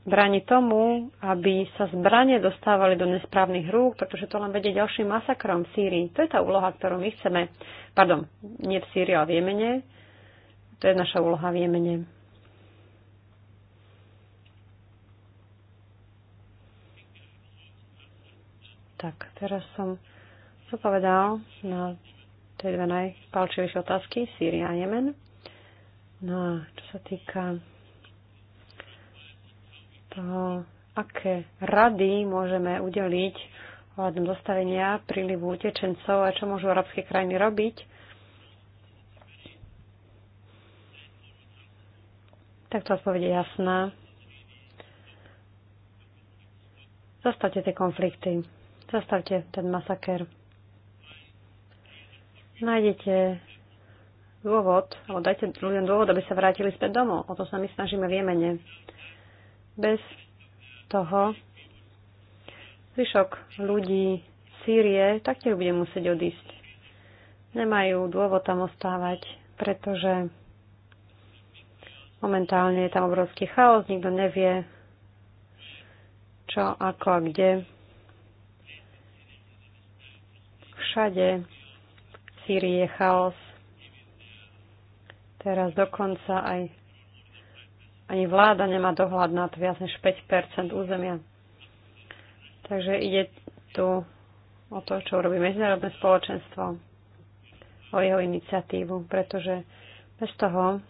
bráni tomu, aby sa zbranie dostávali do nesprávnych rúk, pretože to len vedie ďalším masakrom v Sýrii. To je tá úloha, ktorú my chceme, pardon, nie v Sýrii, ale v Jemene. To je naša úloha v Jemene. Tak, teraz som zopovedal na tie dve najpalčivejšie otázky, Sýria a Jemen. No a čo sa týka Eh, aké rady môžeme udeliť ohľadom zostavenia prílivu utečencov a čo môžu arabské krajiny robiť. Tak to odpoveď je jasná. Zastavte tie konflikty. Zastavte ten masaker. Nájdete dôvod, alebo dajte ľuďom dôvod, aby sa vrátili späť domov. O to sa my snažíme v Jemene. Bez toho zvyšok ľudí Sýrie taktiež bude musieť odísť. Nemajú dôvod tam ostávať, pretože momentálne je tam obrovský chaos, nikto nevie, čo, ako a kde. Všade v Sýrii je chaos. Teraz dokonca aj ani vláda nemá dohľad nad viac než 5 územia. Takže ide tu o to, čo robí medzinárodné spoločenstvo, o jeho iniciatívu, pretože bez toho,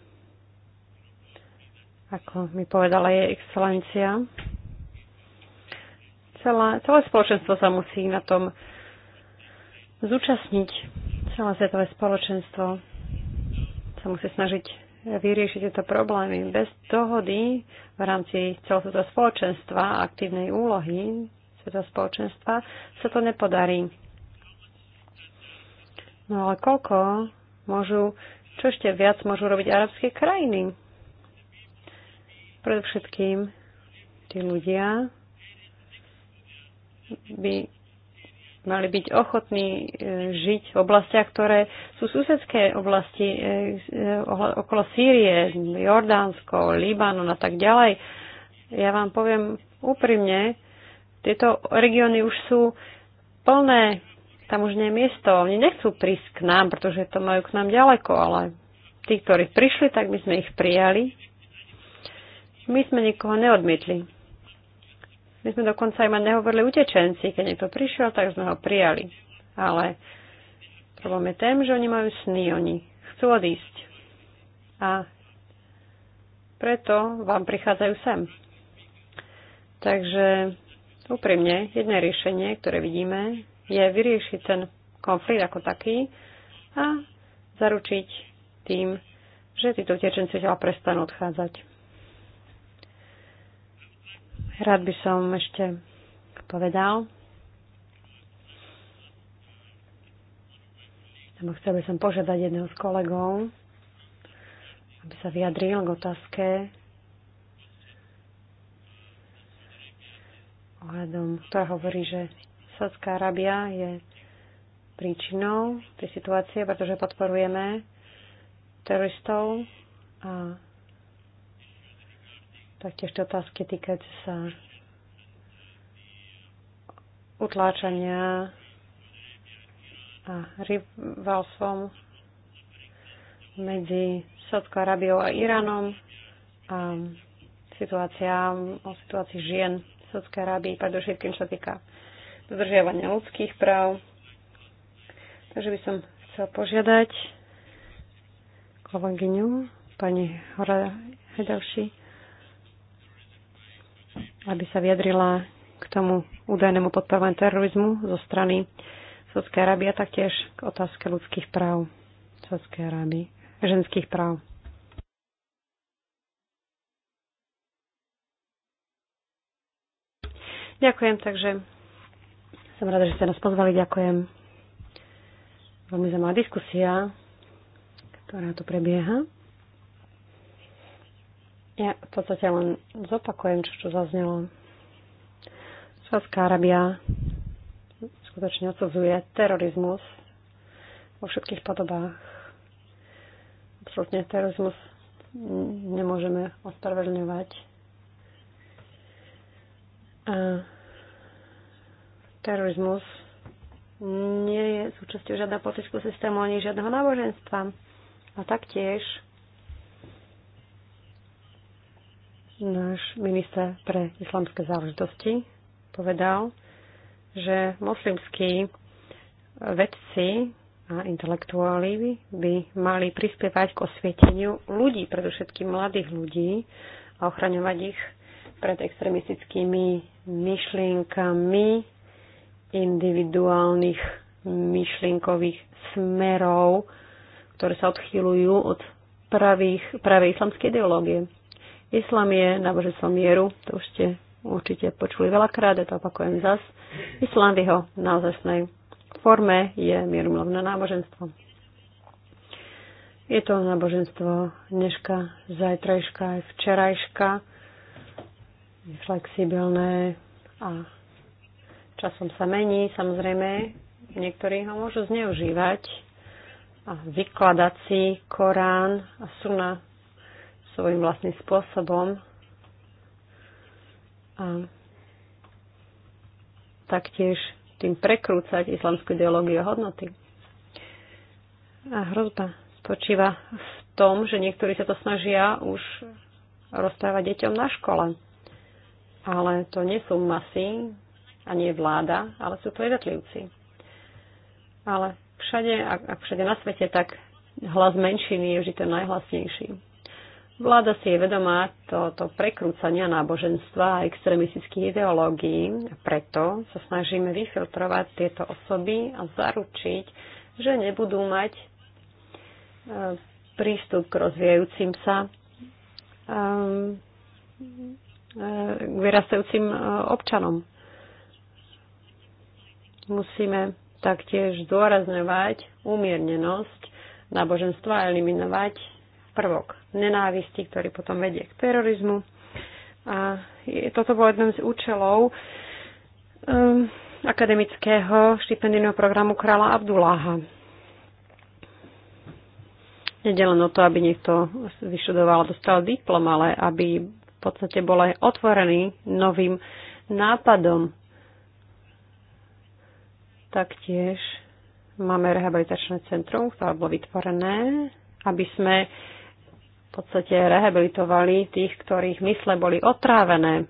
ako mi povedala jej excelencia, celé, celé spoločenstvo sa musí na tom zúčastniť, celé svetové spoločenstvo sa musí snažiť vyriešiť tieto problémy. Bez dohody v rámci celého spoločenstva, aktívnej úlohy celého spoločenstva sa to nepodarí. No ale koľko môžu, čo ešte viac môžu robiť arabské krajiny? Predovšetkým tí ľudia by mali byť ochotní e, žiť v oblastiach, ktoré sú susedské oblasti e, e, okolo Sýrie, Jordánsko, Libanon a tak ďalej. Ja vám poviem úprimne, tieto regióny už sú plné, tam už nie je miesto. Oni nechcú prísť k nám, pretože to majú k nám ďaleko, ale tí, ktorí prišli, tak my sme ich prijali. My sme nikoho neodmietli. My sme dokonca aj ma nehovorili utečenci, keď niekto prišiel, tak sme ho prijali. Ale problém je ten, že oni majú sny, oni chcú odísť. A preto vám prichádzajú sem. Takže úprimne, jedné riešenie, ktoré vidíme, je vyriešiť ten konflikt ako taký a zaručiť tým, že títo utečenci ťa prestanú odchádzať. Rád by som ešte povedal, Nebo chcel by som požiadať jedného z kolegov, aby sa vyjadril k otázke ohľadom, ktorá hovorí, že Sádzka Arábia je príčinou tej situácie, pretože podporujeme teroristov a taktiež tie otázky týkajúce sa utláčania a rivalstvom medzi Sádskou Arabiou a Iránom a situácia o situácii žien v Sádskej Arábii, predovšetkým čo týka dodržiavania ľudských práv. Takže by som chcela požiadať kolegyňu, pani Hora Hedavši, aby sa vyjadrila k tomu údajnému podporovaniu terorizmu zo strany Sádskej Arábie a taktiež k otázke ľudských práv Sádskej Arábie, ženských práv. Ďakujem, takže som rada, že ste nás pozvali. Ďakujem. Veľmi zaujímavá diskusia, ktorá tu prebieha. Ja v podstate len zopakujem, čo tu zaznelo. Sávská Arabia skutočne odsudzuje terorizmus vo všetkých podobách. Absolutne terorizmus nemôžeme ospravedlňovať. A terorizmus nie je súčasťou žiadneho politického systému ani žiadneho náboženstva. A taktiež náš minister pre islamské záležitosti povedal, že moslimskí vedci a intelektuáli by mali prispievať k osvieteniu ľudí, predovšetkým mladých ľudí a ochraňovať ich pred extremistickými myšlienkami individuálnych myšlienkových smerov, ktoré sa odchýlujú od pravých, pravej islamskej ideológie. Islam je náboženstvo mieru, to už ste určite počuli veľakrát, ja to opakujem zas. Islám v jeho naozajstnej forme je mierumlovné náboženstvo. Je to náboženstvo dneška, zajtrajška aj včerajška, je flexibilné a časom sa mení. Samozrejme, niektorí ho môžu zneužívať a vykladať si Korán a suna svojím vlastným spôsobom. A taktiež tým prekrúcať islamskú ideológiu hodnoty. A hrozba spočíva v tom, že niektorí sa to snažia už rozprávať deťom na škole. Ale to nie sú masy a nie vláda, ale sú to jednotlivci. Ale všade, ak, všade na svete, tak hlas menšiny je vždy ten najhlasnejší. Vláda si je vedomá toto prekrúcania náboženstva a extremistických ideológií, preto sa snažíme vyfiltrovať tieto osoby a zaručiť, že nebudú mať e, prístup k rozvíjajúcim sa e, e, k vyrastajúcim občanom. Musíme taktiež zdôrazňovať umiernenosť náboženstva a eliminovať prvok nenávisti, ktorý potom vedie k terorizmu. A toto bol jedným z účelov um, akademického štipendijného programu kráľa Abduláha. Nede len o to, aby niekto vyšudoval a dostal diplom, ale aby v podstate bol aj otvorený novým nápadom. Taktiež máme rehabilitačné centrum, ktoré bolo vytvorené, aby sme podstate rehabilitovali tých, ktorých mysle boli otrávené.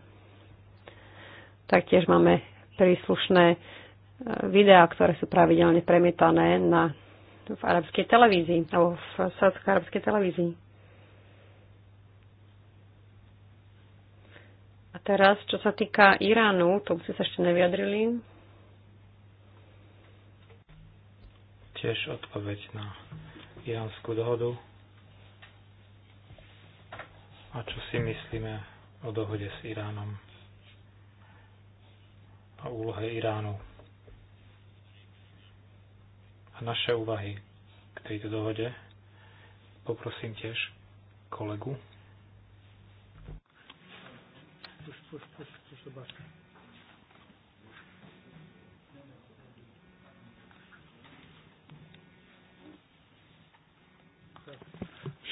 Taktiež máme príslušné e, videá, ktoré sú pravidelne premietané na, v arabskej televízii alebo v sádskej arabskej televízii. A teraz, čo sa týka Iránu, by ste sa ešte nevyjadrili. Tiež odpoveď na iránsku dohodu a čo si myslíme o dohode s Iránom a úlohe Iránu a naše úvahy k tejto dohode. Poprosím tiež kolegu. Push, push, push,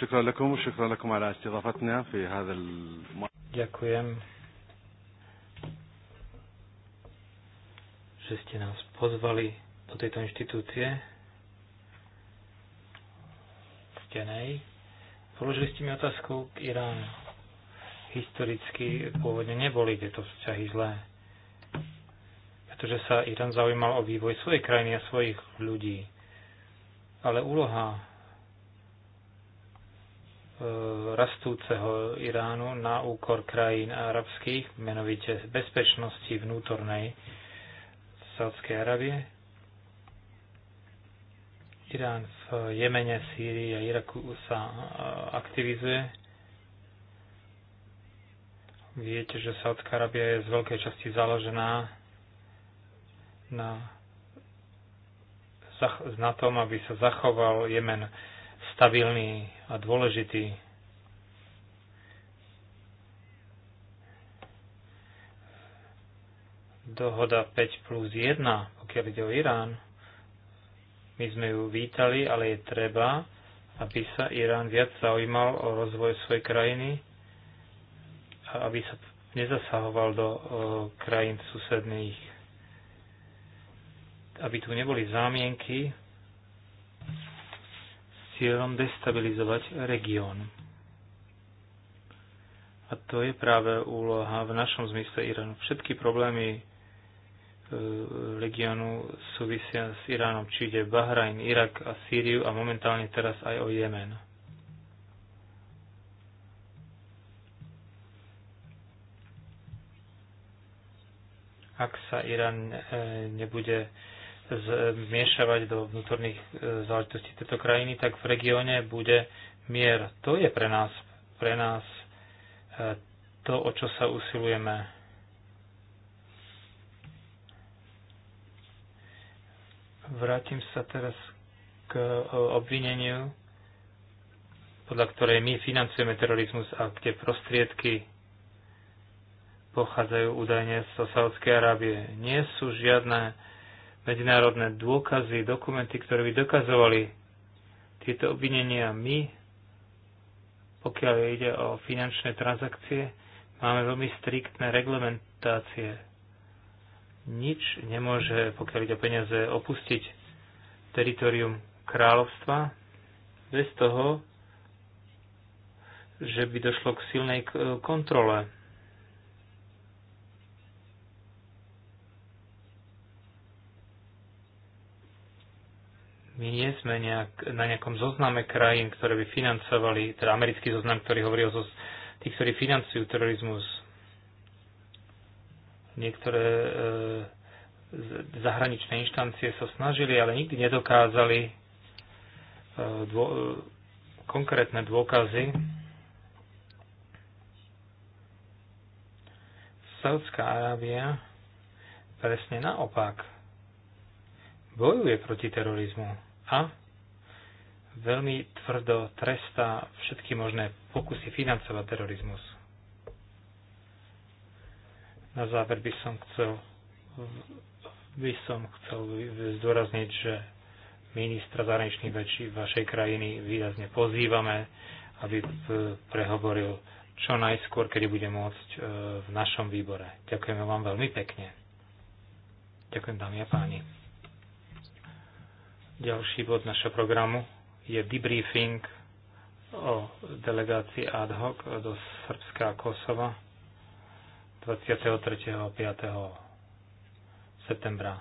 شكرا لكم وشكرا لكم على استضافتنا في هذا الم... Ďakujem, že ste nás pozvali do tejto inštitúcie stenej. Položili ste mi otázku k Iránu. Historicky pôvodne neboli tieto vzťahy zlé, pretože sa Irán zaujímal o vývoj svojej krajiny a svojich ľudí. Ale úloha Eh, rastúceho Iránu na úkor krajín arabských, menovite bezpečnosti vnútornej Sádskej Arabie. Irán v Jemene, Sýrii a Iraku sa eh, aktivizuje. Viete, že Sádska Arabia je z veľkej časti založená na, na tom, aby sa zachoval Jemen stabilný a dôležitý. Dohoda 5 plus 1, pokiaľ ide o Irán, my sme ju vítali, ale je treba, aby sa Irán viac zaujímal o rozvoj svojej krajiny a aby sa nezasahoval do o, krajín susedných, aby tu neboli zámienky, cieľom destabilizovať región. A to je práve úloha v našom zmysle Iránu. Všetky problémy e, regiónu súvisia s Iránom, či ide Bahrajn, Irak a Sýriu a momentálne teraz aj o Jemen. Ak sa Irán e, nebude zmiešavať do vnútorných e, záležitostí tejto krajiny, tak v regióne bude mier. To je pre nás, pre nás e, to, o čo sa usilujeme. Vrátim sa teraz k e, obvineniu, podľa ktorej my financujeme terorizmus a kde prostriedky pochádzajú údajne zo Saudskej Arábie. Nie sú žiadne medzinárodné dôkazy, dokumenty, ktoré by dokazovali tieto obvinenia. My, pokiaľ ide o finančné transakcie, máme veľmi striktné reglementácie. Nič nemôže, pokiaľ ide o peniaze, opustiť teritorium kráľovstva bez toho, že by došlo k silnej kontrole My nie sme nejak, na nejakom zozname krajín, ktoré by financovali, teda americký zoznam, ktorý hovorí o zoz, tých, ktorí financujú terorizmus. Niektoré e, zahraničné inštancie sa snažili, ale nikdy nedokázali e, dvo, e, konkrétne dôkazy. Saudská Arábia presne naopak bojuje proti terorizmu a veľmi tvrdo trestá všetky možné pokusy financovať terorizmus. Na záver by som chcel by som chcel zdôrazniť, že ministra zahraničných väčší vašej krajiny výrazne pozývame, aby prehovoril čo najskôr, kedy bude môcť e, v našom výbore. Ďakujeme vám veľmi pekne. Ďakujem dámy a páni. Ďalší bod našho programu je debriefing o delegácii ad hoc do Srbska a Kosova 23. a 5. septembra.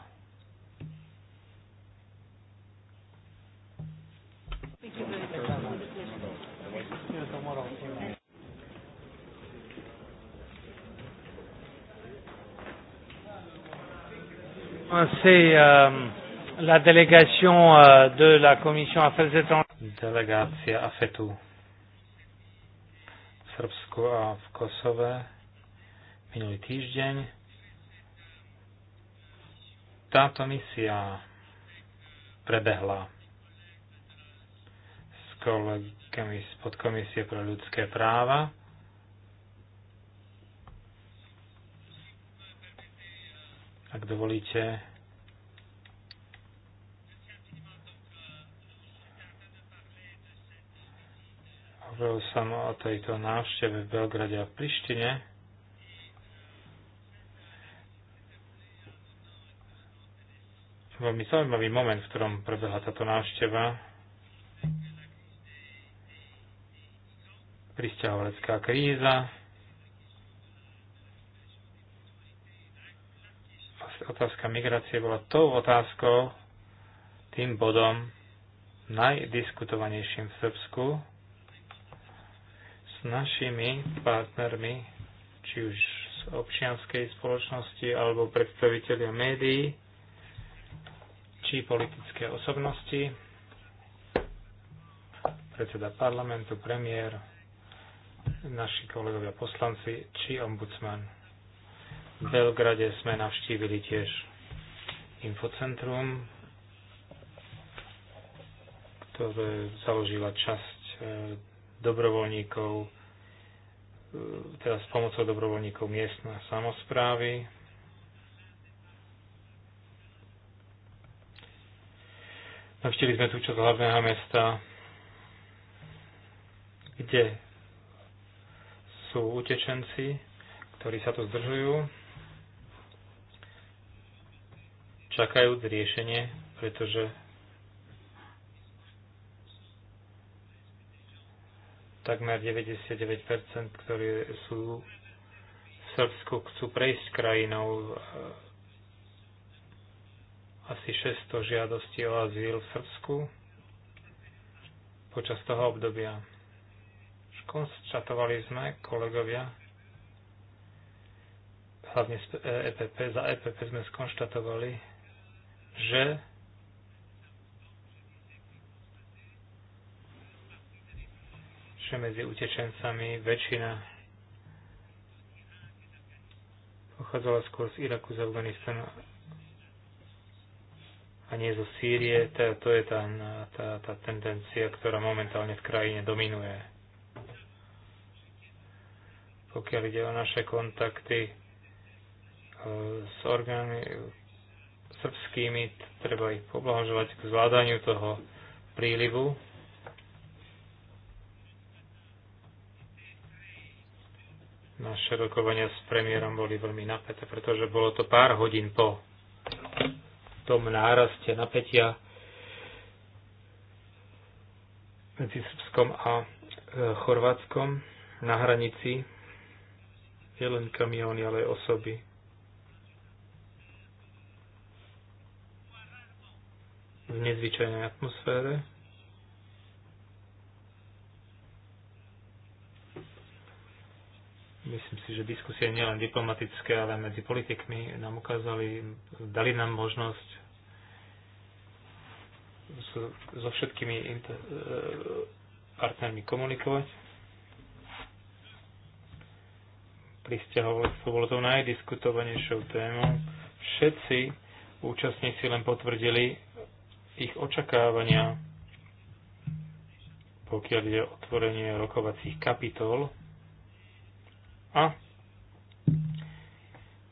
I see um, la délégation euh, de la Commission Affaires étrangères. Delegácia AFETu v Srbsku a v Kosove minulý týždeň. Táto misia prebehla s kolegami z podkomisie pre ľudské práva. Ak dovolíte, Hovoril som o tejto návšteve v Belgrade a v Prištine. Veľmi zaujímavý moment, v ktorom prebehla táto návšteva. Pristahovalecká kríza. Vlastne otázka migrácie bola tou otázkou, tým bodom najdiskutovanejším v Srbsku našimi partnermi, či už z občianskej spoločnosti alebo predstaviteľia médií, či politické osobnosti, predseda parlamentu, premiér, naši kolegovia poslanci či ombudsman. V Belgrade sme navštívili tiež infocentrum, ktoré založila časť eh, dobrovoľníkov, e, teda s pomocou dobrovoľníkov miestnej samozprávy. Navštívili sme tú časť hlavného mesta, kde sú utečenci, ktorí sa tu zdržujú, čakajú riešenie, pretože takmer 99%, ktorí sú v Srbsku, chcú prejsť krajinou. Asi 600 žiadostí o azyl v Srbsku počas toho obdobia. Konštatovali sme, kolegovia, hlavne EPP, za EPP sme skonštatovali, že že medzi utečencami. Väčšina pochádzala skôr z Iraku, z Afganistanu a nie zo Sýrie. Tá, to je tá, tá, tá tendencia, ktorá momentálne v krajine dominuje. Pokiaľ ide o naše kontakty e, s orgánmi srbskými, treba ich poblahoželať k zvládaniu toho prílivu Naše rokovania s premiérom boli veľmi napäté, pretože bolo to pár hodín po tom náraste napätia medzi Srbskom a e, Chorvátskom na hranici len kamióny, ale aj osoby. V nezvyčajnej atmosfére Myslím si, že diskusie nielen diplomatické, ale medzi politikmi nám ukázali, dali nám možnosť so, všetkými e, partnermi komunikovať. to bolo tou najdiskutovanejšou témou. Všetci účastníci len potvrdili ich očakávania, pokiaľ je otvorenie rokovacích kapitol a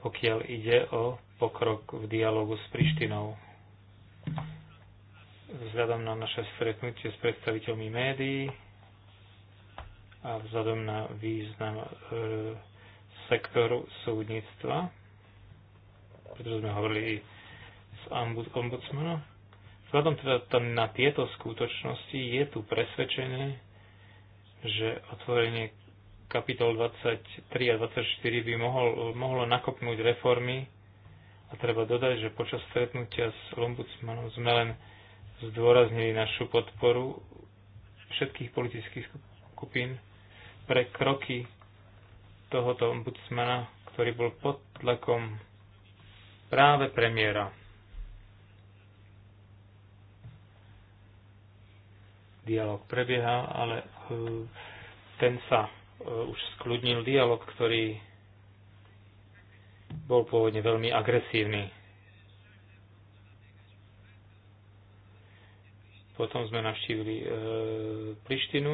pokiaľ ide o pokrok v dialogu s Prištinou. Vzhľadom na naše stretnutie s predstaviteľmi médií a vzhľadom na význam e, sektoru súdnictva, pretože sme hovorili s ombudsmanom, vzhľadom teda na tieto skutočnosti je tu presvedčené, že otvorenie kapitol 23 a 24 by mohol, mohlo nakopnúť reformy a treba dodať, že počas stretnutia s ombudsmanom sme len zdôraznili našu podporu všetkých politických skupín pre kroky tohoto ombudsmana, ktorý bol pod tlakom práve premiéra. Dialóg prebieha, ale eh, ten sa už skľudnil dialog, ktorý bol pôvodne veľmi agresívny. Potom sme navštívili e, Prištinu.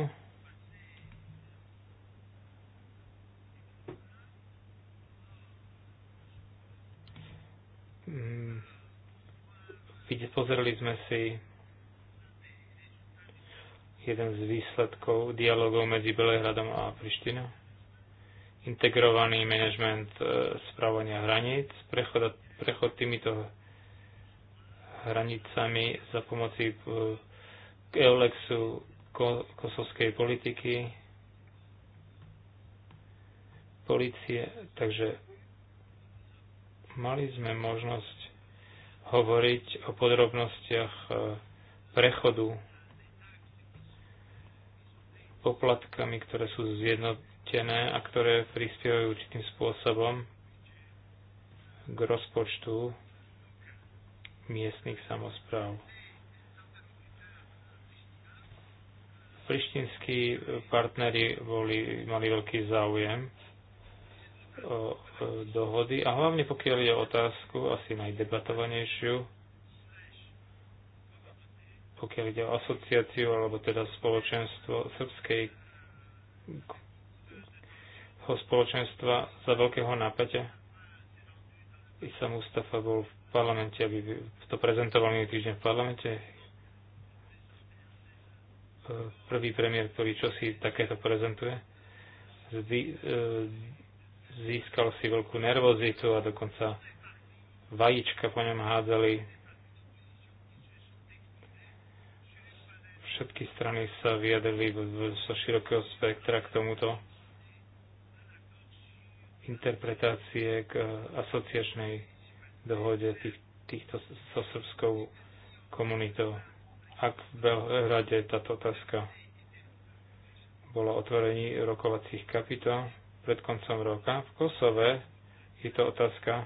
Mm. Pozerali sme si jeden z výsledkov dialogov medzi Belehradom a Prištinou. Integrovaný manažment e, správania hraníc, prechod, prechod týmito hranicami za pomoci k e, Eulexu kosovskej politiky, policie, takže mali sme možnosť hovoriť o podrobnostiach e, prechodu poplatkami, ktoré sú zjednotené a ktoré prispievajú určitým spôsobom k rozpočtu miestnych samozpráv. Prištinskí partneri boli, mali veľký záujem o dohody a hlavne pokiaľ je otázku, asi najdebatovanejšiu, pokiaľ ide o asociáciu alebo teda spoločenstvo srbskej spoločenstva za veľkého I sa Mustafa bol v parlamente, aby to prezentoval minulý týždeň v parlamente. Prvý premiér, ktorý čosi takéto prezentuje, e, získal si veľkú nervozitu a dokonca vajíčka po ňom hádzali Všetky strany sa vyjadrili zo širokého spektra k tomuto interpretácie k eh, asociačnej dohode tých, týchto so srbskou komunitou. Ak v Belhrade táto otázka bola otvorení rokovacích kapitol pred koncom roka, v Kosove je to otázka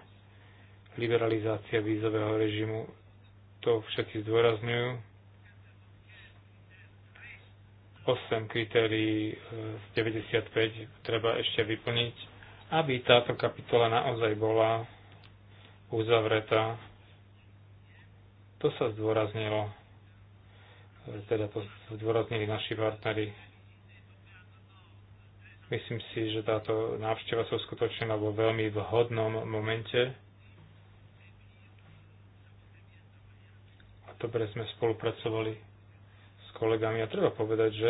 liberalizácia vízového režimu. To všetci zdôrazňujú. 8 kritérií e, z 95 treba ešte vyplniť, aby táto kapitola naozaj bola uzavretá. To sa zdôraznilo, e, teda to zdôraznili naši partneri. Myslím si, že táto návšteva sa uskutočnila vo veľmi vhodnom momente. A dobre sme spolupracovali kolegami. A treba povedať, že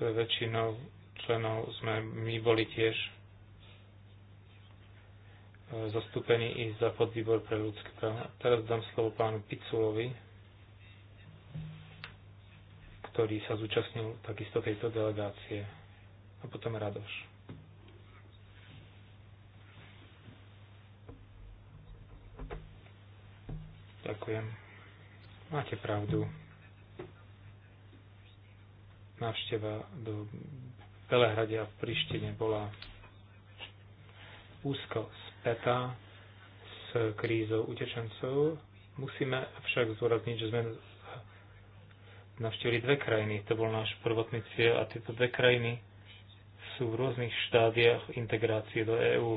pre väčšinou členov sme my boli tiež e, zastúpení i za podvýbor pre ľudské práva. Teraz dám slovo pánu Piculovi, ktorý sa zúčastnil takisto tejto delegácie. A potom Radoš. Ďakujem. Máte pravdu. Návšteva do Belehrade a v Prištine bola úzko spätá s krízou utečencov. Musíme však zúrazniť, že sme navštívili dve krajiny. To bol náš prvotný cieľ a tieto dve krajiny sú v rôznych štádiách integrácie do EÚ.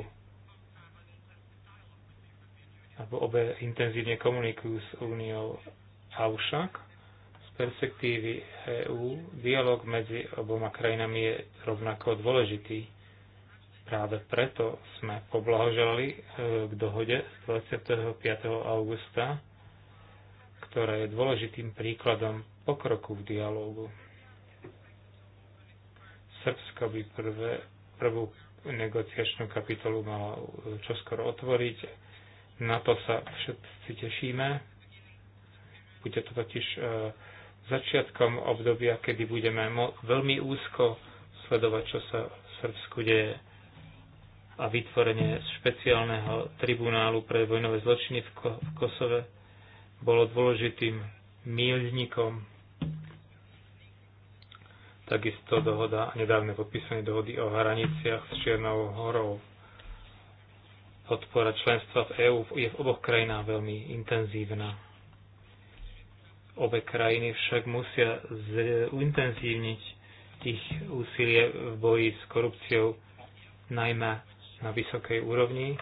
Alebo obe intenzívne komunikujú s Úniou Avšak z perspektívy EÚ dialog medzi oboma krajinami je rovnako dôležitý. Práve preto sme poblahoželali e, k dohode z 25. augusta, ktorá je dôležitým príkladom pokroku v dialógu. Srbsko by prvé, prvú negociačnú kapitolu malo e, čoskoro otvoriť. Na to sa všetci tešíme bude to totiž e, začiatkom obdobia, kedy budeme veľmi úzko sledovať, čo sa v Srbsku deje a vytvorenie špeciálneho tribunálu pre vojnové zločiny v, Ko- v Kosove bolo dôležitým míľnikom. Takisto dohoda a nedávne podpísanie dohody o hraniciach s Čiernou horou. Podpora členstva v EÚ je v oboch krajinách veľmi intenzívna. Obe krajiny však musia intenzívniť ich úsilie v boji s korupciou, najmä na vysokej úrovni.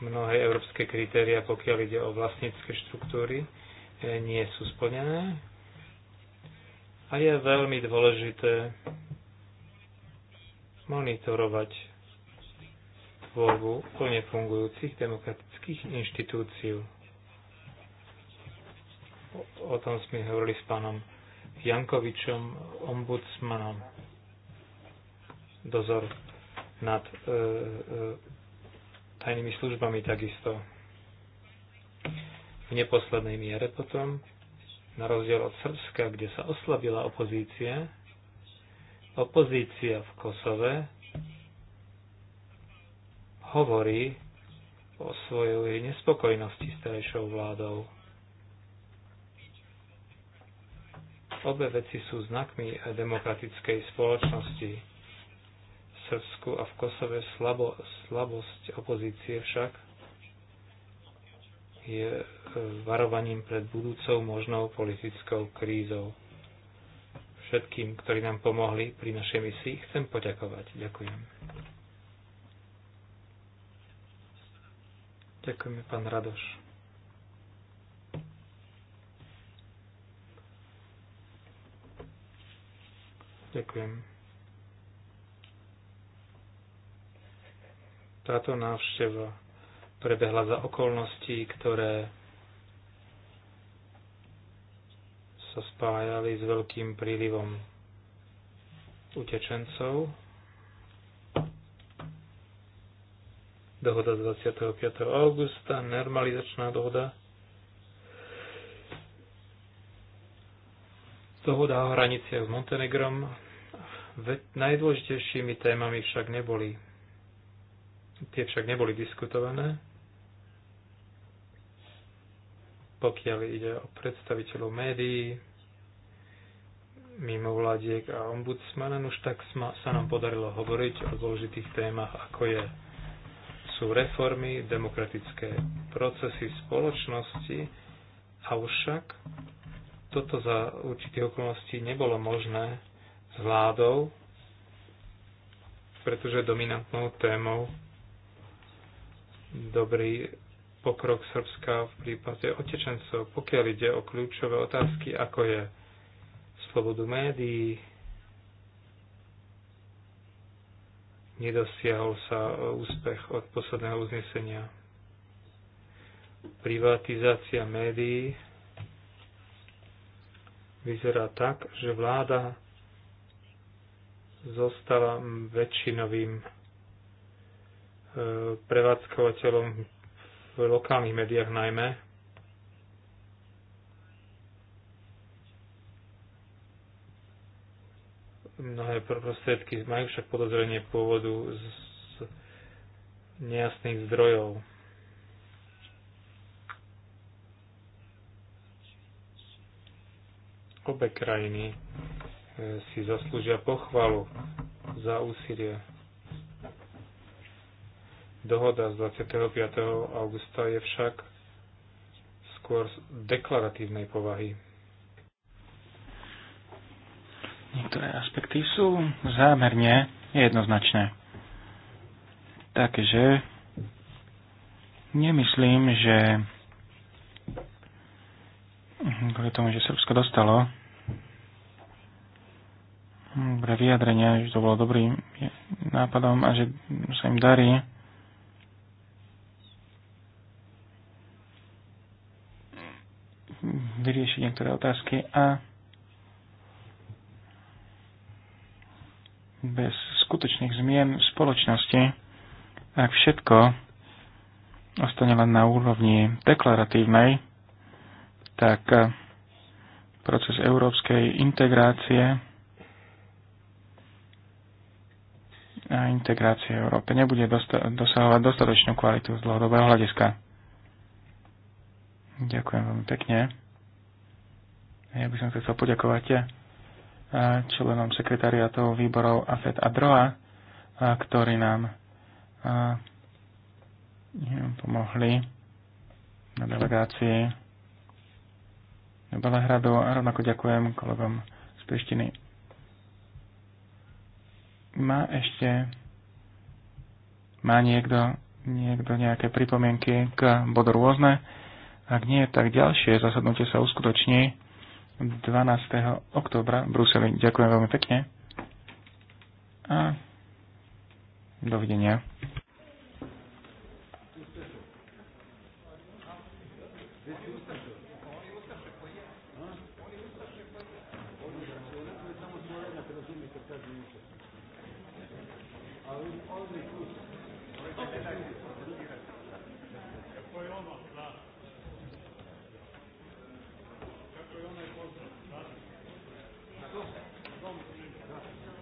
Mnohé európske kritéria, pokiaľ ide o vlastnícke štruktúry, e, nie sú splnené. A je veľmi dôležité monitorovať tvorbu plne fungujúcich demokratických inštitúcií. O tom sme hovorili s pánom Jankovičom, ombudsmanom. Dozor nad e, e, tajnými službami takisto. V neposlednej miere potom, na rozdiel od Srbska, kde sa oslabila opozícia, opozícia v Kosove hovorí o svojej nespokojnosti s terajšou vládou. Obe veci sú znakmi demokratickej spoločnosti. V Srbsku a v Kosove slabo, slabosť opozície však je e, varovaním pred budúcou možnou politickou krízou. Všetkým, ktorí nám pomohli pri našej misii, chcem poďakovať. Ďakujem. Ďakujeme, pán Radoš. Ďakujem. Táto návšteva prebehla za okolností, ktoré sa spájali s veľkým prílivom utečencov. Dohoda z 25. augusta, normalizačná dohoda Dohoda o hraniciach s Montenegrom najdôležitejšími témami však neboli. Tie však neboli diskutované. Pokiaľ ide o predstaviteľov médií, mimo vládiek a ombudsmana, no už tak sa nám podarilo hovoriť o dôležitých témach, ako je, sú reformy, demokratické procesy v spoločnosti, avšak toto za určité okolnosti nebolo možné s vládou, pretože dominantnou témou dobrý pokrok Srbska v prípade otečencov, pokiaľ ide o kľúčové otázky, ako je slobodu médií, nedosiahol sa úspech od posledného uznesenia. Privatizácia médií vyzerá tak, že vláda zostala väčšinovým e, prevádzkovateľom v lokálnych médiách najmä. Mnohé prostriedky majú však podozrenie pôvodu z nejasných zdrojov. Obe krajiny e, si zaslúžia pochvalu za úsilie. Dohoda z 25. augusta je však skôr deklaratívnej povahy. Niektoré aspekty sú zámerne jednoznačné. Takže nemyslím, že Mhm, kvôli tomu, že Srbsko dostalo dobre vyjadrenia, že to bolo dobrým nápadom a že sa im darí. vyriešiť niektoré otázky a bez skutočných zmien v spoločnosti, ak všetko ostane len na úrovni deklaratívnej, tak e, proces európskej integrácie a integrácie Európe nebude dosta- dosahovať dostatočnú kvalitu z dlhodobého hľadiska. Ďakujem veľmi pekne. Ja by som chcel poďakovať e, členom sekretariatov výborov AFED a DROA, e, ktorí nám pomohli na delegácii Belehradu a rovnako ďakujem kolegom z Prištiny. Má ešte má niekto, niekto nejaké pripomienky k bodu rôzne? Ak nie, tak ďalšie zasadnutie sa uskutoční 12. oktobra v Bruseli. Ďakujem veľmi pekne a dovidenia.